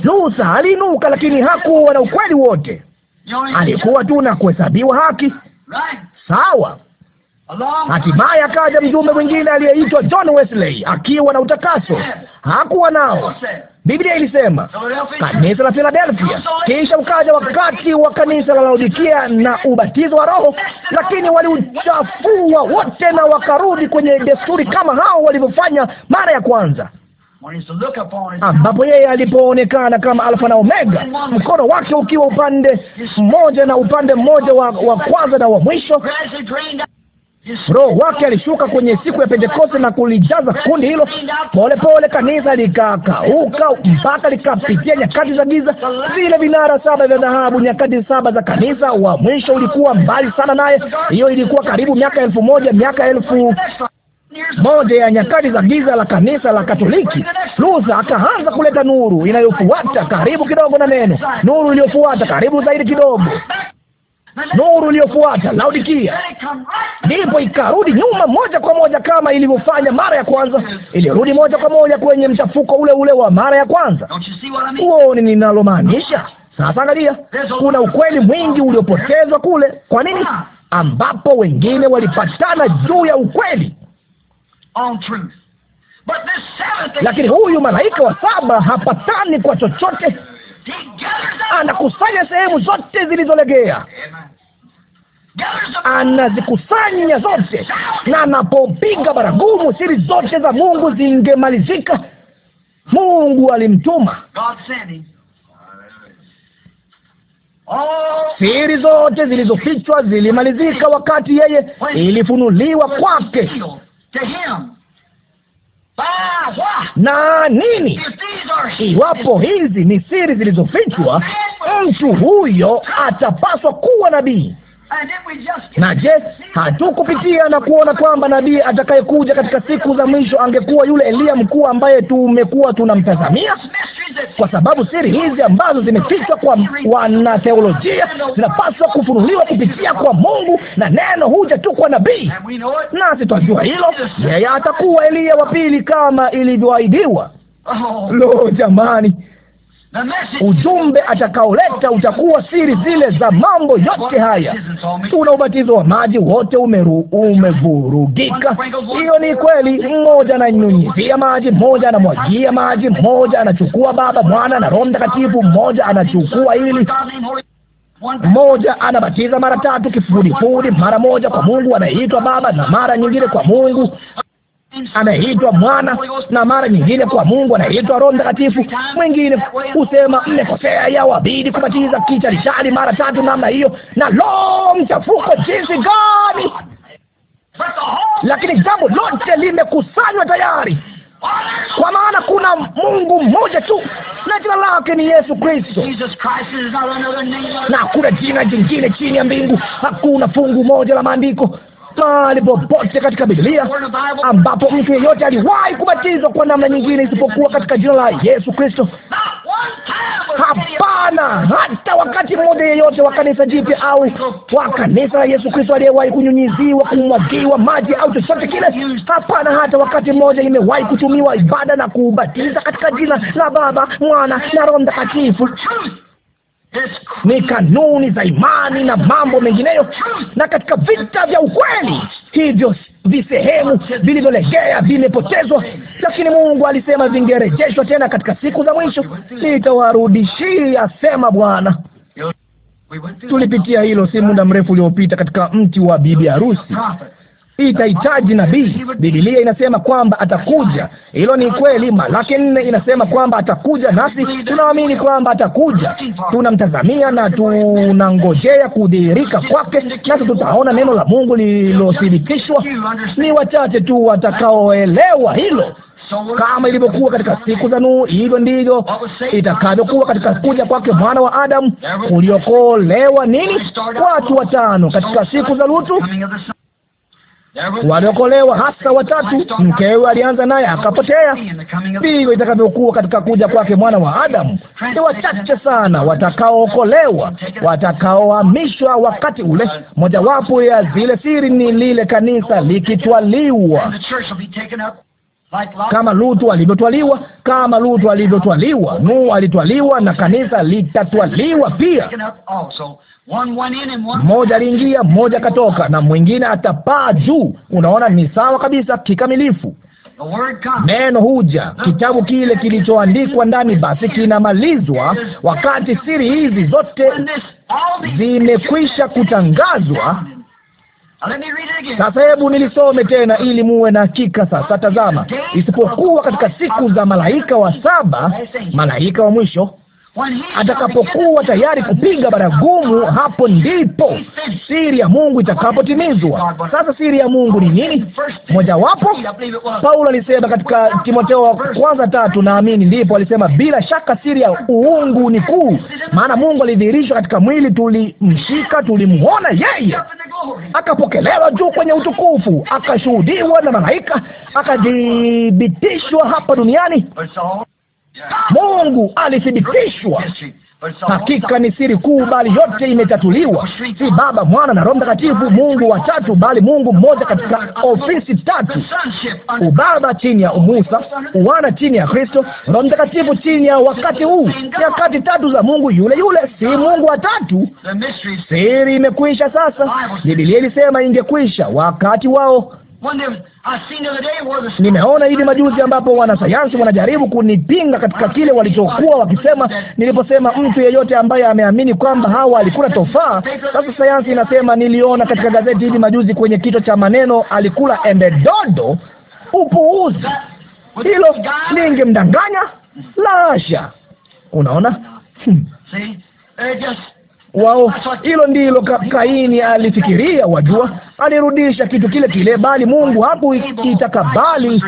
Musa aliinuka, lakini hakuwa na ukweli wote, alikuwa tu na kuhesabiwa haki. Sawa. Hatimaye akaja mjumbe mwingine aliyeitwa John Wesley akiwa na utakaso, hakuwa nao. Biblia ilisema kanisa la Philadelphia, kisha ukaja wakati wa kanisa la Laodikia na ubatizo wa Roho, lakini waliuchafua wote na wakarudi kwenye desturi kama hao walivyofanya mara ya kwanza. Ah, ambapo yeye alipoonekana kama Alfa na Omega, mkono wake ukiwa upande mmoja na upande mmoja wa, wa kwanza na wa mwisho. Roho wake alishuka kwenye siku ya Pentekoste na kulijaza kundi hilo. Polepole kanisa likakauka mpaka likapitia nyakati za giza, vile vinara saba vya dhahabu, nyakati saba za kanisa. Wa mwisho ulikuwa mbali sana naye, hiyo ilikuwa karibu miaka elfu moja miaka elfu moja ya nyakati za giza la kanisa la Katoliki, Luther akaanza kuleta nuru inayofuata karibu kidogo na neno, nuru iliyofuata karibu zaidi kidogo, nuru iliyofuata Laodikia. Ndipo ikarudi nyuma moja kwa moja kama ilivyofanya mara ya kwanza, ilirudi moja kwa moja kwenye mchafuko ule ule wa mara ya kwanza. Huoni ninalomaanisha? Sasa angalia, kuna ukweli mwingi uliopotezwa kule. Kwa nini? Ambapo wengine walipatana juu ya ukweli lakini huyu malaika wa saba hapatani kwa chochote, anakusanya sehemu zote zilizolegea, anazikusanya zote, na anapopiga baragumu siri zote za Mungu zingemalizika. Mungu alimtuma siri zote zilizofichwa zilimalizika wakati yeye ilifunuliwa kwake na nini? Iwapo hizi ni siri zilizofichwa, mtu huyo atapaswa kuwa nabii. Na je, hatukupitia na kuona kwamba nabii atakayekuja katika siku za mwisho angekuwa yule Eliya mkuu ambaye tumekuwa tunamtazamia? Kwa sababu siri hizi ambazo zimefichwa kwa wanatheolojia zinapaswa kufunuliwa kupitia kwa Mungu, na neno huja tu kwa nabii, nasi twajua hilo. Yeye atakuwa Eliya wa pili kama ilivyoahidiwa. Lo, jamani! Ujumbe atakaoleta utakuwa siri zile za mambo yote haya. Tuna ubatizo wa maji wote umevurugika. Hiyo ni kweli. Mmoja ananyunyizia maji, mmoja anamwagia maji, mmoja anachukua Baba, Mwana na Roho Mtakatifu, mmoja anachukua ili mmoja anabatiza mara tatu kifudifudi, mara moja kwa Mungu anaitwa Baba na mara nyingine kwa Mungu anaitwa mwana na mara nyingine kwa Mungu anaitwa Roho Mtakatifu. Mwingine husema mmekosea, yawabidi kubatiza kichalichali mara tatu namna hiyo, na lo, mchafuko jinsi gani! Lakini jambo lote limekusanywa tayari, kwa maana kuna Mungu mmoja tu na jina lake ni Yesu Kristo, na hakuna jina jingine chini ya mbingu. Hakuna fungu moja la maandiko mahali popote katika Biblia ambapo mtu yeyote aliwahi kubatizwa kwa namna nyingine isipokuwa katika jina la Yesu Kristo. Hapana, hata wakati mmoja yeyote wa kanisa jipya au wa kanisa la Yesu Kristo aliyewahi kunyunyiziwa, kumwagiwa maji au chochote kile. Hapana, hata wakati mmoja imewahi kutumiwa ibada na kuubatiza katika jina la Baba, Mwana na Roho Mtakatifu ni kanuni za imani na mambo mengineyo, na katika vita vya ukweli hivyo visehemu vilivyolegea vimepotezwa, lakini Mungu alisema vingerejeshwa tena katika siku za mwisho. Nitawarudishia, sema Bwana. Tulipitia hilo si muda mrefu uliopita katika mti wa bibi harusi itahitaji nabii. Bibilia inasema kwamba atakuja, hilo ni kweli. Malaki nne inasema kwamba atakuja, nasi tunaamini kwamba atakuja. Tunamtazamia na tunangojea kudhihirika kwake, nasi tutaona neno la Mungu lililothibitishwa. Ni wachache tu watakaoelewa hilo kama ilivyokuwa katika siku za Nuhu, hivyo ndivyo itakavyokuwa katika kuja kwake mwana wa Adamu. Kuliokolewa nini? Watu watano katika siku za Lutu, waliokolewa hasa watatu. Mkewe alianza naye akapotea. Ndivyo itakavyokuwa katika kuja kwake mwana wa Adamu. Ni wachache sana watakaookolewa, watakaohamishwa wakati ule. Mojawapo ya zile siri ni lile kanisa likitwaliwa kama Lutu alivyotwaliwa, kama Lutu alivyotwaliwa, Nuhu alitwaliwa, na kanisa litatwaliwa pia mmoja aliingia, mmoja akatoka, na mwingine atapaa juu. Unaona, ni sawa kabisa kikamilifu. Neno huja, kitabu kile kilichoandikwa ndani, basi kinamalizwa wakati siri hizi zote zimekwisha kutangazwa. Sasa hebu nilisome tena ili muwe na hakika. Sasa tazama, isipokuwa katika siku za malaika wa saba, malaika wa mwisho atakapokuwa tayari kupiga baragumu, hapo ndipo siri ya Mungu itakapotimizwa. Sasa siri ya Mungu ni nini? Mojawapo, Paulo alisema katika Timotheo wa kwanza tatu, naamini ndipo alisema, bila shaka siri ya uungu ni kuu, maana Mungu alidhihirishwa katika mwili, tulimshika, tulimwona yeye, akapokelewa juu kwenye utukufu, akashuhudiwa na malaika, akadhibitishwa hapa duniani Mungu alithibitishwa. Hakika ni siri kuu, bali yote imetatuliwa. Si Baba, Mwana na Roho Mtakatifu, Mungu watatu, bali Mungu mmoja katika ofisi tatu: ubaba chini ya Musa, uwana chini ya Kristo, Roho Mtakatifu chini ya wakati huu. Nyakati tatu za Mungu yule yule, si Mungu watatu. Siri imekwisha sasa. Biblia ilisema ingekwisha wakati wao Nimeona hivi majuzi ambapo wanasayansi wanajaribu kunipinga katika kile walichokuwa wakisema niliposema mtu yeyote ambaye ameamini kwamba hawa alikula tofaa. Sasa sayansi inasema, niliona katika gazeti hivi majuzi kwenye kichwa cha maneno alikula embedodo. Upuuzi! Hilo lingemdanganya lasha. Unaona? Hmm wao. Hilo ndilo ka Kaini alifikiria, wajua, alirudisha kitu kile kile, bali Mungu hapo itakabali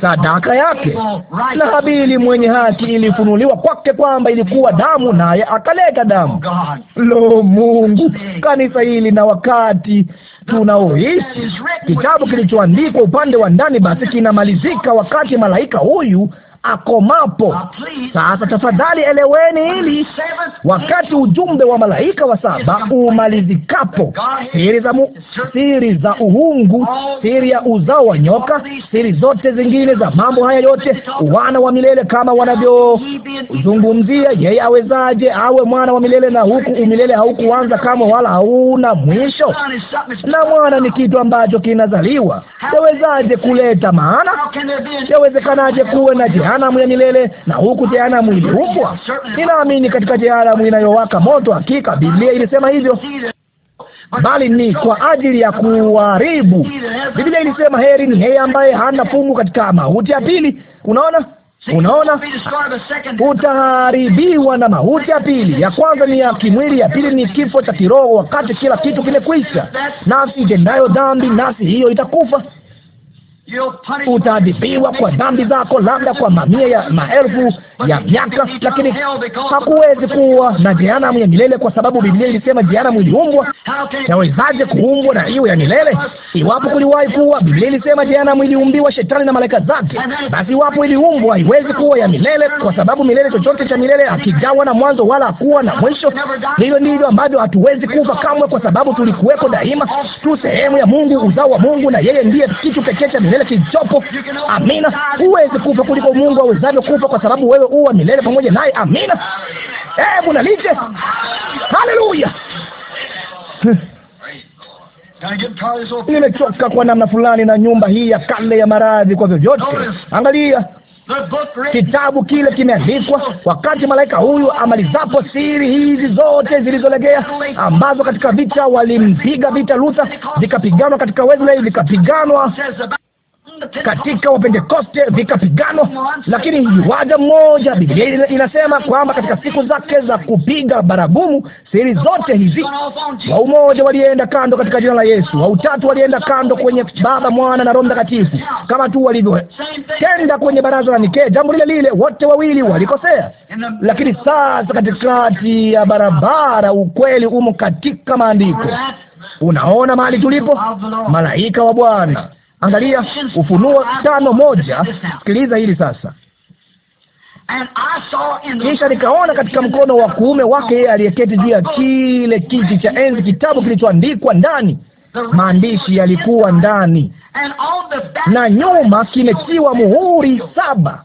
sadaka yake. Na Habili mwenye haki ilifunuliwa kwake kwamba ilikuwa damu, naye akaleta damu. Lo, Mungu! Kanisa hili na wakati tunaoishi, kitabu kilichoandikwa upande wa ndani basi kinamalizika wakati malaika huyu akomapo. Sasa tafadhali eleweni hili, wakati ujumbe wa malaika wa saba umalizikapo, siri za, mu, siri za uhungu, siri ya uzao wa nyoka, siri zote zingine za mambo haya yote, wana wa milele kama wanavyozungumzia yeye, awezaje awe mwana wa milele na huku umilele haukuanza kama wala hauna mwisho, na mwana ni kitu ambacho kinazaliwa. Yawezaje kuleta maana? Yawezekanaje kuwe na jihadi jehanamu ya milele na huku jehanamu iliumbwa. Ninaamini katika jehanamu inayowaka moto. Hakika Biblia ilisema hivyo bali ni kwa ajili ya kuharibu. Biblia ilisema heri ni yeye ambaye hana fungu katika mauti ya pili. Unaona, unaona, utaharibiwa na mauti ya pili. Ya kwanza ni ya kimwili, ya pili ni kifo cha kiroho, wakati kila kitu kimekwisha. Nafsi itendayo dhambi, nafsi hiyo itakufa utaadhibiwa kwa dhambi zako, labda kwa mamia ya maelfu ya miaka, lakini hakuwezi kuwa na jehanamu ya milele kwa sababu Biblia ilisema jehanamu iliumbwa. Yawezaje kuumbwa na hiyo ya milele iwapo kuliwahi kuwa? Biblia ilisema jehanamu iliumbiwa shetani na malaika zake. Basi iwapo iliumbwa, haiwezi kuwa ya milele kwa sababu milele, chochote cha milele akijawa na mwanzo wala hakuwa na mwisho. Hivyo ndivyo ambavyo hatuwezi kufa kamwe, kwa sababu tulikuwepo daima, tu sehemu ya Mungu, uzao wa Mungu, na yeye ndiye kitu pekee cha milele kilichopo. Amina. Huwezi kufa kuliko Mungu awezavyo kufa, kwa sababu wewe uwa milele pamoja naye. Amina, hebu nalite. Haleluya! Hmm. Nimechoka kwa namna fulani na nyumba hii ya kale ya maradhi. Kwa vyovyote, angalia kitabu kile kimeandikwa, wakati malaika huyu amalizapo siri hizi zote zilizolegea, ambazo katika vita walimpiga vita Luther, zikapiganwa katika Wesley, zikapiganwa katika Wapentekoste pigano lakini iwaja mmoja, Biblia inasema kwamba katika siku zake za kupiga baragumu siri zote hizi, wa umoja walienda kando katika jina la Yesu, wa utatu walienda kando kwenye Baba, Mwana na Roho Mtakatifu, kama tu walivyotenda kwenye baraza la Nikea, jambo lile lile, wote wawili walikosea. Lakini sasa katikati ya barabara, ukweli umo katika maandiko. Unaona mahali tulipo, malaika wa Bwana Angalia Ufunuo tano moja. Sikiliza hili sasa. Kisha nikaona katika mkono wa kuume wake yeye aliyeketi juu ya kile kiti cha enzi kitabu kilichoandikwa ndani. Maandishi yalikuwa ndani, na nyuma kimetiwa muhuri saba.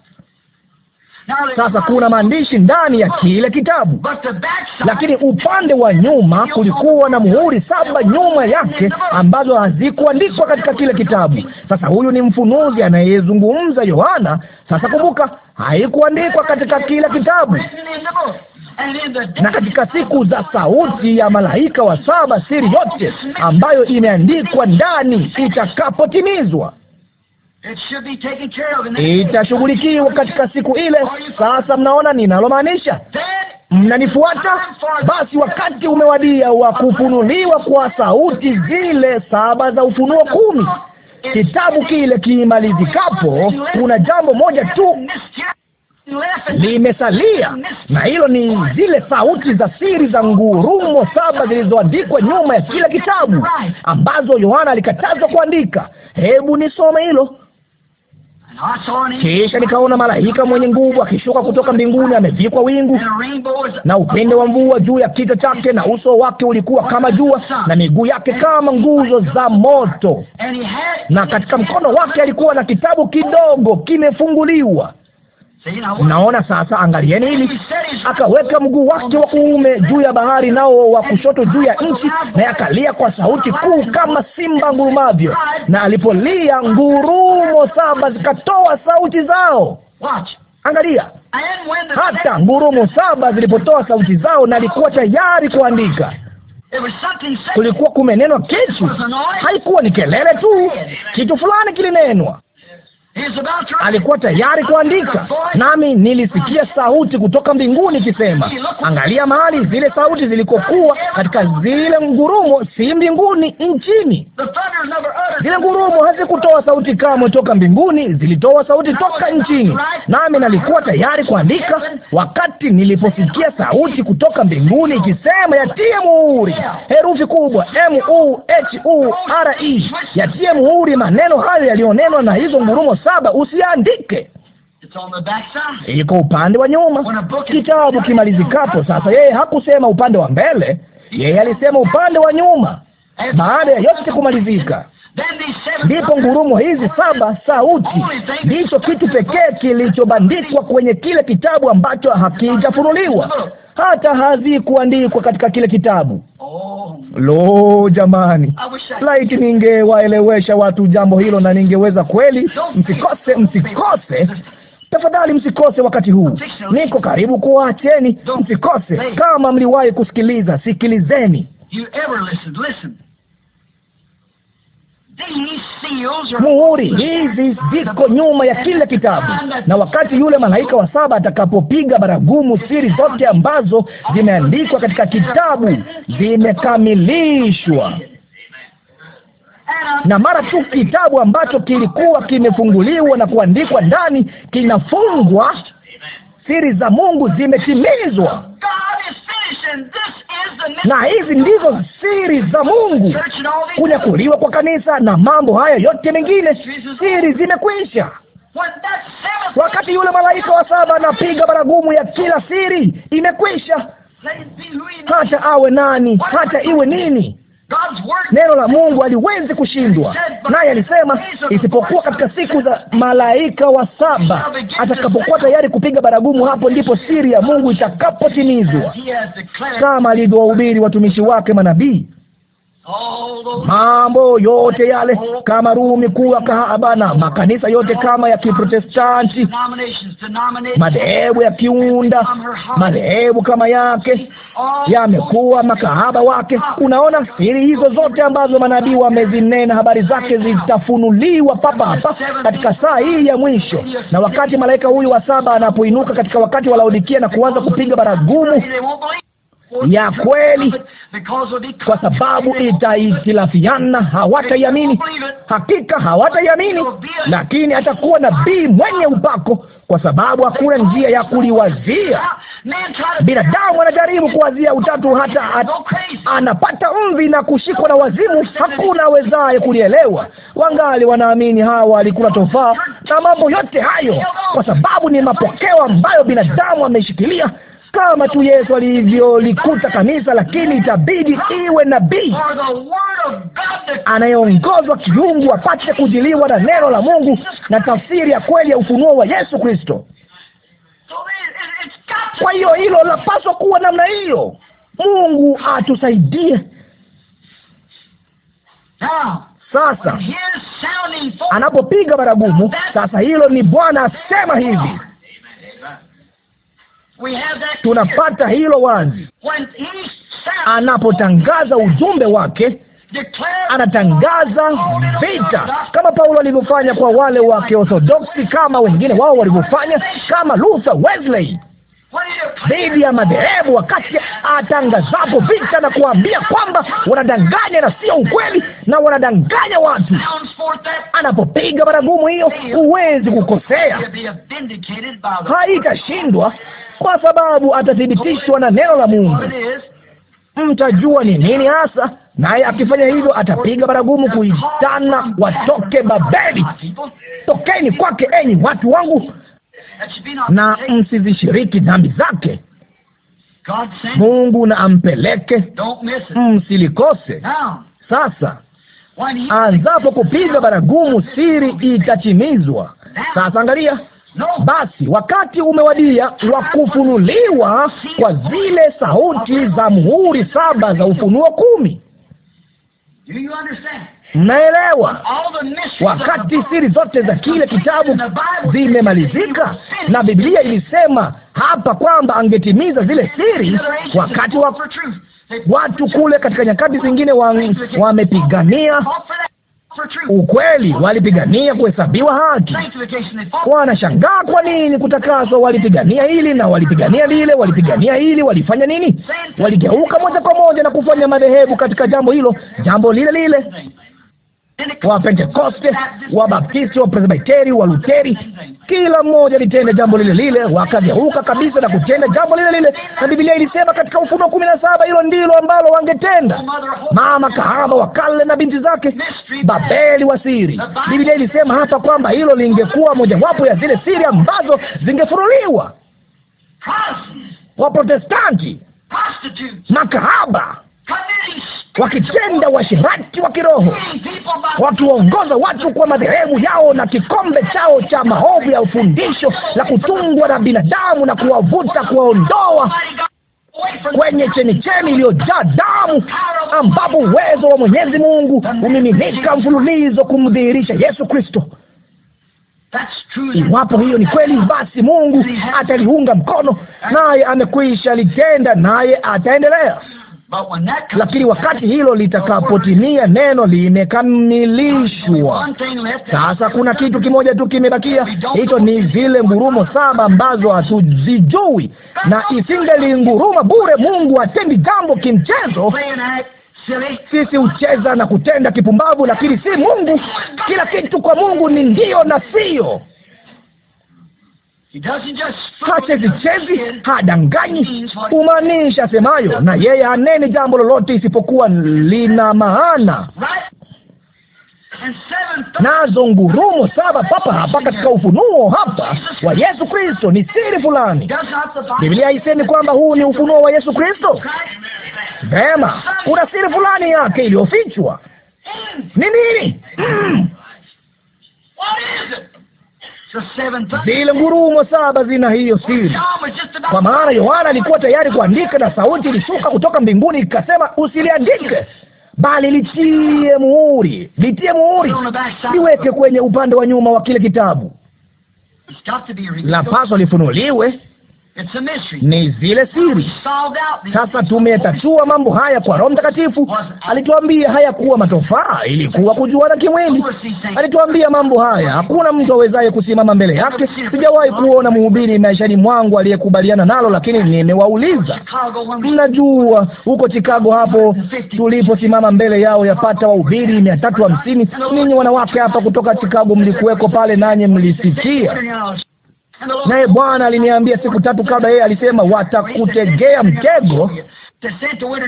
Sasa kuna maandishi ndani ya kile kitabu, lakini upande wa nyuma kulikuwa na muhuri saba nyuma yake ambazo hazikuandikwa katika kile kitabu. Sasa huyu ni mfunuzi anayezungumza Yohana. Sasa kumbuka, haikuandikwa katika kile kitabu na katika siku za sauti ya malaika wa saba, siri yote ambayo imeandikwa ndani itakapotimizwa itashughulikiwa katika siku ile. Sasa mnaona ninalomaanisha? Mnanifuata? Basi wakati umewadia wa kufunuliwa kwa sauti zile saba za Ufunuo kumi. Kitabu kile kimalizikapo, kuna jambo moja tu limesalia, na hilo ni zile sauti za siri za ngurumo saba zilizoandikwa nyuma ya kila kitabu, ambazo Yohana alikatazwa kuandika. Hebu nisome hilo. Kisha nikaona malaika mwenye nguvu akishuka kutoka mbinguni, amevikwa wingu na upinde wa mvua juu ya kichwa chake, na uso wake ulikuwa kama jua, na miguu yake kama nguzo za moto, na katika mkono wake alikuwa na kitabu kidogo kimefunguliwa. Naona sasa, angalieni hili. Akaweka mguu wake wa kuume juu ya bahari, nao wa kushoto juu ya nchi, na akalia kwa sauti kuu kama simba ngurumavyo, na alipolia ngurumo saba zikatoa sauti zao. Angalia, hata ngurumo saba zilipotoa sauti zao, na alikuwa tayari kuandika. Kulikuwa kumenenwa kitu, haikuwa ni kelele tu, kitu fulani kilinenwa alikuwa tayari kuandika, nami nilisikia sauti kutoka mbinguni ikisema, angalia mahali zile sauti zilikokuwa katika zile ngurumo, si mbinguni, nchini. Zile ngurumo hazikutoa sauti kamwe toka mbinguni, zilitoa sauti toka nchini, nami nalikuwa tayari kuandika wakati niliposikia sauti kutoka mbinguni ikisema, yatie muhuri, herufi kubwa M U H U R E, yatie muhuri maneno hayo yaliyonenwa na hizo ngurumo saba usiandike iko upande wa nyuma. Kitabu kimalizikapo sasa. Yeye hakusema upande wa mbele, yeye alisema upande wa nyuma, baada ya yote kumalizika ndipo ngurumo hizi saba sauti ndicho kitu pekee kilichobandikwa kwenye kile kitabu ambacho hakijafunuliwa hata hazikuandikwa katika kile kitabu. Lo, jamani, laiti ningewaelewesha watu jambo hilo na ningeweza kweli. Msikose, msikose Tafadhali msikose wakati huu, niko karibu kuwaacheni. Msikose. Kama mliwahi kusikiliza, sikilizeni. Muhuri hizi ziko nyuma ya kila kitabu, na wakati yule malaika wa saba atakapopiga baragumu, siri zote ambazo zimeandikwa katika kitabu zimekamilishwa. Na mara tu kitabu ambacho kilikuwa kimefunguliwa na kuandikwa ndani kinafungwa, siri za Mungu zimetimizwa na hizi ndizo siri za Mungu, kunyakuliwa kwa kanisa na mambo haya yote mengine. Siri zimekwisha wakati yule malaika wa saba anapiga baragumu ya kila siri, imekwisha. Hata awe nani, hata iwe nini Neno la Mungu haliwezi kushindwa, naye alisema, isipokuwa katika siku za malaika wa saba atakapokuwa tayari kupiga baragumu, hapo ndipo siri ya Mungu itakapotimizwa, kama alivyowahubiri watumishi wake manabii mambo yote yale kama Rumi kuu ya kahaba na makanisa yote kama ya Kiprotestanti, madhehebu yakiunda madhehebu kama yake, yamekuwa makahaba wake. Unaona, siri hizo zote ambazo manabii wamezinena habari zake zitafunuliwa papa hapa katika saa hii ya mwisho. Na wakati malaika huyu wa saba anapoinuka katika wakati wa Laodikia na kuanza kupiga baragumu ya kweli, kwa sababu itaitilafiana. Hawataiamini, hakika hawataiamini, lakini atakuwa nabii mwenye upako, kwa sababu hakuna njia ya kuliwazia. Binadamu anajaribu kuwazia utatu, hata at, anapata mvi na kushikwa na wazimu. Hakuna awezaye kulielewa. Wangali wanaamini hawa alikula tofaa na mambo yote hayo, kwa sababu ni mapokeo ambayo binadamu ameshikilia kama tu Yesu alivyolikuta kanisa, lakini itabidi iwe nabii anayeongozwa kiungu apate kujiliwa na neno la Mungu na tafsiri ya kweli ya ufunuo wa Yesu Kristo. Kwa hiyo hilo lapaswa kuwa namna hiyo. Mungu atusaidie. Sasa anapopiga baragumu sasa, hilo ni Bwana asema hivi Tunapata hilo wazi anapotangaza ujumbe wake anatangaza vita kama Paulo alivyofanya kwa wale wa Kiorthodoksi, kama wengine wao walivyofanya, kama Luther, Wesley dhidi ya madhehebu, wakati atangazapo vita na kuambia kwamba wanadanganya na sio ukweli na wanadanganya watu. Anapopiga baragumu hiyo, huwezi kukosea, haitashindwa kwa sababu atathibitishwa na neno la Mungu. Mtajua ni nini hasa, naye akifanya hivyo atapiga baragumu kuitana watoke Babeli. Tokeni kwake, enyi watu wangu, na msizishiriki dhambi zake. Mungu na ampeleke, msilikose. Sasa anzapo kupiga baragumu, siri itatimizwa. Sasa angalia basi wakati umewadia wa kufunuliwa kwa zile sauti za muhuri saba za Ufunuo kumi. Mnaelewa, wakati siri zote za kile kitabu zimemalizika, na Biblia ilisema hapa kwamba angetimiza zile siri wakati wa watu kule katika nyakati zingine wamepigania ukweli, walipigania kuhesabiwa haki. Wanashangaa kwa nini kutakaswa. Walipigania hili na walipigania lile, walipigania hili, walifanya nini? Waligeuka moja kwa moja na kufanya madhehebu katika jambo hilo, jambo lile lile wa Pentekoste, wa Baptisti, wa Presbiteri, wa Luteri, kila mmoja litende jambo lile lile, wakageuka kabisa na kutenda jambo lile lile. Na Biblia ilisema katika Ufunuo kumi na saba hilo ndilo ambalo wangetenda. Mama kahaba wa kale na binti zake, Babeli wa siri. Biblia ilisema hapa kwamba hilo lingekuwa mojawapo ya zile siri ambazo zingefuruliwa. Waprotestanti, makahaba wakitenda washirati wa kiroho, wakiwaongoza watu kwa madhehebu yao na kikombe chao cha maovu ya ufundisho la kutungwa na binadamu na kuwavuta, kuwaondoa kwenye chemichemi iliyojaa damu ambapo uwezo wa Mwenyezi Mungu umiminika mfululizo kumdhihirisha Yesu Kristo. Iwapo hiyo ni kweli, basi Mungu ataliunga mkono, naye amekwisha litenda, naye ataendelea lakini wakati hilo litakapotimia, neno limekamilishwa. Sasa kuna kitu kimoja tu kimebakia, hicho ni zile ngurumo saba ambazo hatuzijui, na isingelinguruma bure. Mungu hatendi jambo kimchezo. Sisi hucheza na kutenda kipumbavu, lakini si Mungu. Kila kitu kwa Mungu ni ndio na sio hachezichezi, hadanganyi, humaanisha asemayo, na yeye haneni jambo lolote isipokuwa lina maana nazo ngurumo saba papa hapa katika ufunuo hapa wa Yesu Kristo ni siri fulani. Biblia haisemi kwamba huu ni ufunuo wa Yesu Kristo. Vema, kuna siri fulani yake iliyofichwa. Ni nini? Mm. Zile ngurumo saba zina hiyo siri, kwa maana Yohana alikuwa tayari kuandika, na sauti ilishuka kutoka mbinguni ikasema, usiliandike bali litie muhuri, litie muhuri, liweke kwenye upande wa nyuma wa kile kitabu. Lapaswa lifunuliwe ni zile siri. Sasa tumetatua mambo haya kwa Roho Mtakatifu. Alituambia hayakuwa matofaa, ilikuwa kujuana kimwili. Alituambia mambo haya, hakuna mtu awezaye kusimama mbele yake. Sijawahi kuona mhubiri maishani mwangu aliyekubaliana nalo, lakini nimewauliza, mnajua huko Chicago, hapo tuliposimama mbele yao, yapata wahubiri mia tatu hamsini. Ninyi wanawake hapa kutoka Chicago mlikuweko pale, nanyi mlisikia Naye Bwana aliniambia siku tatu kabla, yeye alisema, watakutegea mtego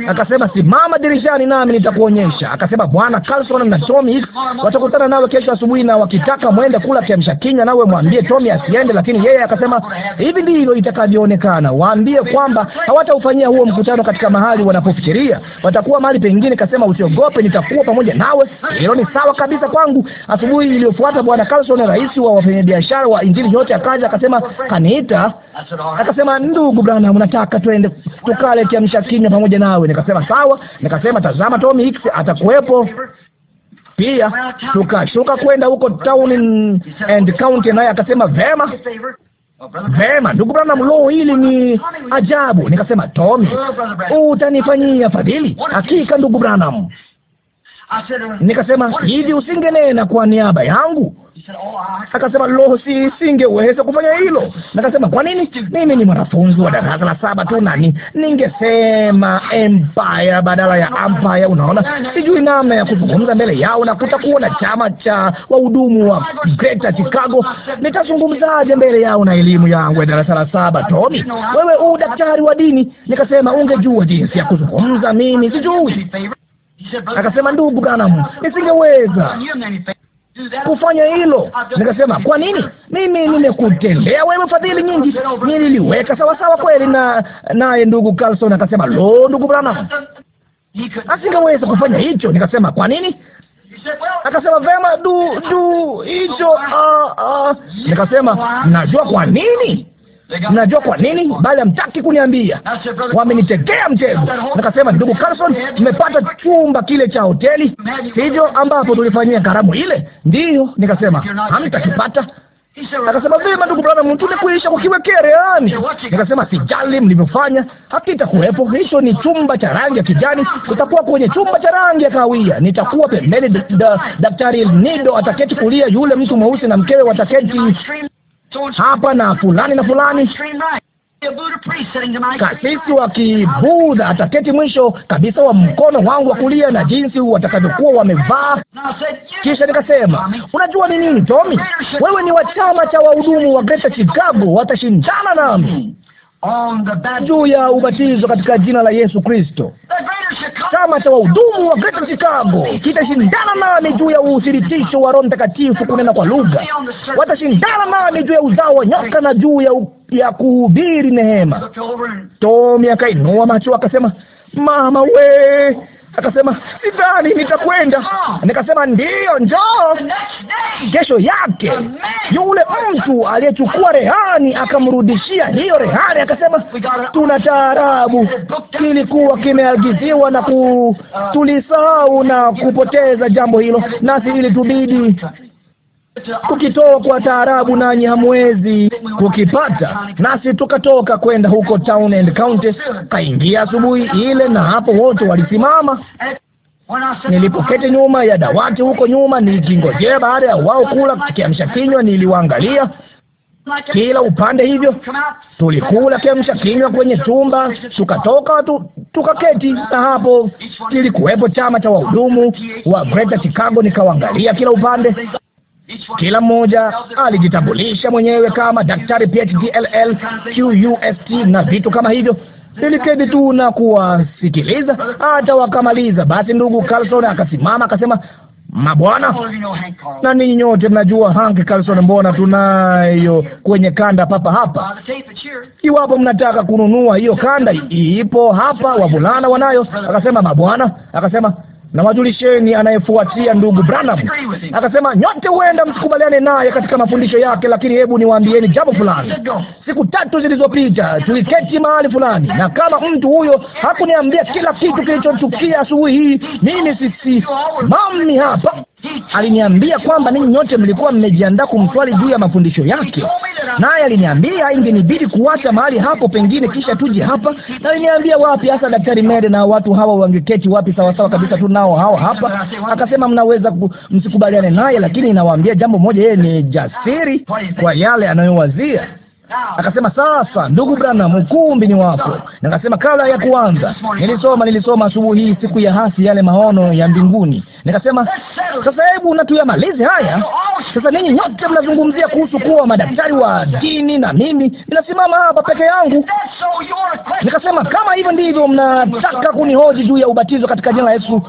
Akasema, simama dirishani nami nitakuonyesha. Akasema, Bwana Carlson na Tommy watakutana nawe kesho asubuhi, na wakitaka mwende kula kiamsha kinywa, nawe mwambie Tommy asiende. Lakini yeye akasema, hivi ndivyo itakavyoonekana, waambie kwamba hawataufanyia huo mkutano katika mahali wanapofikiria, watakuwa mahali pengine. Akasema, usiogope, nitakuwa pamoja nawe. Hilo ni sawa kabisa kwangu. Asubuhi iliyofuata Bwana Carlson, rais wa wafanyabiashara wa injili yote, akaja akasema, kaniita. Akasema, ndugu Branham, nataka twende tukale kiamsha kinywa nitakuja pamoja nawe. Nikasema sawa, nikasema tazama, Tommy Hicks atakuwepo pia. Tukashuka kwenda huko town and county, naye akasema vema Vema ndugu Branham, lo, hili ni ajabu. Nikasema Tommy, utanifanyia fadhili? Hakika ndugu Branham. Nikasema hivi, usingenena kwa niaba yangu? Oh, ah, Akasema, lo, si singeweza kufanya hilo. nakasema kwa nini? Mimi ni mwanafunzi wa darasa la saba tu, nani ningesema empire badala ya empire. Unaona, sijui namna ya kuzungumza mbele yao, na kutakuwa na chama cha wahudumu wa Greater Chicago. Nitazungumzaje mbele yao na elimu yangu ya darasa la saba? Tommy, wewe u daktari wa dini. Nikasema, ungejua jinsi ya kuzungumza, mimi sijui. Akasema, ndugu Ganamu, nisingeweza kufanya hilo. Nikasema, kwa nini? Mimi nimekutendea wewe fadhili nyingi, nililiweka sawasawa kweli. Na naye ndugu Carlson akasema, lo, ndugu Branham asingeweza kufanya hicho. Nikasema, kwa nini? Akasema, vema, du du hicho. Uh, uh. Nikasema, najua kwa nini Mnajua kwa nini? Bali hamtaki kuniambia. Wamenitegea mtego. Nikasema, ndugu Carson, tumepata chumba kile cha hoteli hivyo ambapo tulifanyia karamu ile. Ndiyo, nikasema hamtakipata. Akasema, vema ndugu Branham, tumekuisha kukiwekea rehani. Nikasema, sijali mlivyofanya, hakitakuwepo. Hicho ni chumba cha rangi ya kijani, utakuwa kwenye chumba cha rangi ya kahawia. Nitakuwa pembeni, daktari Nido ataketi kulia, yule mtu mweusi na mkewe wataketi hapa na fulani na fulani kasisi wa Kibudha ataketi mwisho kabisa wa mkono wangu wa kulia, na jinsi watakavyokuwa wamevaa. Kisha nikasema, unajua ni nini Tommy, wewe ni wa chama cha wahudumu wa Greater Chicago, watashindana nami juu ya ubatizo katika jina la Yesu Kristo. Chama cha wahudumu wa Greater Chicago kitashindana nami juu ya uthibitisho wa Roho Mtakatifu kunena kwa lugha. Watashindana nami juu ya uzao wa nyoka na juu ya, ya kuhubiri neema. Tomi akainua macho akasema, mama we Akasema sidhani nitakwenda. Ah. Nikasema ndiyo, njoo. Kesho yake yule mtu aliyechukua rehani akamrudishia hiyo rehani, akasema tuna taarabu, kilikuwa kimeagiziwa na ku uh, tulisahau na kupoteza jambo hilo, nasi ili tubidi kukitoa kwa taarabu, nanyi hamwezi kukipata. Nasi tukatoka kwenda huko Town and County, kaingia asubuhi ile, na hapo wote walisimama. Nilipoketi nyuma ya dawati huko nyuma, nikingojea baada ya wao kula kiamsha kinywa, niliwaangalia kila upande hivyo. Tulikula kiamsha kinywa kwenye tumba tukatoka tu, tukaketi, na hapo kilikuwepo chama cha wahudumu wa Greater Chicago. Nikawaangalia kila upande, kila mmoja alijitambulisha mwenyewe kama daktari PhD, LL, QUST na vitu kama hivyo. Niliketi tu na kuwasikiliza hata wakamaliza. Basi ndugu Carlson akasimama akasema, mabwana, na ninyi nyote mnajua Hank Carlson, mbona tunayo kwenye kanda papa hapa. Iwapo mnataka kununua hiyo kanda, ipo hapa, wavulana wanayo. Akasema, mabwana, akasema na wajulisheni anayefuatia ndugu Branham. Akasema nyote huenda msikubaliane naye katika mafundisho yake, lakini hebu niwaambieni jambo fulani. Siku tatu zilizopita tuliketi mahali fulani, na kama mtu huyo hakuniambia kila kitu kilichotukia asubuhi hii, mimi sisimami hapa Aliniambia kwamba ninyi nyote mlikuwa mmejiandaa kumswali juu ya mafundisho yake, naye aliniambia ingenibidi kuacha mahali hapo pengine, kisha tuje hapa. Na aliniambia wapi hasa, Daktari Mede, na watu hawa wangeketi wapi? Sawasawa kabisa tu, nao hawa hapa. Akasema mnaweza msikubaliane naye, lakini inawaambia jambo moja, yeye ni jasiri kwa yale anayowazia. Akasema, sasa ndugu Branham, ukumbi ni wako. Nikasema, kabla ya kuanza nilisoma nilisoma asubuhi hii siku ya hasi yale maono ya mbinguni. Nikasema, sasa hebu na tuyamalize haya sasa. Ninyi nyote mnazungumzia kuhusu kuwa madaktari wa dini, na mimi ninasimama hapa peke yangu. Nikasema, kama hivyo ndivyo mnataka kunihoji juu ya ubatizo katika jina la Yesu,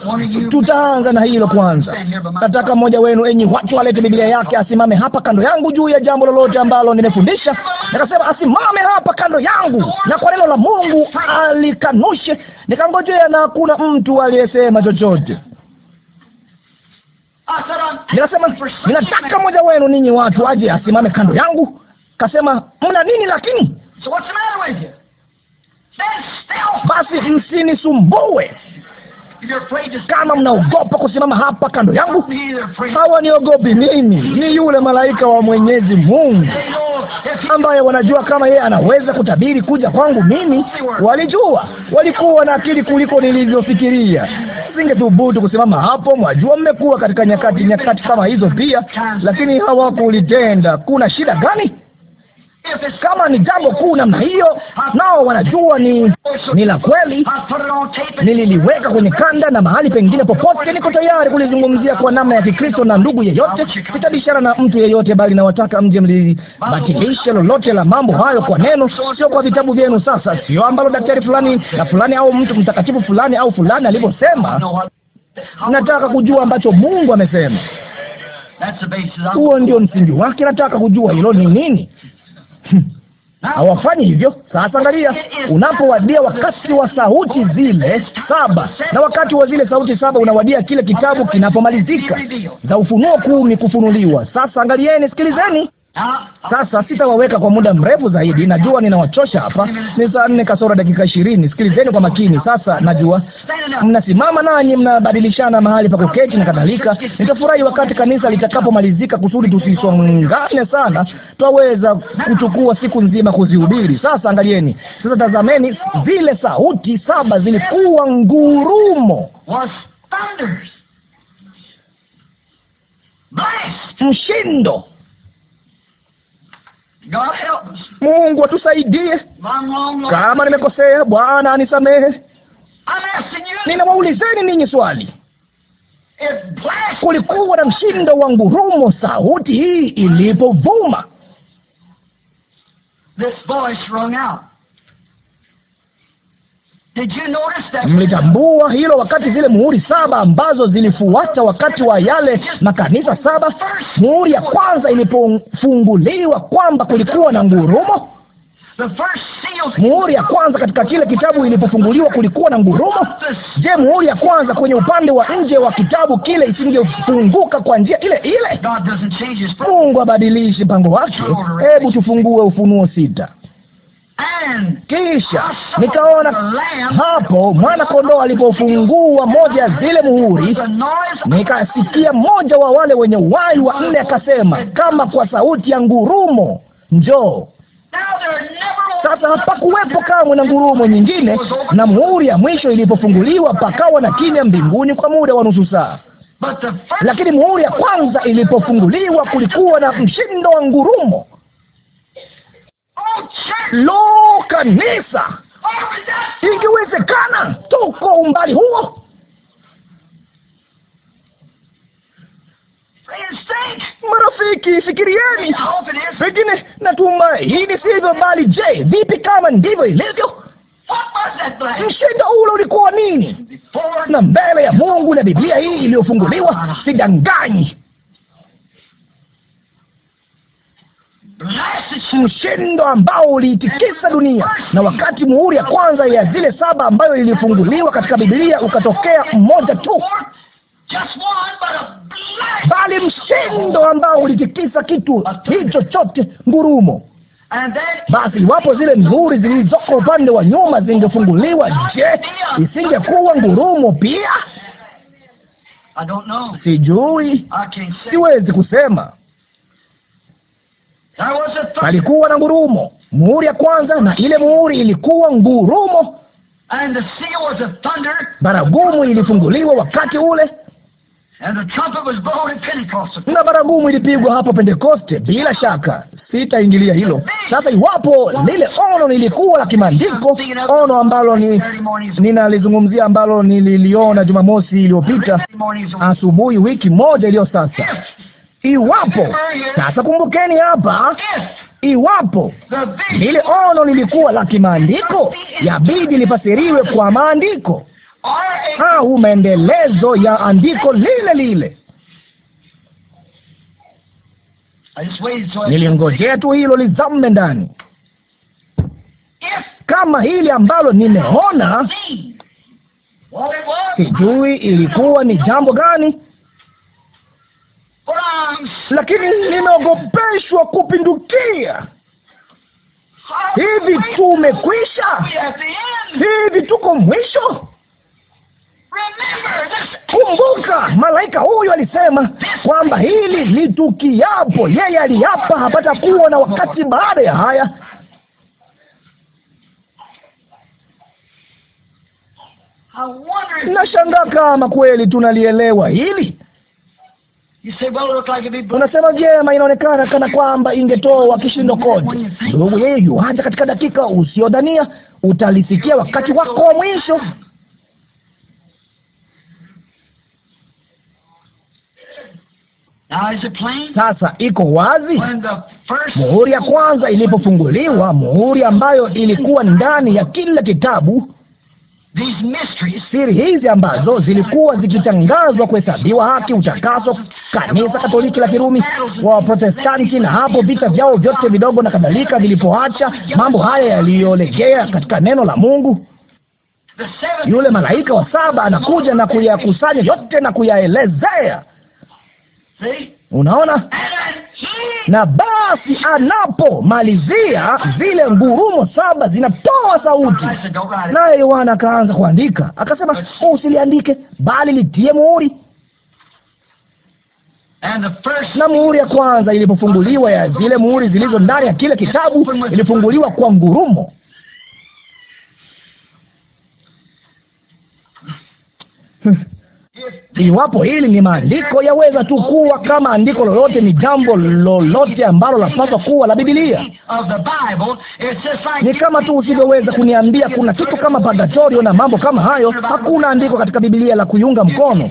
tutaanza na hilo kwanza. Nataka mmoja wenu, enyi watu, alete Biblia yake asimame hapa kando yangu juu ya jambo lolote ambalo nimefundisha nikasema asimame hapa kando yangu, na kwa neno la Mungu alikanushe. Nikangojea na hakuna mtu aliyesema chochote. Nikasema ninataka mmoja wenu ninyi watu aje asimame kando yangu. Kasema mna nini? Lakini basi msinisumbue. Kama mnaogopa kusimama hapa kando yangu, hawaniogopi mimi, ni yule malaika wa Mwenyezi Mungu ambaye wanajua kama yeye anaweza kutabiri kuja kwangu mimi. Walijua, walikuwa na akili kuliko nilivyofikiria. Singethubutu kusimama hapo. Mwajua, mmekuwa katika nyakati nyakati kama hizo pia, lakini hawakulitenda. Kuna shida gani? Kama ni jambo kuu namna hiyo, nao wanajua ni ni la kweli, nililiweka kwenye kanda, na mahali pengine popote niko tayari kulizungumzia kwa namna ya Kikristo na ndugu yeyote, sitabishana na mtu yeyote, bali nawataka mje mlibatilishe lolote la mambo hayo kwa neno, sio kwa vitabu vyenu. Sasa sio ambalo daktari fulani na fulani au mtu mtakatifu fulani au fulani alivyosema. Nataka kujua ambacho Mungu amesema. Huo ndio msingi wake. Nataka kujua hilo ni nini. Hmm. hawafanyi hivyo. Sasa angalia, unapowadia wakati wa sauti zile saba, na wakati wa zile sauti saba unawadia kile kitabu kinapomalizika, za Ufunuo Kuu ni kufunuliwa. Sasa angalieni, sikilizeni Ah. Sasa sitawaweka kwa muda mrefu zaidi, najua ninawachosha hapa. Ni saa nne kasoro dakika ishirini. Sikilizeni kwa makini sasa. Najua mnasimama nanyi mnabadilishana mahali pa kuketi na kadhalika. Nitafurahi wakati kanisa litakapomalizika, kusudi tusisongane sana. Twaweza kuchukua siku nzima kuzihubiri. Sasa angalieni, sasa tazameni, zile sauti saba zilikuwa ngurumo mshindo Mungu atusaidie. Kama nimekosea, Bwana anisamehe. Ninawaulizeni ninyi swali. Kulikuwa na mshindo wa ngurumo, sauti hii ilipovuma Mlitambua hilo wakati zile muhuri saba ambazo zilifuata wakati wa yale makanisa saba, muhuri ya kwanza ilipofunguliwa kwamba kulikuwa na ngurumo. Muhuri ya kwanza katika kile kitabu ilipofunguliwa kulikuwa na ngurumo. Je, muhuri ya kwanza kwenye upande wa nje wa kitabu kile isingefunguka kwa njia ile ile? Mungu abadilishi mpango wake. Hebu tufungue Ufunuo sita. Kisha nikaona hapo mwana-kondoo alipofungua moja ya zile muhuri, nikasikia mmoja wa wale wenye uhai wa nne akasema kama kwa sauti ya ngurumo, njoo. Sasa hapakuwepo kamwe na ngurumo nyingine, na muhuri ya mwisho ilipofunguliwa pakawa na kimya mbinguni kwa muda wa nusu saa. Lakini muhuri ya kwanza ilipofunguliwa kulikuwa na mshindo wa ngurumo. Lo, kanisa, oh, ingewezekana tuko umbali huo. Marafiki, fikirieni, pengine natumaini sivyo, bali je, vipi kama ndivyo ilivyo? Mshindo ule ulikuwa nini? Na mbele ya Mungu na Biblia hii iliyofunguliwa, sidanganyi mshindo ambao uliitikisa dunia. Na wakati muhuri ya kwanza ya zile saba ambayo ilifunguliwa katika Biblia ukatokea mmoja tu, bali mshindo ambao ulitikisa kitu hicho chote, ngurumo. Basi iwapo zile muhuri zilizoko upande wa nyuma zingefunguliwa, je, isingekuwa ngurumo pia? Sijui, siwezi kusema palikuwa na ngurumo, muhuri ya kwanza, na ile muhuri ilikuwa ngurumo. Baragumu ilifunguliwa wakati ule, na baragumu ilipigwa hapo Pentekoste. Bila shaka sitaingilia hilo sasa. Iwapo lile ono lilikuwa la kimaandiko, ono ambalo ni ninalizungumzia, ambalo nililiona Jumamosi iliyopita asubuhi, wiki moja iliyo sasa iwapo sasa, kumbukeni hapa, iwapo lile ono lilikuwa la kimaandiko, yabidi lifasiriwe kwa maandiko au maendelezo ya andiko lile lile. Nilingojea tu hilo lizame ndani, kama hili ambalo nimeona, sijui ilikuwa ni jambo gani lakini nimeogopeshwa kupindukia. Hivi tumekwisha? Hivi tuko mwisho? Kumbuka, malaika huyu alisema kwamba hili ni tukiapo. Yeye aliapa hapata kuwa na wakati baada ya haya. Nashangaa kama kweli tunalielewa hili. Unasema vyema, inaonekana kana kwamba ingetoa kishindo kodi. Ndugu, yeye yuaja katika dakika usiodhania, utalisikia wakati wako wa mwisho. Sasa iko wazi, muhuri ya kwanza ilipofunguliwa, muhuri ambayo ilikuwa ndani ya kila kitabu siri hizi ambazo zilikuwa zikitangazwa kuhesabiwa haki, utakaso, kanisa Katoliki la Kirumi wa Protestanti, na hapo vita vyao vyote vidogo na kadhalika vilipoacha mambo haya yaliyolegea katika neno la Mungu. Yule malaika wa saba anakuja na kuyakusanya yote na kuyaelezea Unaona, na basi anapomalizia zile ngurumo saba zinatoa sauti, naye Yohana akaanza kuandika. Akasema, usiliandike bali litie muhuri. Na muhuri ya kwanza ilipofunguliwa, ya zile muhuri zilizo ndani ya kile kitabu, ilifunguliwa kwa ngurumo. Iwapo hili ni maandiko, yaweza tu kuwa kama andiko lolote, ni jambo lolote ambalo lapaswa kuwa la Biblia. Ni kama tu usivyoweza kuniambia kuna kitu kama pagatorio na mambo kama hayo. Hakuna andiko katika Biblia la kuiunga mkono.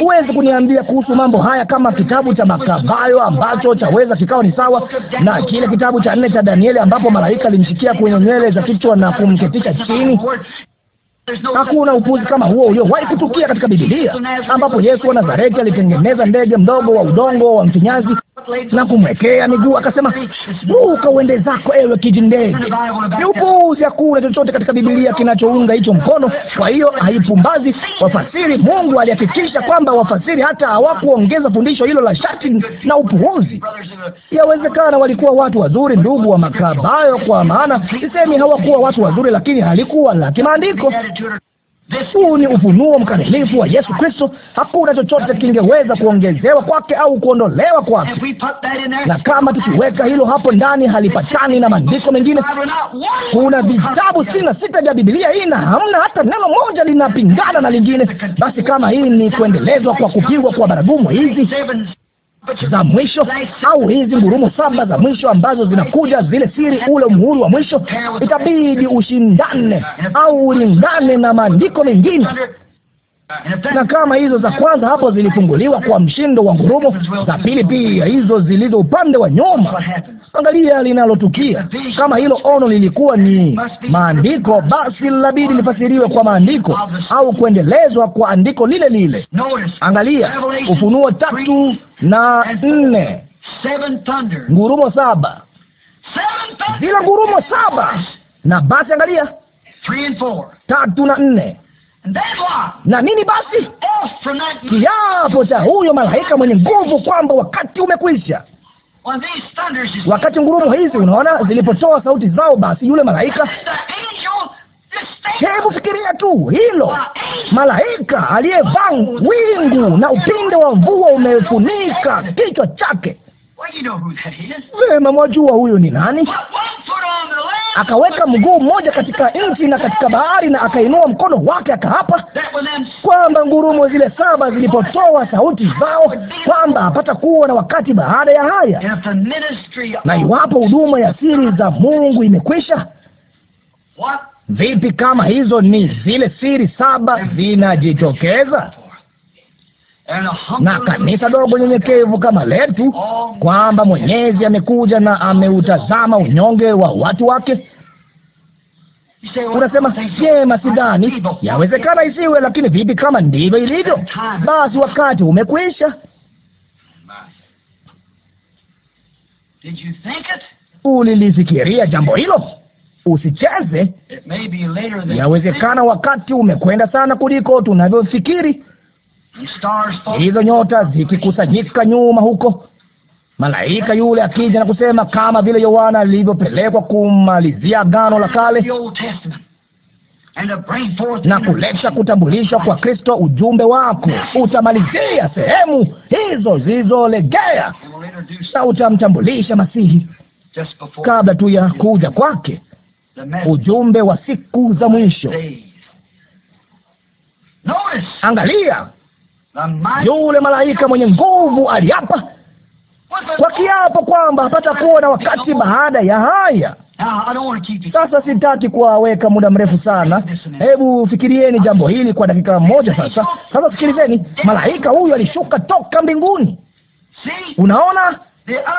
Huwezi kuniambia kuhusu mambo haya, kama kitabu cha Makabayo ambacho chaweza kikawa ni sawa na kile kitabu cha nne cha Danieli ambapo malaika alimshikia kwenye nywele za kichwa na kumketisha chini. Hakuna upuzi kama huo uliowahi kutukia katika Biblia, ambapo Yesu wa Nazareti alitengeneza ndege mdogo wa udongo wa mfinyazi na kumwekea miguu, akasema buka uende zako, ewe kijindege. Ni upuuzi. Hakuna chochote katika Biblia kinachounga hicho mkono. Kwa hiyo haipumbazi wafasiri. Mungu alihakikisha kwamba wafasiri hata hawakuongeza fundisho hilo la shati na upuuzi. Yawezekana walikuwa watu wazuri, ndugu wa makabayo, kwa maana sisemi hawakuwa watu wazuri, lakini halikuwa la kimaandiko. Huu ni ufunuo mkamilifu wa Yesu Kristo. Hakuna chochote kingeweza kuongezewa kwake au kuondolewa kwake, na kama tukiweka hilo hapo ndani halipatani na maandiko mengine. Kuna vitabu sitini na sita vya Biblia hii na hamna hata neno moja linapingana na lingine. Basi kama hii ni kuendelezwa kwa kupigwa kwa baragumu hizi za mwisho au hizi ngurumo saba za mwisho ambazo zinakuja, zile siri, ule muhuru wa mwisho, itabidi ushindane au ulingane na maandiko mengine na kama hizo za kwanza hapo zilifunguliwa kwa mshindo wa ngurumo, za pili pia hizo zilizo upande wa nyuma Angalia linalotukia. Kama hilo ono lilikuwa ni maandiko, basi labidi lifasiriwe kwa maandiko au kuendelezwa kwa andiko lile lile. Angalia Ufunuo tatu na nne, ngurumo saba, zile ngurumo saba. Na basi angalia tatu na nne na nini basi? Kiapo cha huyo malaika mwenye nguvu kwamba wakati umekwisha. Wakati ngurumo hizi, unaona, zilipotoa sauti zao, basi yule malaika Hebu fikiria tu hilo, malaika aliyevaa wingu na upinde wa mvua umefunika kichwa chake. Vema, mwajua huyu ni nani? Akaweka mguu mmoja katika nchi na katika bahari, na akainua mkono wake akahapa kwamba ngurumo zile saba zilipotoa sauti zao, kwamba hapata kuwa na wakati baada ya haya, na iwapo huduma ya siri za Mungu imekwisha Vipi kama hizo ni zile siri saba zinajitokeza? na kanisa dogo nyenyekevu kama letu, kwamba Mwenyezi amekuja na ameutazama unyonge wa watu wake. Unasema jema, sidhani yawezekana isiwe, lakini vipi kama ndivyo ilivyo? Basi wakati umekwisha. Ulilifikiria jambo hilo? Usicheze. Yawezekana wakati umekwenda sana kuliko tunavyofikiri hizo nyota zikikusanyika nyuma huko, malaika yule akija na kusema kama vile Yohana alivyopelekwa kumalizia Agano la Kale na kuleta kutambulishwa kwa Kristo, ujumbe wako utamalizia sehemu hizo zilizolegea na utamtambulisha Masihi kabla tu ya kuja kwake, ujumbe wa siku za mwisho. Angalia yule malaika mwenye nguvu aliapa kwa kiapo kwamba hapatakuwa na wakati baada ya haya. Ah, sasa sitaki kuwaweka muda mrefu sana. Hebu fikirieni jambo hili kwa dakika moja sasa. Sasa sikilizeni, malaika huyu alishuka toka mbinguni. Unaona,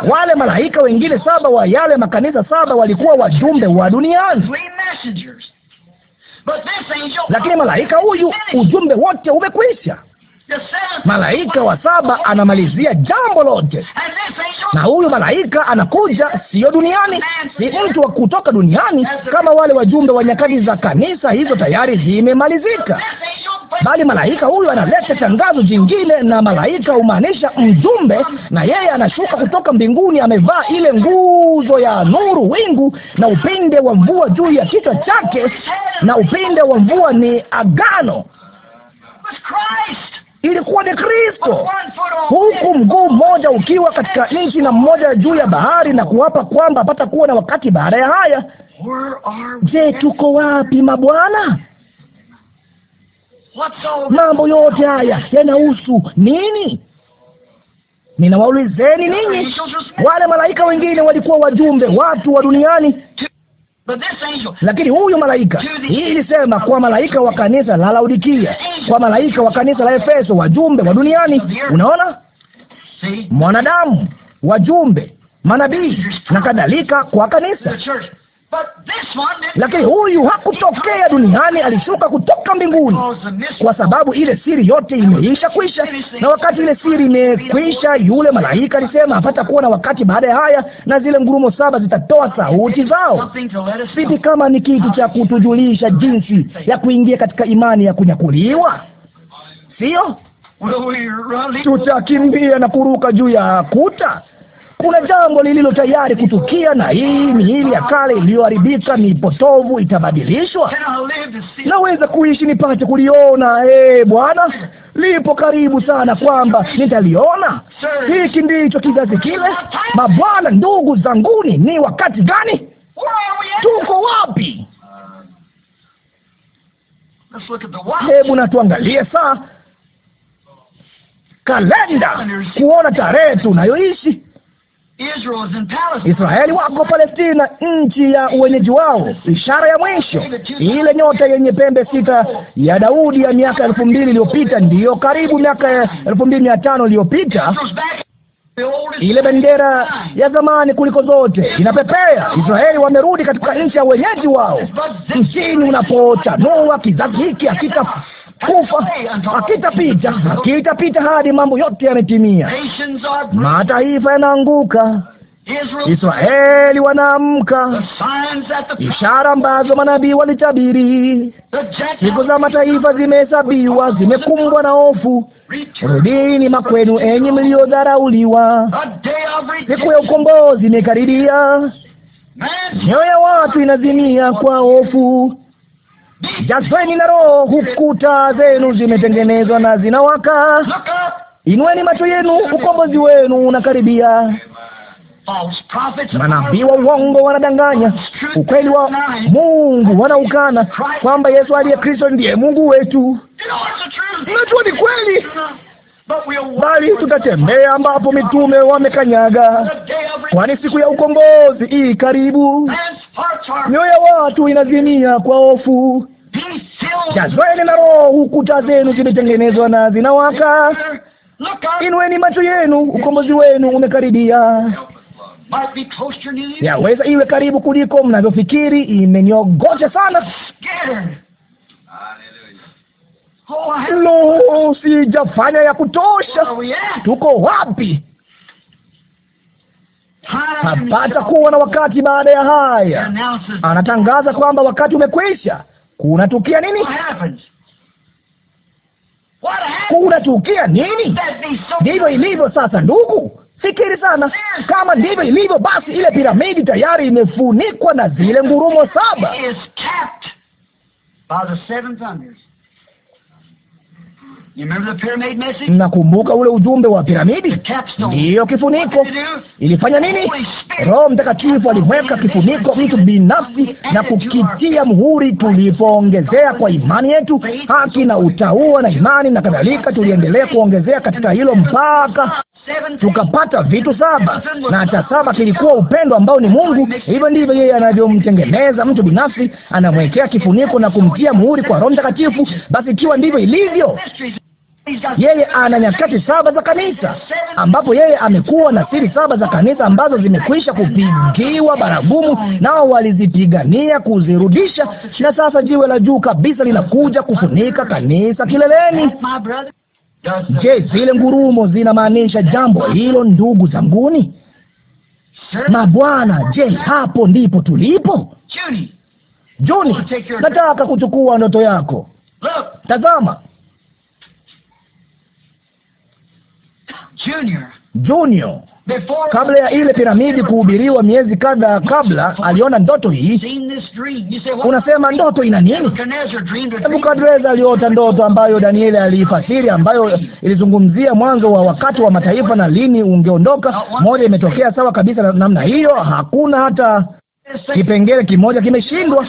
wale malaika wengine saba wa yale makanisa saba walikuwa wajumbe wa duniani, lakini malaika huyu ujumbe wote umekwisha. Malaika wa saba anamalizia jambo lote, na huyu malaika anakuja, siyo duniani, ni mtu wa kutoka duniani, kama wale wajumbe wa nyakati za kanisa. Hizo tayari zimemalizika, bali malaika huyu analeta tangazo jingine, na malaika humaanisha mjumbe, na yeye anashuka kutoka mbinguni, amevaa ile nguzo ya nuru, wingu na upinde wa mvua juu ya kichwa chake, na upinde wa mvua ni agano ilikuwa ni Kristo, huku mguu mmoja ukiwa katika nchi na mmoja juu ya bahari, na kuwapa kwamba apata kuwa na wakati baada ya haya. Je, tuko wapi mabwana? Mambo yote haya yanahusu nini? Ninawaulizeni ninyi, wale malaika wengine walikuwa wajumbe watu wa duniani lakini huyu malaika hii ilisema kwa malaika wa kanisa la Laodikia, kwa malaika wa kanisa la Efeso, wajumbe wa duniani. Unaona, mwanadamu, wajumbe, manabii na kadhalika, kwa kanisa lakini huyu hakutokea duniani, alishuka kutoka mbinguni, kwa sababu ile siri yote imeisha kwisha. Na wakati ile siri imekwisha, yule malaika alisema hapata kuwa na wakati baada ya haya, na zile ngurumo saba zitatoa sauti zao. Vipi kama ni kitu cha kutujulisha jinsi ya kuingia katika imani ya kunyakuliwa, sio? Tutakimbia na kuruka juu ya kuta. Kuna jambo lililo tayari kutukia, na hii miili ya kale iliyoharibika mipotovu itabadilishwa. Naweza kuishi nipate kuliona. Eh, Bwana, lipo karibu sana kwamba nitaliona. Hiki ndicho kizazi kile. Mabwana, ndugu zanguni, ni wakati gani? Tuko wapi? Hebu na tuangalie saa kalenda kuona tarehe tunayoishi. Israeli wako Palestina, nchi ya uwenyeji wao. Ishara ya mwisho, ile nyota yenye pembe sita ya Daudi ya miaka elfu mbili iliyopita, ndiyo karibu miaka elfu mbili mia tano iliyopita ile bendera ya zamani kuliko zote inapepea. Israeli wamerudi katika nchi ya wenyeji wao. Mchini unapochanua kizazi hiki hakika kufa hakitapita, hakitapita hadi mambo yote yametimia. Mataifa yanaanguka, Israeli wanaamka, ishara ambazo manabii walitabiri. Siku za mataifa zimehesabiwa, zimekumbwa na hofu. Rudini makwenu, enyi mliodharauliwa, siku ya ukombozi imekaribia. Mioyo ya watu inazimia kwa hofu Jazweni na Roho, huku taa zenu zimetengenezwa na zinawaka. Inueni macho yenu, ukombozi wenu unakaribia. Manabii wa uongo wanadanganya, ukweli wa Mungu wanaukana, kwamba Yesu aliye Kristo ndiye Mungu wetu. Najua ni kweli bali tutatembea ambapo mitume wamekanyaga, kwani siku ya ukombozi ii karibu. Mioyo ya watu inazimia kwa hofu jazweni na Roho, taa zenu zimetengenezwa na zinawaka. Inueni macho yenu, ukombozi wenu umekaribia. Yaweza iwe karibu kuliko mnavyofikiri. Imenyogoja sana. Oh, Lo, sijafanya ya kutosha. Oh, Tuko wapi? Hapata kuwa na wakati baada ya haya. Anatangaza kwamba wakati umekwisha kunatukia nini? Kunatukia nini? Ndivyo ilivyo sasa, ndugu. Fikiri sana. Kama ndivyo ilivyo, basi ile piramidi tayari imefunikwa na zile ngurumo saba. Mnakumbuka ule ujumbe wa piramidi? Ndiyo, kifuniko ilifanya nini? Roho Mtakatifu aliweka kifuniko mtu binafsi na kukitia muhuri. Tulipoongezea kwa imani yetu haki na utaua na imani na kadhalika, tuliendelea kuongezea katika hilo mpaka tukapata vitu saba, na cha saba kilikuwa upendo ambao ni Mungu. Hivyo ndivyo yeye anavyomtengeneza mtu binafsi, anamwekea kifuniko na kumtia muhuri kwa Roho Mtakatifu. Basi ikiwa ndivyo ilivyo yeye ana nyakati saba za kanisa, ambapo yeye amekuwa na siri saba za kanisa ambazo zimekwisha kupigiwa baragumu, nao walizipigania kuzirudisha, na sasa jiwe la juu kabisa linakuja kufunika kanisa kileleni. Je, zile ngurumo zinamaanisha jambo hilo, ndugu zanguni? Mabwana, je, hapo ndipo tulipo? Juni, nataka kuchukua ndoto yako. Tazama, Junior kabla ya ile piramidi kuhubiriwa, miezi kadhaa kabla, aliona ndoto hii. Unasema ndoto ina nini? Nebukadreza aliota ndoto ambayo Danieli aliifasiri, ambayo ilizungumzia mwanzo wa wakati wa mataifa na lini ungeondoka. Moja imetokea sawa kabisa na namna hiyo, hakuna hata kipengele kimoja kimeshindwa.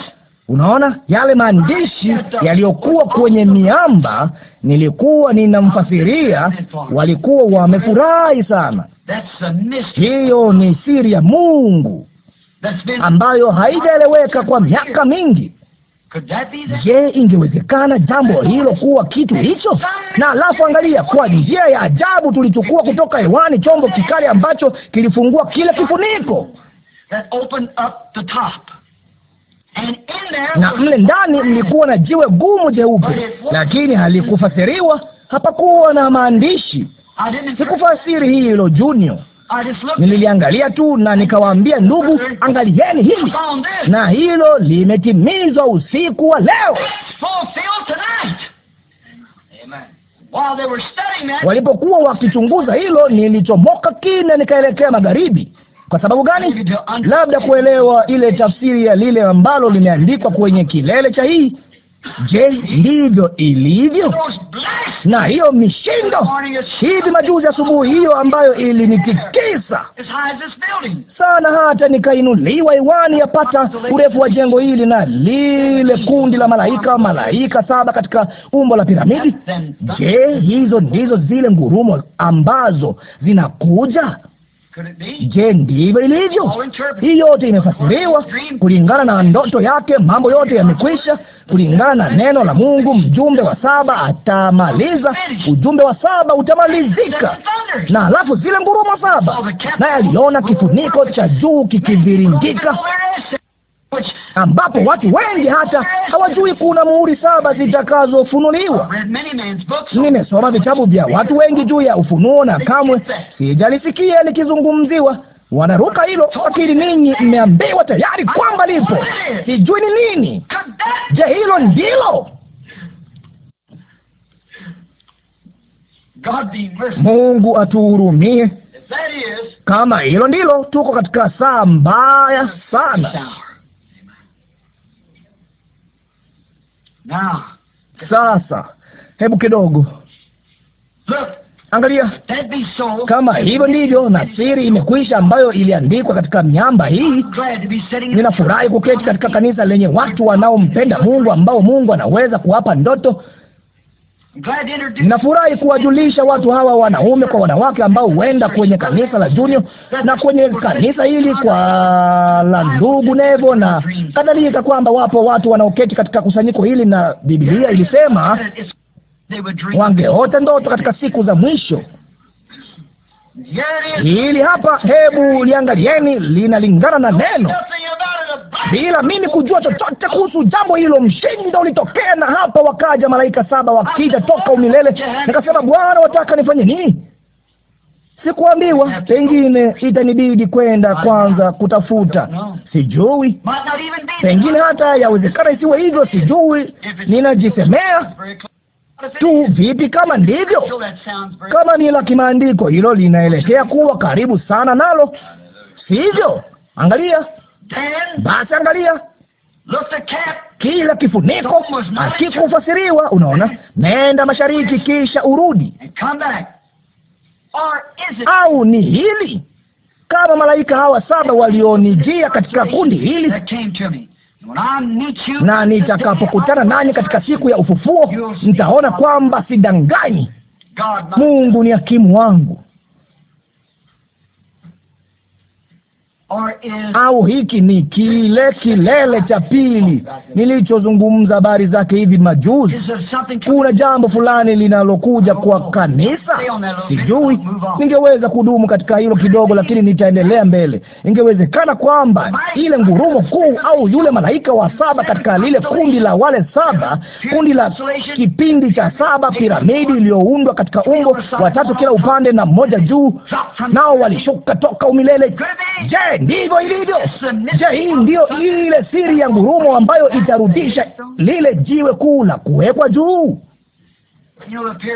Unaona yale maandishi yaliyokuwa kwenye miamba nilikuwa ninamfasiria, walikuwa wamefurahi sana. Hiyo ni siri ya Mungu ambayo haijaeleweka kwa miaka mingi. Je, ingewezekana jambo hilo kuwa kitu hicho? Na alafu angalia, kwa njia ya ajabu tulichukua kutoka hewani chombo kikali ambacho kilifungua kile kifuniko na mle ndani mlikuwa na jiwe gumu jeupe, lakini halikufasiriwa. Hapakuwa na maandishi. Sikufasiri hilo Junior, nililiangalia tu na nikawaambia, ndugu, angalieni hili, na hilo limetimizwa usiku wa leo. Walipokuwa wakichunguza hilo, nilichomoka kina nikaelekea magharibi kwa sababu gani? Labda kuelewa ile tafsiri ya lile ambalo limeandikwa kwenye kilele cha hii Je, ndivyo ilivyo? Na hiyo mishindo hivi majuzi asubuhi, hiyo ambayo ilinitikisa sana, hata nikainuliwa iwani yapata urefu wa jengo hili na lile kundi la malaika, malaika saba katika umbo la piramidi. Je, hizo ndizo zile ngurumo ambazo zinakuja? Je, ndivyo ilivyo? Hii yote imefasiriwa kulingana na ndoto yake. Mambo yote yamekwisha kulingana na neno la Mungu. Mjumbe wa saba atamaliza, ujumbe wa saba utamalizika, na alafu zile ngurumo saba. Naye aliona kifuniko cha juu kikiviringika ambapo watu wengi hata hawajui kuna muhuri saba zitakazofunuliwa. Nimesoma vitabu vya watu wengi juu ya ufunuo na kamwe sijalisikia likizungumziwa. Wanaruka hilo wakili, ninyi mmeambiwa tayari kwamba lipo, sijui ni nini. Je, hilo ndilo? Mungu atuhurumie. Kama hilo ndilo, tuko katika saa mbaya sana. Sasa hebu kidogo angalia, kama hivyo ndivyo, na siri imekwisha ambayo iliandikwa katika miamba hii. Ninafurahi kuketi katika kanisa lenye watu wanaompenda Mungu, ambao Mungu anaweza kuwapa ndoto Nafurahi kuwajulisha watu hawa, wanaume kwa wanawake, ambao huenda kwenye kanisa la Junior na kwenye kanisa hili kwa la ndugu Nevo na kadhalika, kwamba wapo watu wanaoketi katika kusanyiko hili, na Biblia ilisema wangeota ndoto katika siku za mwisho. Hili hapa, hebu liangalieni, linalingana na neno bila mimi kujua chochote kuhusu jambo hilo. Mshindo ulitokea, na hapa wakaja malaika saba wakija toka umilele. Nikasema, Bwana, wataka nifanye nini? Sikuambiwa, pengine itanibidi kwenda kwanza kutafuta, sijui. Pengine hata yawezekana isiwe hivyo, sijui. Ninajisemea tu vipi kama ndivyo. Kama ni la kimaandiko, hilo linaelekea kuwa karibu sana nalo, sivyo? Angalia basi angalia kila kifuniko akikufasiriwa Unaona, nenda mashariki kisha urudi, au ni hili kama malaika hawa saba walionijia katika kundi hili na nitakapokutana nanyi katika siku ya ufufuo, nitaona kwamba sidanganyi. Mungu ni hakimu wangu. au hiki ni kile kilele cha pili nilichozungumza habari zake hivi majuzi. Kuna jambo fulani linalokuja kwa kanisa, sijui ningeweza kudumu katika hilo kidogo, lakini nitaendelea mbele. Ingewezekana kwamba ile ngurumo kuu au yule malaika wa saba katika lile kundi la wale saba, kundi la kipindi cha saba, piramidi iliyoundwa katika umbo watatu kila upande na mmoja juu, nao walishuka toka umilele. Je, ndivyo ilivyo. je hii ndiyo ile siri ya ngurumo ambayo itarudisha lile jiwe kuu na kuwekwa juu.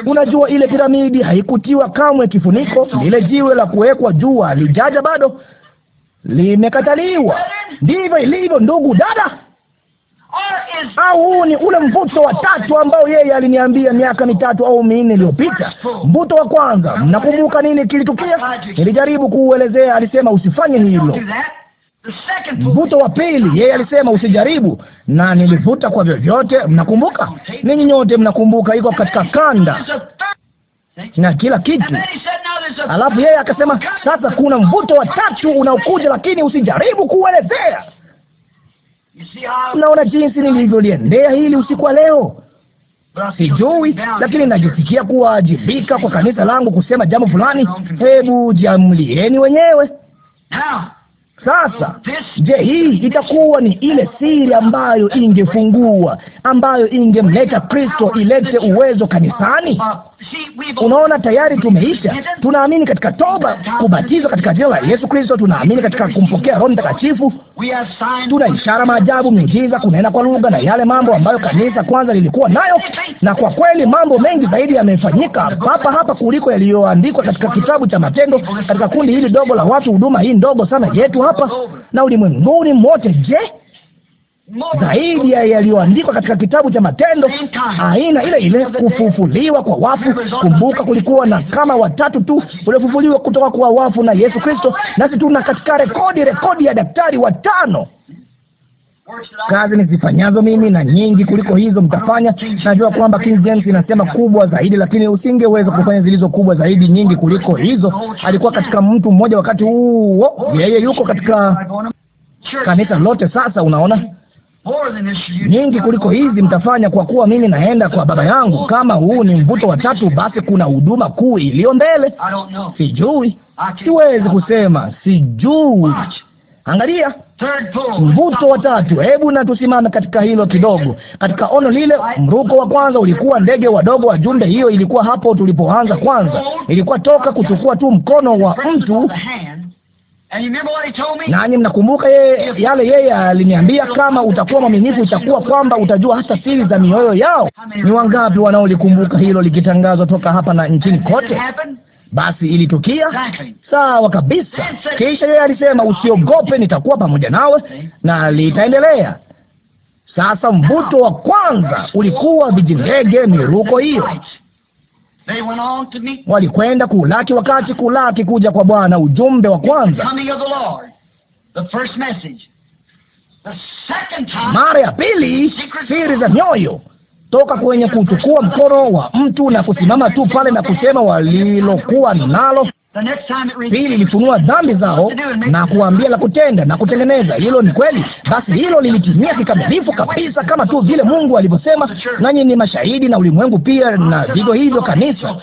Unajua, ile piramidi haikutiwa kamwe kifuniko. Lile jiwe la kuwekwa juu halijaja bado, limekataliwa. Ndivyo ilivyo, ndugu dada au huu ni ule mvuto wa tatu ambao yeye aliniambia miaka mitatu au minne iliyopita. Mvuto wa kwanza, mnakumbuka nini kilitukia? Nilijaribu kuuelezea, alisema usifanye hilo. Mvuto wa pili, yeye alisema usijaribu, na nilivuta kwa vyovyote. Mnakumbuka, ninyi nyote mnakumbuka, iko katika kanda na kila kitu. Alafu yeye akasema, sasa kuna mvuto wa tatu unaokuja, lakini usijaribu kuuelezea. Naona jinsi nilivyoliendea hili usiku wa leo. Sijui, lakini najisikia kuwajibika kwa kanisa langu kusema jambo fulani. Hebu jiamlieni wenyewe sasa. Je, hii itakuwa ni ile siri ambayo ingefungua, ambayo ingemleta Kristo, ilete uwezo kanisani? Unaona, tayari tumeisha. Tunaamini katika toba, kubatizwa katika jina la Yesu Kristo. Tunaamini katika kumpokea Roho Mtakatifu. Tuna ishara, maajabu, miujiza, kunena kwa lugha na yale mambo ambayo kanisa kwanza lilikuwa nayo, na kwa kweli mambo mengi zaidi yamefanyika hapa hapa kuliko yaliyoandikwa katika kitabu cha Matendo, katika kundi hili dogo la watu, huduma hii ndogo sana yetu hapa na ulimwenguni mote. Je, zaidi ya yaliyoandikwa katika kitabu cha Matendo, aina ile ile, kufufuliwa kwa wafu. Kumbuka, kulikuwa na kama watatu tu waliofufuliwa kutoka kwa wafu na Yesu Kristo, nasi tuna katika rekodi rekodi ya daktari watano. Kazi nizifanyazo mimi na nyingi kuliko hizo mtafanya. Najua kwamba King James inasema kubwa zaidi, lakini usingeweza kufanya zilizo kubwa zaidi nyingi kuliko hizo. Alikuwa katika mtu mmoja wakati huo, yeye yuko katika kanisa lote. Sasa unaona nyingi kuliko hizi mtafanya, kwa kuwa mimi naenda kwa Baba yangu. Kama huu ni mvuto wa tatu, basi kuna huduma kuu iliyo mbele. Sijui, siwezi kusema, sijui. Angalia mvuto wa tatu. Hebu na tusimame katika hilo kidogo. Katika ono lile, mruko wa kwanza ulikuwa ndege wadogo wa jumbe. Hiyo ilikuwa hapo tulipoanza. Kwanza ilikuwa toka kuchukua tu mkono wa mtu nanyi mnakumbuka yeye, yale yeye aliniambia, kama utakuwa mwaminifu itakuwa kwamba utajua hata siri za mioyo yao. Ni wangapi wanaolikumbuka hilo likitangazwa toka hapa na nchini kote? Basi ilitukia sawa kabisa. Kisha yeye alisema, oh, usiogope, nitakuwa pamoja nawe, na litaendelea. Sasa mvuto wa kwanza ulikuwa vijindege, miruko hiyo walikwenda kulaki. Wakati kulaki kuja kwa Bwana, ujumbe wa kwanza, mara ya pili, siri za nyoyo toka kwenye kuchukua mkono wa mtu na kusimama tu pale na kusema walilokuwa nalo Pili, ilifunua dhambi zao na kuambia la kutenda na kutengeneza. Hilo ni kweli. Basi hilo lilitimia kikamilifu kabisa, kama tu vile Mungu alivyosema. Nanyi ni mashahidi na ulimwengu pia, na vivyo hivyo kanisa.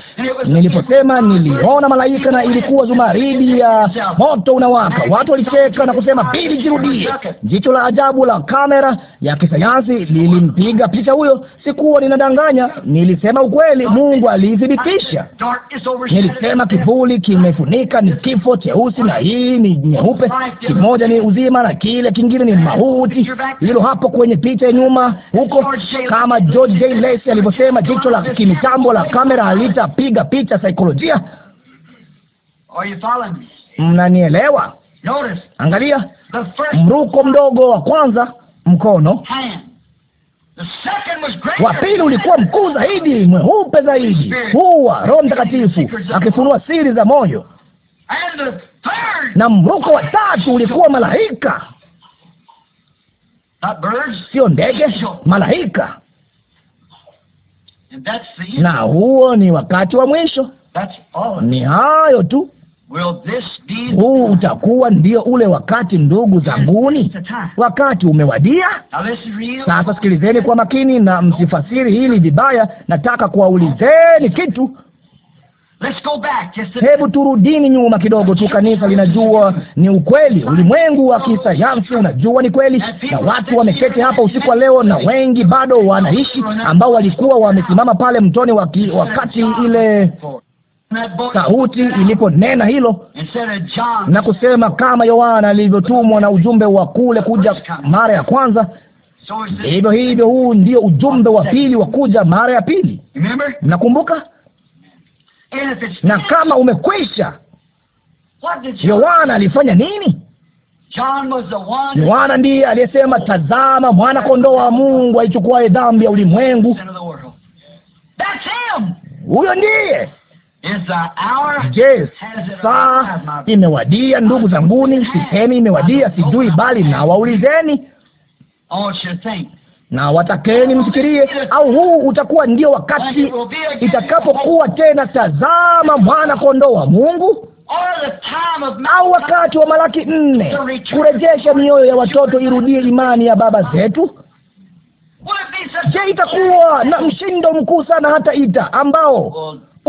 Niliposema niliona malaika na ilikuwa zumaridi ya moto unawaka. Watu walicheka na kusema, Bili, jirudie. Jicho la ajabu la kamera ya kisayansi lilimpiga picha huyo. Sikuwa ninadanganya, nilisema ukweli. Mungu alithibitisha. Nilisema kivuli kimefunika, ni kifo cheusi na hii ni nyeupe. Kimoja ni uzima na kile kingine ni mauti. Hilo hapo kwenye picha ya nyuma huko, kama George J. Lacy alivyosema, jicho la kimitambo la kamera halitapiga picha saikolojia. Mnanielewa? Angalia mruko mdogo wa kwanza mkono. Wa pili ulikuwa mkuu zaidi, mweupe zaidi, huwa Roho Mtakatifu akifunua siri za moyo. Na mruko wa tatu ulikuwa malaika, sio ndege, malaika. Na huo ni wakati wa mwisho. Ni hayo tu. Huu utakuwa ndio ule wakati, ndugu zanguni, wakati umewadia. Sasa sikilizeni kwa makini na msifasiri hili vibaya. Nataka kuwaulizeni kitu. Hebu turudini nyuma kidogo tu. Kanisa linajua ni ukweli, ulimwengu wa kisayansi unajua ni kweli, na watu wameketi hapa usiku wa leo, na wengi bado wanaishi ambao walikuwa wamesimama pale mtoni waki, wakati ile sauti iliponena hilo na kusema kama Yohana alivyotumwa na ujumbe wa kule kuja mara ya kwanza, hivyo hivyo huu ndio ujumbe wa pili wa kuja mara ya pili. nakumbuka Na kama umekwisha, Yohana alifanya nini? Yohana ndiye aliyesema, tazama mwana kondoo wa Mungu aichukuaye dhambi ya ulimwengu. Huyo ndiye Je, saa imewadia, ndugu zanguni? Sisemi imewadia, sijui, bali na waulizeni na watakeni mfikirie, au huu utakuwa ndio wakati itakapokuwa tena, tazama mwana kondoo wa Mungu, au wakati wa Malaki nne, kurejesha mioyo ya watoto irudie imani ya baba zetu. Je, itakuwa na mshindo mkuu sana, hata ita ambao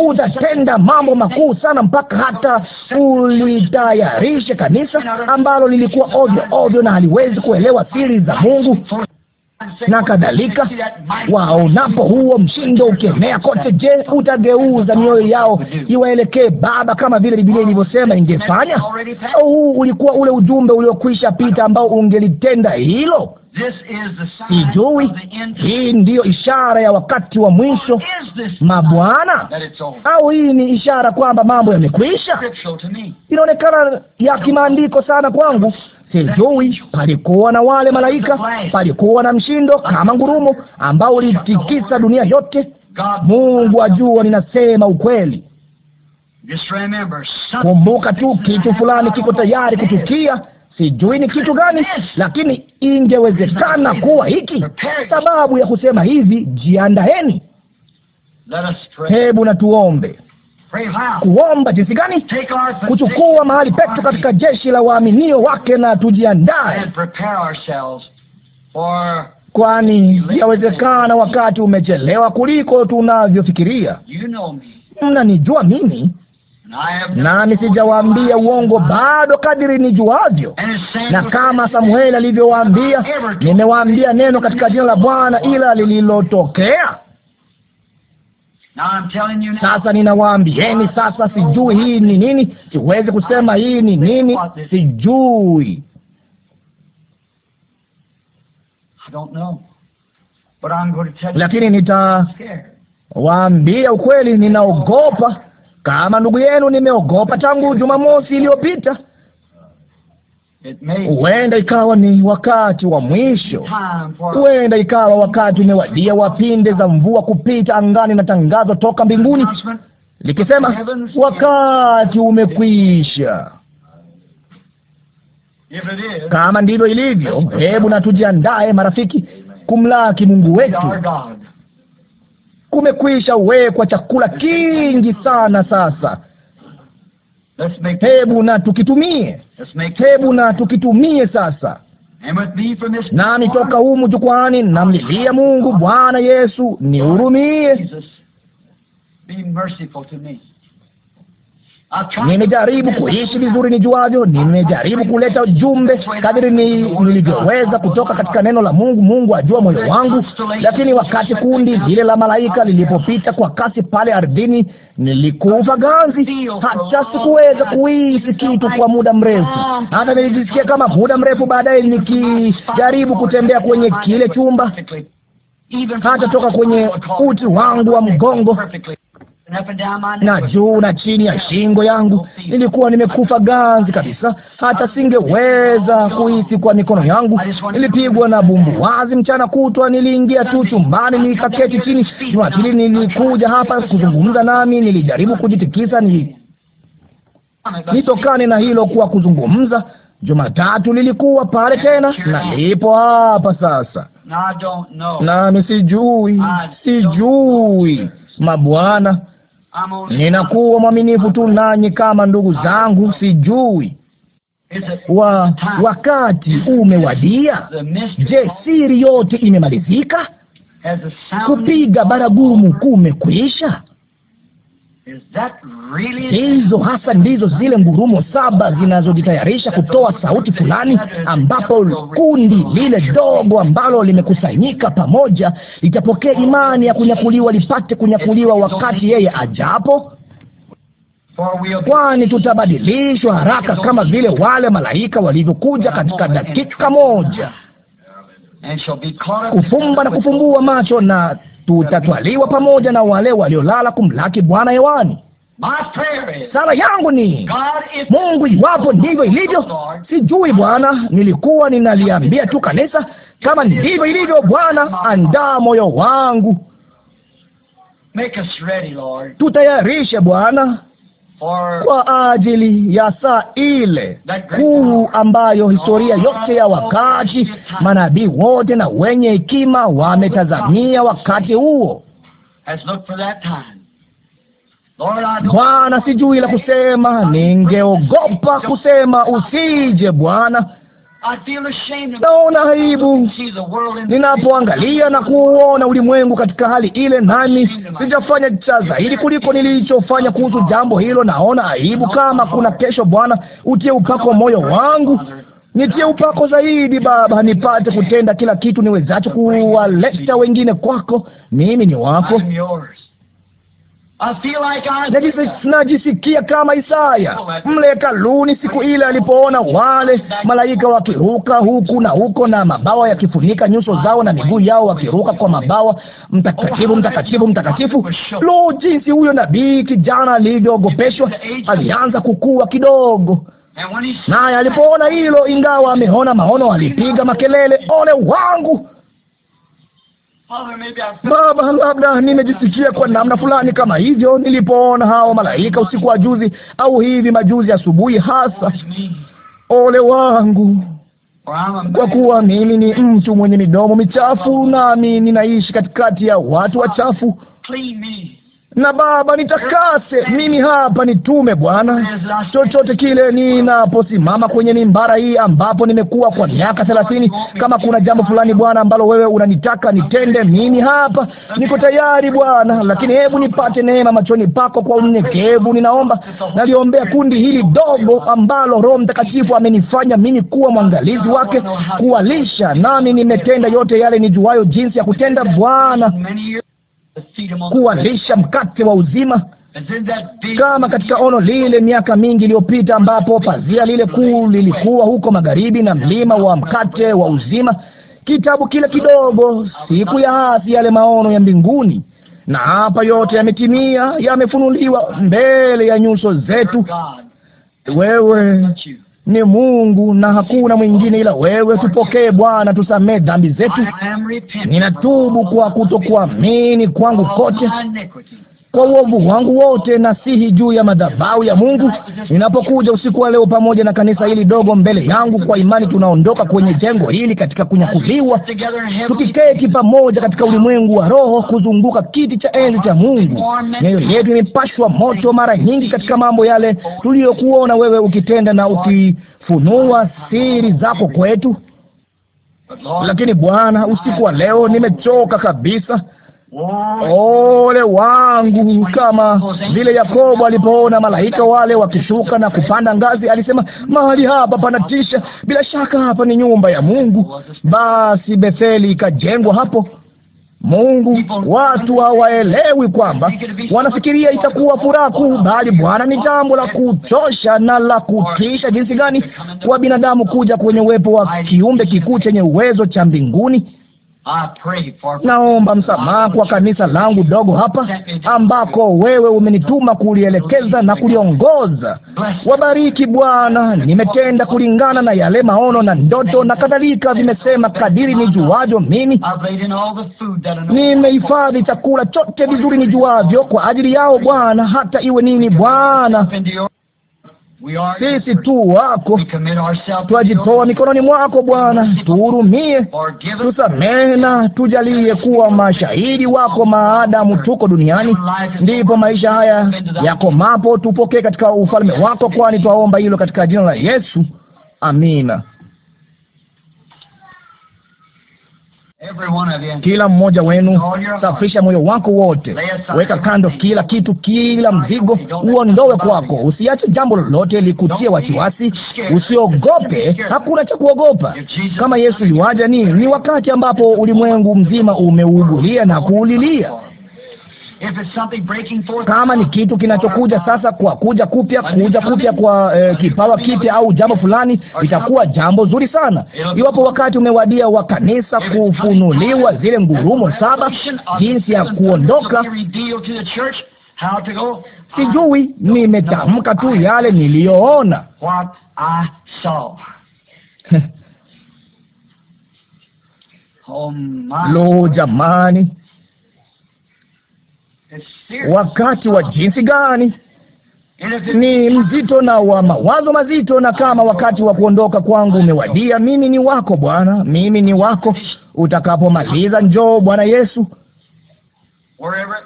utatenda mambo makuu sana, mpaka hata ulitayarishe kanisa ambalo lilikuwa ovyo ovyo na haliwezi kuelewa siri za Mungu na kadhalika. Waonapo huo mshindo ukemea kote, je, utageuza mioyo yao iwaelekee Baba kama vile Biblia ilivyosema ingefanya? Huu ulikuwa ule ujumbe uliokwisha pita ambao ungelitenda hilo. Sijui, hii ndiyo ishara ya wakati wa mwisho, mabwana, au hii ni ishara kwamba mambo yamekwisha? Inaonekana ya kimaandiko sana kwangu sijui. Palikuwa na wale malaika, palikuwa na mshindo kama ngurumo ambao ulitikisa dunia yote. Mungu ajua ninasema ukweli. Kumbuka tu kitu fulani kiko tayari kutukia. Sijui ni kitu gani, lakini ingewezekana kuwa hiki. Sababu ya kusema hivi, jiandaeni. Hebu na tuombe kuomba jinsi gani kuchukua mahali petu katika jeshi la waaminio wake, na tujiandae, kwani yawezekana wakati umechelewa kuliko tunavyofikiria. Mnanijua mimi nami sijawaambia uongo bado, kadiri nijuavyo. Na kama Samueli alivyowaambia, nimewaambia neno katika jina la Bwana, ila lililotokea sasa ninawaambieni sasa, sijui hii ni nini, siwezi kusema hii ni nini, sijui lakini nitawaambia ukweli, ninaogopa. Kama ndugu yenu, nimeogopa tangu Jumamosi iliyopita. Huenda ikawa ni wakati wa mwisho, huenda ikawa wakati umewadia wa pinde za mvua kupita angani na tangazo toka mbinguni likisema wakati umekwisha. Kama ndivyo ilivyo, hebu na tujiandae, marafiki, kumlaki Mungu wetu. Kumekwisha wekwa chakula kingi sana sasa hebu na tukitumie, hebu na tukitumie sasa nami toka humu jukwani namlilia Mungu, Bwana Yesu nihurumie. Nimejaribu kuishi vizuri nijuavyo, nimejaribu kuleta ujumbe kadiri ni, nilivyoweza kutoka katika neno la Mungu. Mungu ajua moyo wangu, lakini wakati kundi lile la malaika lilipopita kwa kasi pale ardhini, nilikufa ganzi, hata sikuweza kuhisi kitu kwa muda mrefu. Hata nilijisikia kama muda mrefu baadaye, nikijaribu kutembea kwenye kile chumba, hata toka kwenye uti wangu wa mgongo na juu na chini ya shingo yangu nilikuwa nimekufa ganzi kabisa, hata singeweza kuhisi kwa mikono yangu. Nilipigwa na bumbuwazi mchana kutwa. Niliingia tu chumbani nikaketi chini. Jumapili nilikuja hapa kuzungumza nami, nilijaribu kujitikisa ni nitokane na hilo kwa kuzungumza. Jumatatu lilikuwa pale tena, na nipo hapa sasa, nami sijui, sijui mabwana Ninakuwa mwaminifu tu nanyi kama ndugu zangu. Sijui wa wakati umewadia. Je, siri yote imemalizika? Kupiga baragumu kumekwisha? Hizo hasa ndizo zile ngurumo saba zinazojitayarisha kutoa sauti fulani, ambapo kundi lile dogo ambalo limekusanyika pamoja litapokea imani ya kunyakuliwa, lipate kunyakuliwa wakati yeye ajapo, kwani tutabadilishwa haraka kama vile wale malaika walivyokuja katika dakika moja, kufumba na kufumbua macho na tutatwaliwa pamoja na wale waliolala kumlaki Bwana hewani. Sala yangu ni Mungu, iwapo ndivyo ilivyo, sijui Bwana. Nilikuwa ninaliambia tu kanisa, kama ndivyo ilivyo, Bwana, andaa moyo wangu, tutayarishe Bwana kwa ajili ya saa ile kuu ambayo historia yote ya wakati, manabii wote na wenye hekima wametazamia wakati huo. Bwana, sijui la kusema, ningeogopa kusema usije Bwana, naona aibu ninapoangalia na kuona ulimwengu katika hali ile, nami sijafanya cha zaidi kuliko nilichofanya kuhusu jambo hilo. Naona aibu. Kama kuna kesho, Bwana, utie upako moyo wangu nitie upako zaidi Baba, nipate kutenda kila kitu niwezacho kuwaleta wengine kwako. Mimi ni wako, najisikia kama Isaya mle kaluni siku ile alipoona wale malaika wakiruka huku na huko na mabawa yakifunika nyuso zao na miguu yao wakiruka kwa mabawa, mtakatifu, mtakatifu, mtakatifu. Lo, jinsi huyo nabii kijana alivyoogopeshwa! Alianza kukua kidogo naye alipoona hilo, ingawa ameona maono, alipiga makelele, ole wangu! Baba, labda nimejisikia kwa namna fulani kama hivyo nilipoona hao malaika usiku wa juzi, au hivi majuzi asubuhi hasa. Ole wangu, kwa kuwa mimi ni mtu mwenye midomo michafu, nami ninaishi katikati ya watu wachafu na Baba, nitakase mimi hapa, nitume Bwana chochote kile. Ninaposimama kwenye mimbara hii ambapo nimekuwa kwa miaka thelathini, kama kuna jambo fulani Bwana ambalo wewe unanitaka nitende, mimi hapa niko tayari Bwana, lakini hebu nipate neema machoni pako kwa unyenyekevu. Ninaomba naliombea kundi hili dogo ambalo Roho Mtakatifu amenifanya mimi kuwa mwangalizi wake, kuwalisha, nami nimetenda yote yale nijuayo jinsi ya kutenda Bwana kuanzisha mkate wa uzima kama katika ono lile miaka mingi iliyopita, ambapo pazia lile kuu lilikuwa huko magharibi na mlima wa mkate wa uzima, kitabu kile kidogo, siku ya hasi yale maono ya mbinguni. Na hapa yote yametimia, yamefunuliwa mbele ya nyuso zetu. Wewe ni Mungu na hakuna mwingine ila wewe. Tupokee Bwana, tusamee dhambi zetu. Ninatubu kwa kutokuamini kwangu kote kwa uovu wangu wote nasihi juu ya madhabahu ya Mungu. Ninapokuja usiku wa leo pamoja na kanisa hili dogo mbele yangu, kwa imani tunaondoka kwenye jengo hili katika kunyakuliwa, tukiketi pamoja katika ulimwengu wa roho, kuzunguka kiti cha enzi cha Mungu. Mioyo yetu imepashwa moto mara nyingi katika mambo yale tuliyokuona wewe ukitenda na ukifunua siri zako kwetu. Lakini Bwana, usiku wa leo nimechoka kabisa. Ole wangu kama vile Yakobo alipoona malaika wale wakishuka na kupanda ngazi, alisema mahali hapa panatisha, bila shaka hapa ni nyumba ya Mungu. Basi Betheli ikajengwa hapo. Mungu, watu hawaelewi kwamba wanafikiria itakuwa furaha kuu, bali Bwana, ni jambo la kutosha na la kutisha jinsi gani kwa binadamu kuja kwenye uwepo wa kiumbe kikuu chenye uwezo cha mbinguni. Naomba msamaha kwa kanisa langu dogo hapa ambako wewe umenituma kulielekeza na kuliongoza. Wabariki Bwana, nimetenda kulingana na yale maono na ndoto na kadhalika vimesema, kadiri nijuavyo mimi. Nimehifadhi chakula chote vizuri nijuavyo kwa ajili yao Bwana, hata iwe nini Bwana sisi tu wako, twajitoa mikononi mwako Bwana, tuhurumie, tusamehe na tujalie kuwa mashahidi wako maadamu tuko duniani. Ndipo maisha haya yako mapo tupokee katika ufalme wako, kwani twaomba hilo katika jina la Yesu, amina. Kila mmoja wenu, safisha moyo wako wote, weka kando kila kitu, kila mzigo uondowe kwako, usiache jambo lolote likutie wasiwasi, usiogope. Hakuna cha kuogopa. Kama Yesu yuaja, ni ni wakati ambapo ulimwengu mzima umeugulia na kuulilia kama ni kitu kinachokuja sasa, kwa kuja kupya, kuja kupya kwa eh, kipawa kipya au jambo fulani, itakuwa jambo zuri sana iwapo wakati umewadia wa kanisa kufunuliwa zile ngurumo saba, jinsi ya kuondoka. Sijui, nimetamka tu yale niliyoona. Oh Lo, jamani! wakati wa jinsi gani? Ni mzito na wa mawazo mazito, na kama wakati wa kuondoka kwangu umewadia, mimi ni wako Bwana, mimi ni wako. Utakapomaliza njoo Bwana Yesu,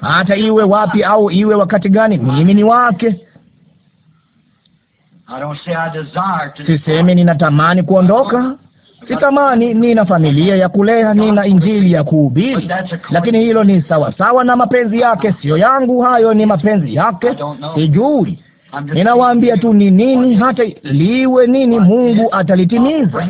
hata iwe wapi au iwe wakati gani, mimi ni wake. Sisemi ninatamani kuondoka, Sitamani, nina familia ya kulea, nina injili ya kuhubiri, lakini hilo ni sawasawa na mapenzi yake, siyo yangu. Hayo ni mapenzi yake, sijui Ninawaambia tu ni nini, hata liwe nini, Mungu atalitimiza.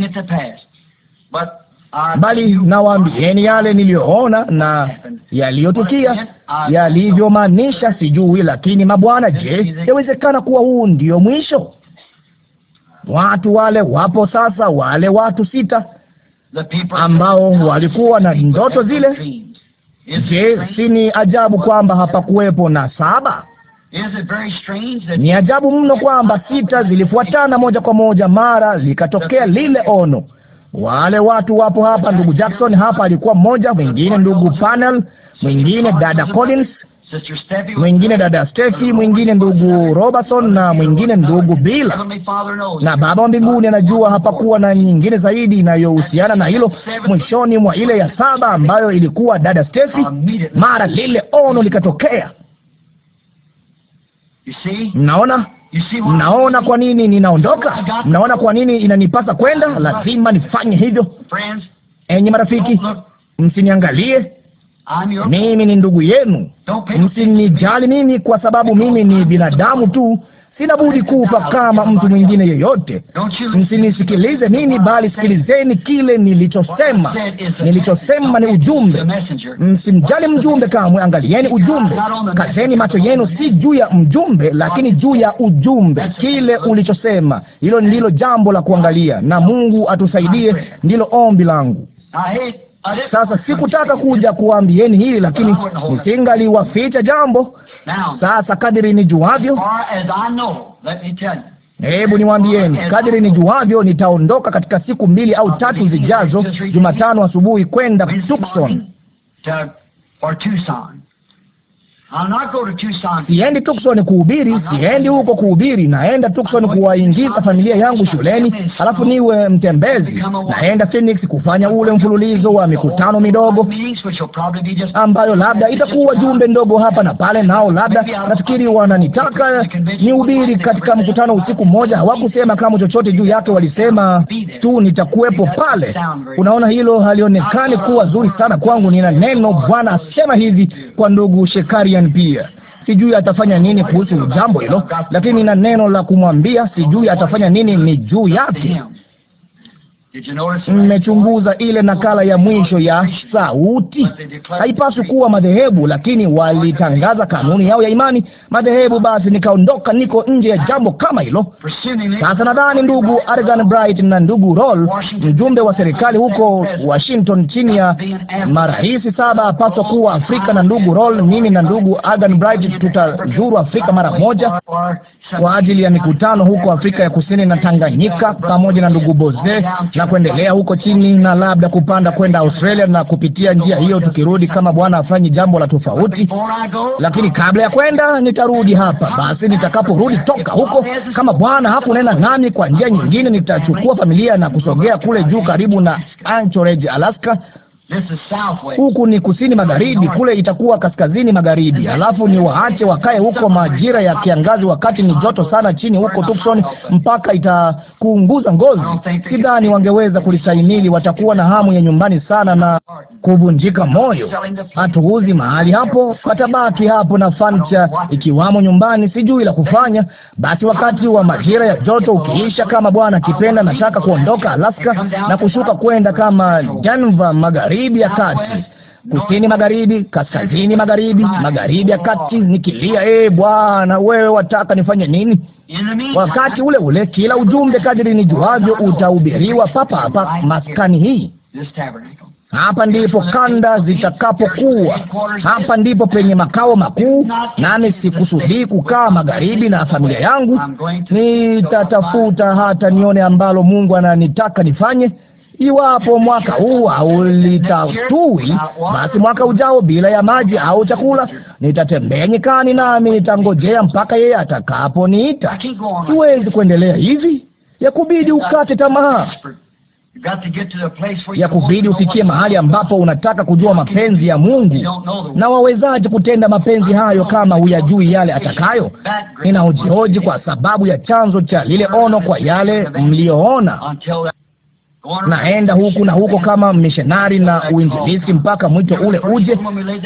Bali nawaambieni yale niliyoona na yaliyotukia, yalivyomaanisha sijui. Lakini mabwana, je, yawezekana kuwa huu ndio mwisho? Watu wale wapo sasa, wale watu sita ambao walikuwa na ndoto zile. Je, si ni ajabu kwamba hapakuwepo na saba? Ni ajabu mno kwamba sita zilifuatana moja kwa moja, mara likatokea lile ono. Wale watu wapo hapa. Ndugu Jackson hapa alikuwa mmoja, mwingine ndugu Panel, mwingine dada Collins mwingine dada stefi mwingine ndugu Robertson na mwingine ndugu Bila. Na Baba wa mbinguni anajua hapakuwa na nyingine zaidi inayohusiana na hilo. Mwishoni mwa ile ya saba ambayo ilikuwa dada stefi uh, mara lile ono likatokea. Mnaona, mnaona kwa nini ninaondoka? Mnaona kwa nini inanipasa kwenda? Lazima nifanye hivyo. Enyi marafiki, msiniangalie mimi ni ndugu yenu. Msinijali mimi kwa sababu mimi ni binadamu tu, sina budi kufa kama mtu mwingine yeyote. Msinisikilize mimi, bali sikilizeni kile nilichosema. Nilichosema ni ujumbe. Msimjali mjumbe kamwe, angalieni ujumbe. Kazeni macho yenu si juu ya mjumbe, lakini juu ya ujumbe, kile ulichosema. Hilo ndilo jambo la kuangalia, na Mungu atusaidie, ndilo ombi langu. Sasa sikutaka kuja kuambieni hili, lakini nisingaliwaficha jambo. Sasa kadiri nijuavyo Hebu niwaambieni, kadiri nijuavyo, nitaondoka katika siku mbili au tatu zijazo, Jumatano asubuhi kwenda Tucson siendi Tucson kuhubiri, siendi huko kuhubiri. Naenda Tucson kuwaingiza familia yangu shuleni, halafu niwe mtembezi. Naenda Phoenix kufanya ule mfululizo wa mikutano midogo ambayo labda itakuwa jumbe ndogo hapa na pale, nao labda nafikiri wananitaka nihubiri katika mkutano usiku mmoja. Hawakusema kama chochote juu yake, walisema tu nitakuwepo pale. Unaona, hilo halionekani kuwa zuri sana kwangu. Nina neno, Bwana asema hivi kwa ndugu Shekaria Brian pia. Sijui atafanya nini kuhusu jambo hilo, lakini nina neno la kumwambia. Sijui atafanya nini, ni juu yake. Mmechunguza ile nakala ya mwisho ya sauti. Haipaswi kuwa madhehebu, lakini walitangaza kanuni yao ya imani madhehebu. Basi nikaondoka, niko nje ya jambo kama hilo. Sasa nadhani ndugu Argan Bright na ndugu Roll, mjumbe wa serikali huko Washington chini ya marahisi saba, apaswa kuwa Afrika, na ndugu Roll, mimi na ndugu Argan Bright tutazuru Afrika mara moja kwa ajili ya mikutano huko Afrika ya Kusini na Tanganyika, pamoja na ndugu Boze na kuendelea huko chini na labda kupanda kwenda Australia na kupitia njia hiyo tukirudi, kama Bwana afanye jambo la tofauti. Lakini kabla ya kwenda, nitarudi hapa. Basi nitakaporudi toka huko, kama Bwana hakunena nami kwa njia nyingine, nitachukua familia na kusogea kule juu karibu na Anchorage, Alaska. Huku ni kusini magharibi, kule itakuwa kaskazini magharibi. Alafu ni waache wakae huko majira ya kiangazi, wakati ni joto sana chini huko Tucson, mpaka itakuunguza ngozi. Sidhani wangeweza kulistahimili. Watakuwa na hamu ya nyumbani sana na kuvunjika moyo. Hatuuzi mahali hapo, patabaki hapo na fanicha ikiwamo nyumbani, sijui la kufanya. Basi wakati wa majira ya joto ukiisha, kama Bwana akipenda, nataka kuondoka Alaska na kushuka kwenda kama Denver magharibi magharibi ya kati kusini magharibi, kaskazini magharibi, magharibi ya kati, nikilia hey, Bwana wewe wataka nifanye nini? Wakati ule ule, kila ujumbe kadiri nijuavyo utahubiriwa papa hapa maskani hii. Hapa ndipo kanda zitakapokuwa, hapa ndipo penye makao makuu. Nami sikusudii kukaa magharibi na familia yangu, nitatafuta hata nione ambalo Mungu ananitaka nifanye. Iwapo mwaka huu haulitatui, basi mwaka ujao bila ya maji au chakula nitatembea nyikani, nami nitangojea mpaka yeye atakaponiita. Siwezi kuendelea hivi, ya kubidi ukate tamaa ya kubidi ufikie mahali ambapo unataka kujua mapenzi ya Mungu. Na wawezaje kutenda mapenzi hayo kama huyajui yale atakayo? Ninahojihoji kwa sababu ya chanzo cha lile ono kwa yale mlioona, naenda huku na huko kama mishonari na uinjilisti mpaka mwito ule uje.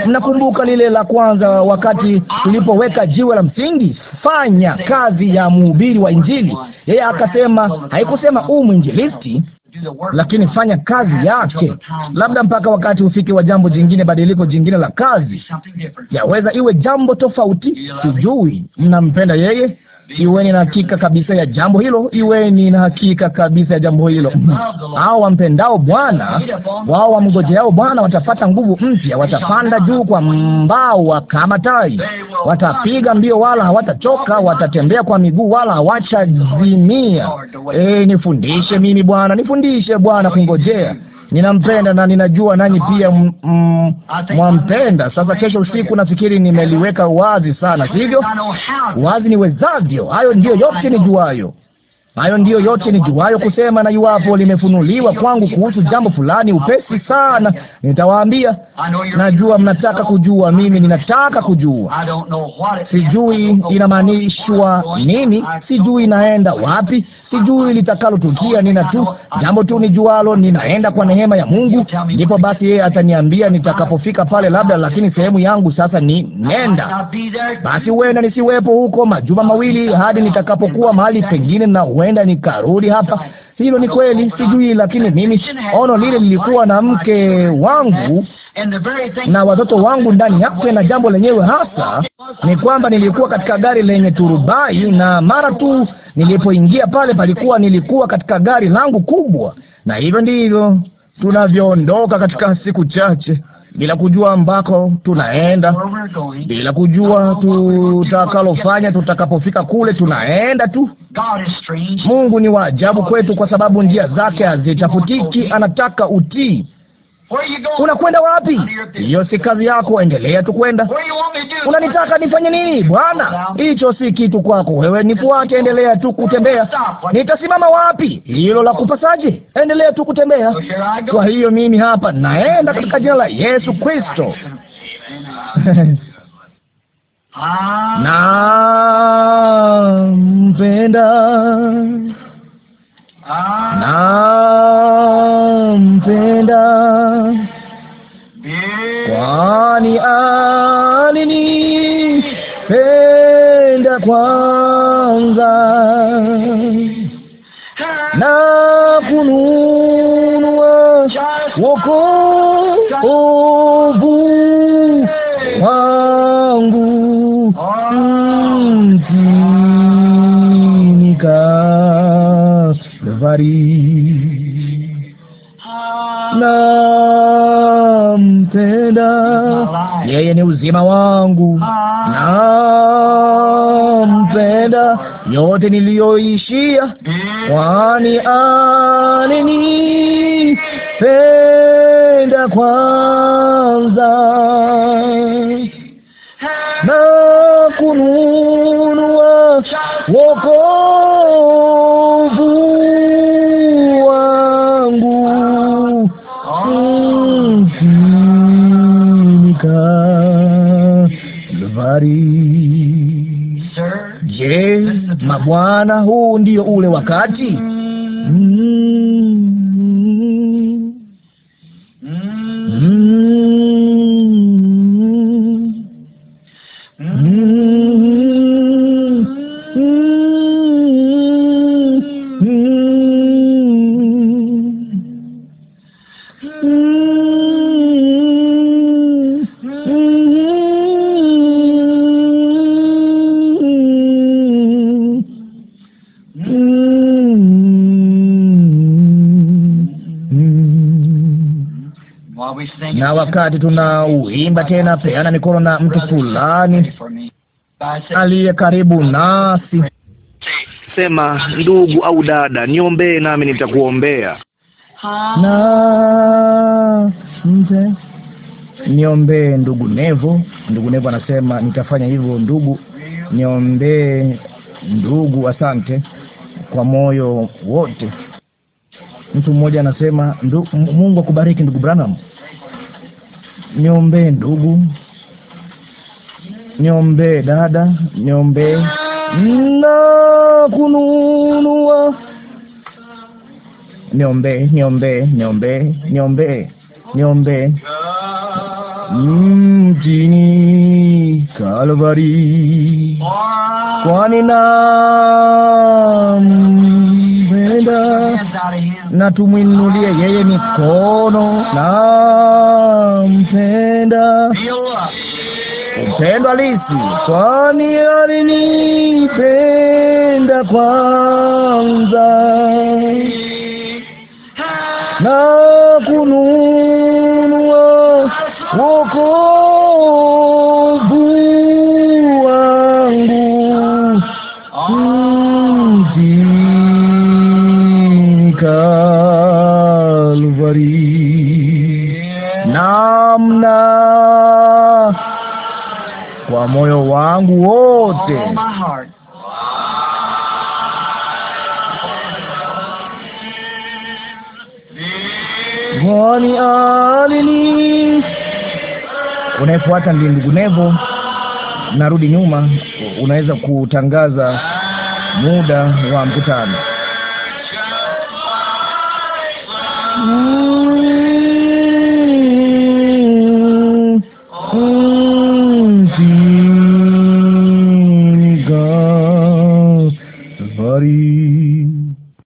Mnakumbuka lile la kwanza, wakati tulipoweka jiwe la msingi, fanya kazi ya mhubiri wa Injili. Yeye akasema, haikusema u mwinjilisti lakini fanya kazi yake, labda mpaka wakati ufike wa jambo jingine, badiliko jingine la kazi. Yaweza iwe jambo tofauti, sijui. Mnampenda yeye, Iweni na hakika kabisa ya jambo hilo, iweni na hakika kabisa ya jambo hilo. Hao wampendao Bwana, wao wamngojeao Bwana watapata nguvu mpya, watapanda juu kwa mbawa kama tai, watapiga mbio wala hawatachoka, watatembea kwa miguu wala hawachazimia E, nifundishe mimi Bwana, nifundishe Bwana kungojea ninampenda na ninajua nanyi pia mwampenda. Sasa kesho usiku nafikiri nimeliweka wazi sana, sivyo? Wazi niwezavyo. Hayo ndiyo yote nijuayo, hayo ndiyo yote juayo kusema, na iwapo limefunuliwa kwangu kuhusu jambo fulani, upesi sana nitawaambia. Najua mnataka kujua, mimi ninataka kujua. Sijui inamaanishwa nini, sijui inaenda wapi Sijui litakalotukia, nina tu jambo tu nijualo, ninaenda kwa neema ya Mungu. Ndipo basi yeye ataniambia nitakapofika pale, labda. Lakini sehemu yangu sasa ni nenda, basi huenda nisiwepo huko majuma mawili hadi nitakapokuwa mahali pengine, na huenda nikarudi hapa. Hilo ni kweli, sijui. Lakini mimi ono lile lilikuwa na mke wangu na watoto wangu ndani yake, na jambo lenyewe hasa ni kwamba nilikuwa katika gari lenye turubai, na mara tu nilipoingia pale palikuwa nilikuwa katika gari langu kubwa, na hivyo ndivyo tunavyoondoka katika siku chache bila kujua ambako tunaenda, bila kujua tutakalofanya tutakapofika kule. Tunaenda tu. Mungu ni wa ajabu kwetu, kwa sababu njia zake hazitafutiki. Anataka utii unakwenda wapi? Hiyo si kazi yako, endelea tu kwenda. Unanitaka nifanye nini Bwana? Hicho si kitu kwako wewe, nifuate, endelea tu kutembea. Nitasimama wapi? Hilo la kupasaje? Endelea tu kutembea. Kwa hiyo mimi hapa naenda katika jina la Yesu Kristo. Ah. na mpenda ah. na mpenda kwanza na kununua wokovu wangu mjini Kalvari, mpenda yeye, ni uzima wangu nampenda yote niliyoishia, mm. kwani alinipenda kwanza na kununua wokovu habari. Je, mabwana, huu ndio ule wakati? mm. mm. na wakati tunauimba tena, peana mikono na mtu fulani aliye karibu nasi, sema ndugu au dada, niombee nami nitakuombea na mzee niombee ndugu Nevo. Ndugu Nevo anasema nitafanya hivyo. Ndugu niombee ndugu, asante kwa moyo wote. Mtu mmoja anasema ndu, Mungu akubariki ndugu Branham niombee ndugu, niombee dada, niombee na kununua, niombee, niombee, niombee, niombee, niombee mjini Kalvari, kwani nampenda na tumwinulie yeye mikono na mpenda upendo lisi kwani alinipenda kwanza na kununua wokovu namna kwa moyo wangu wote. Bwana alini unayefuata ndiye ndugu Nevo. Narudi nyuma, unaweza kutangaza muda wa mkutano.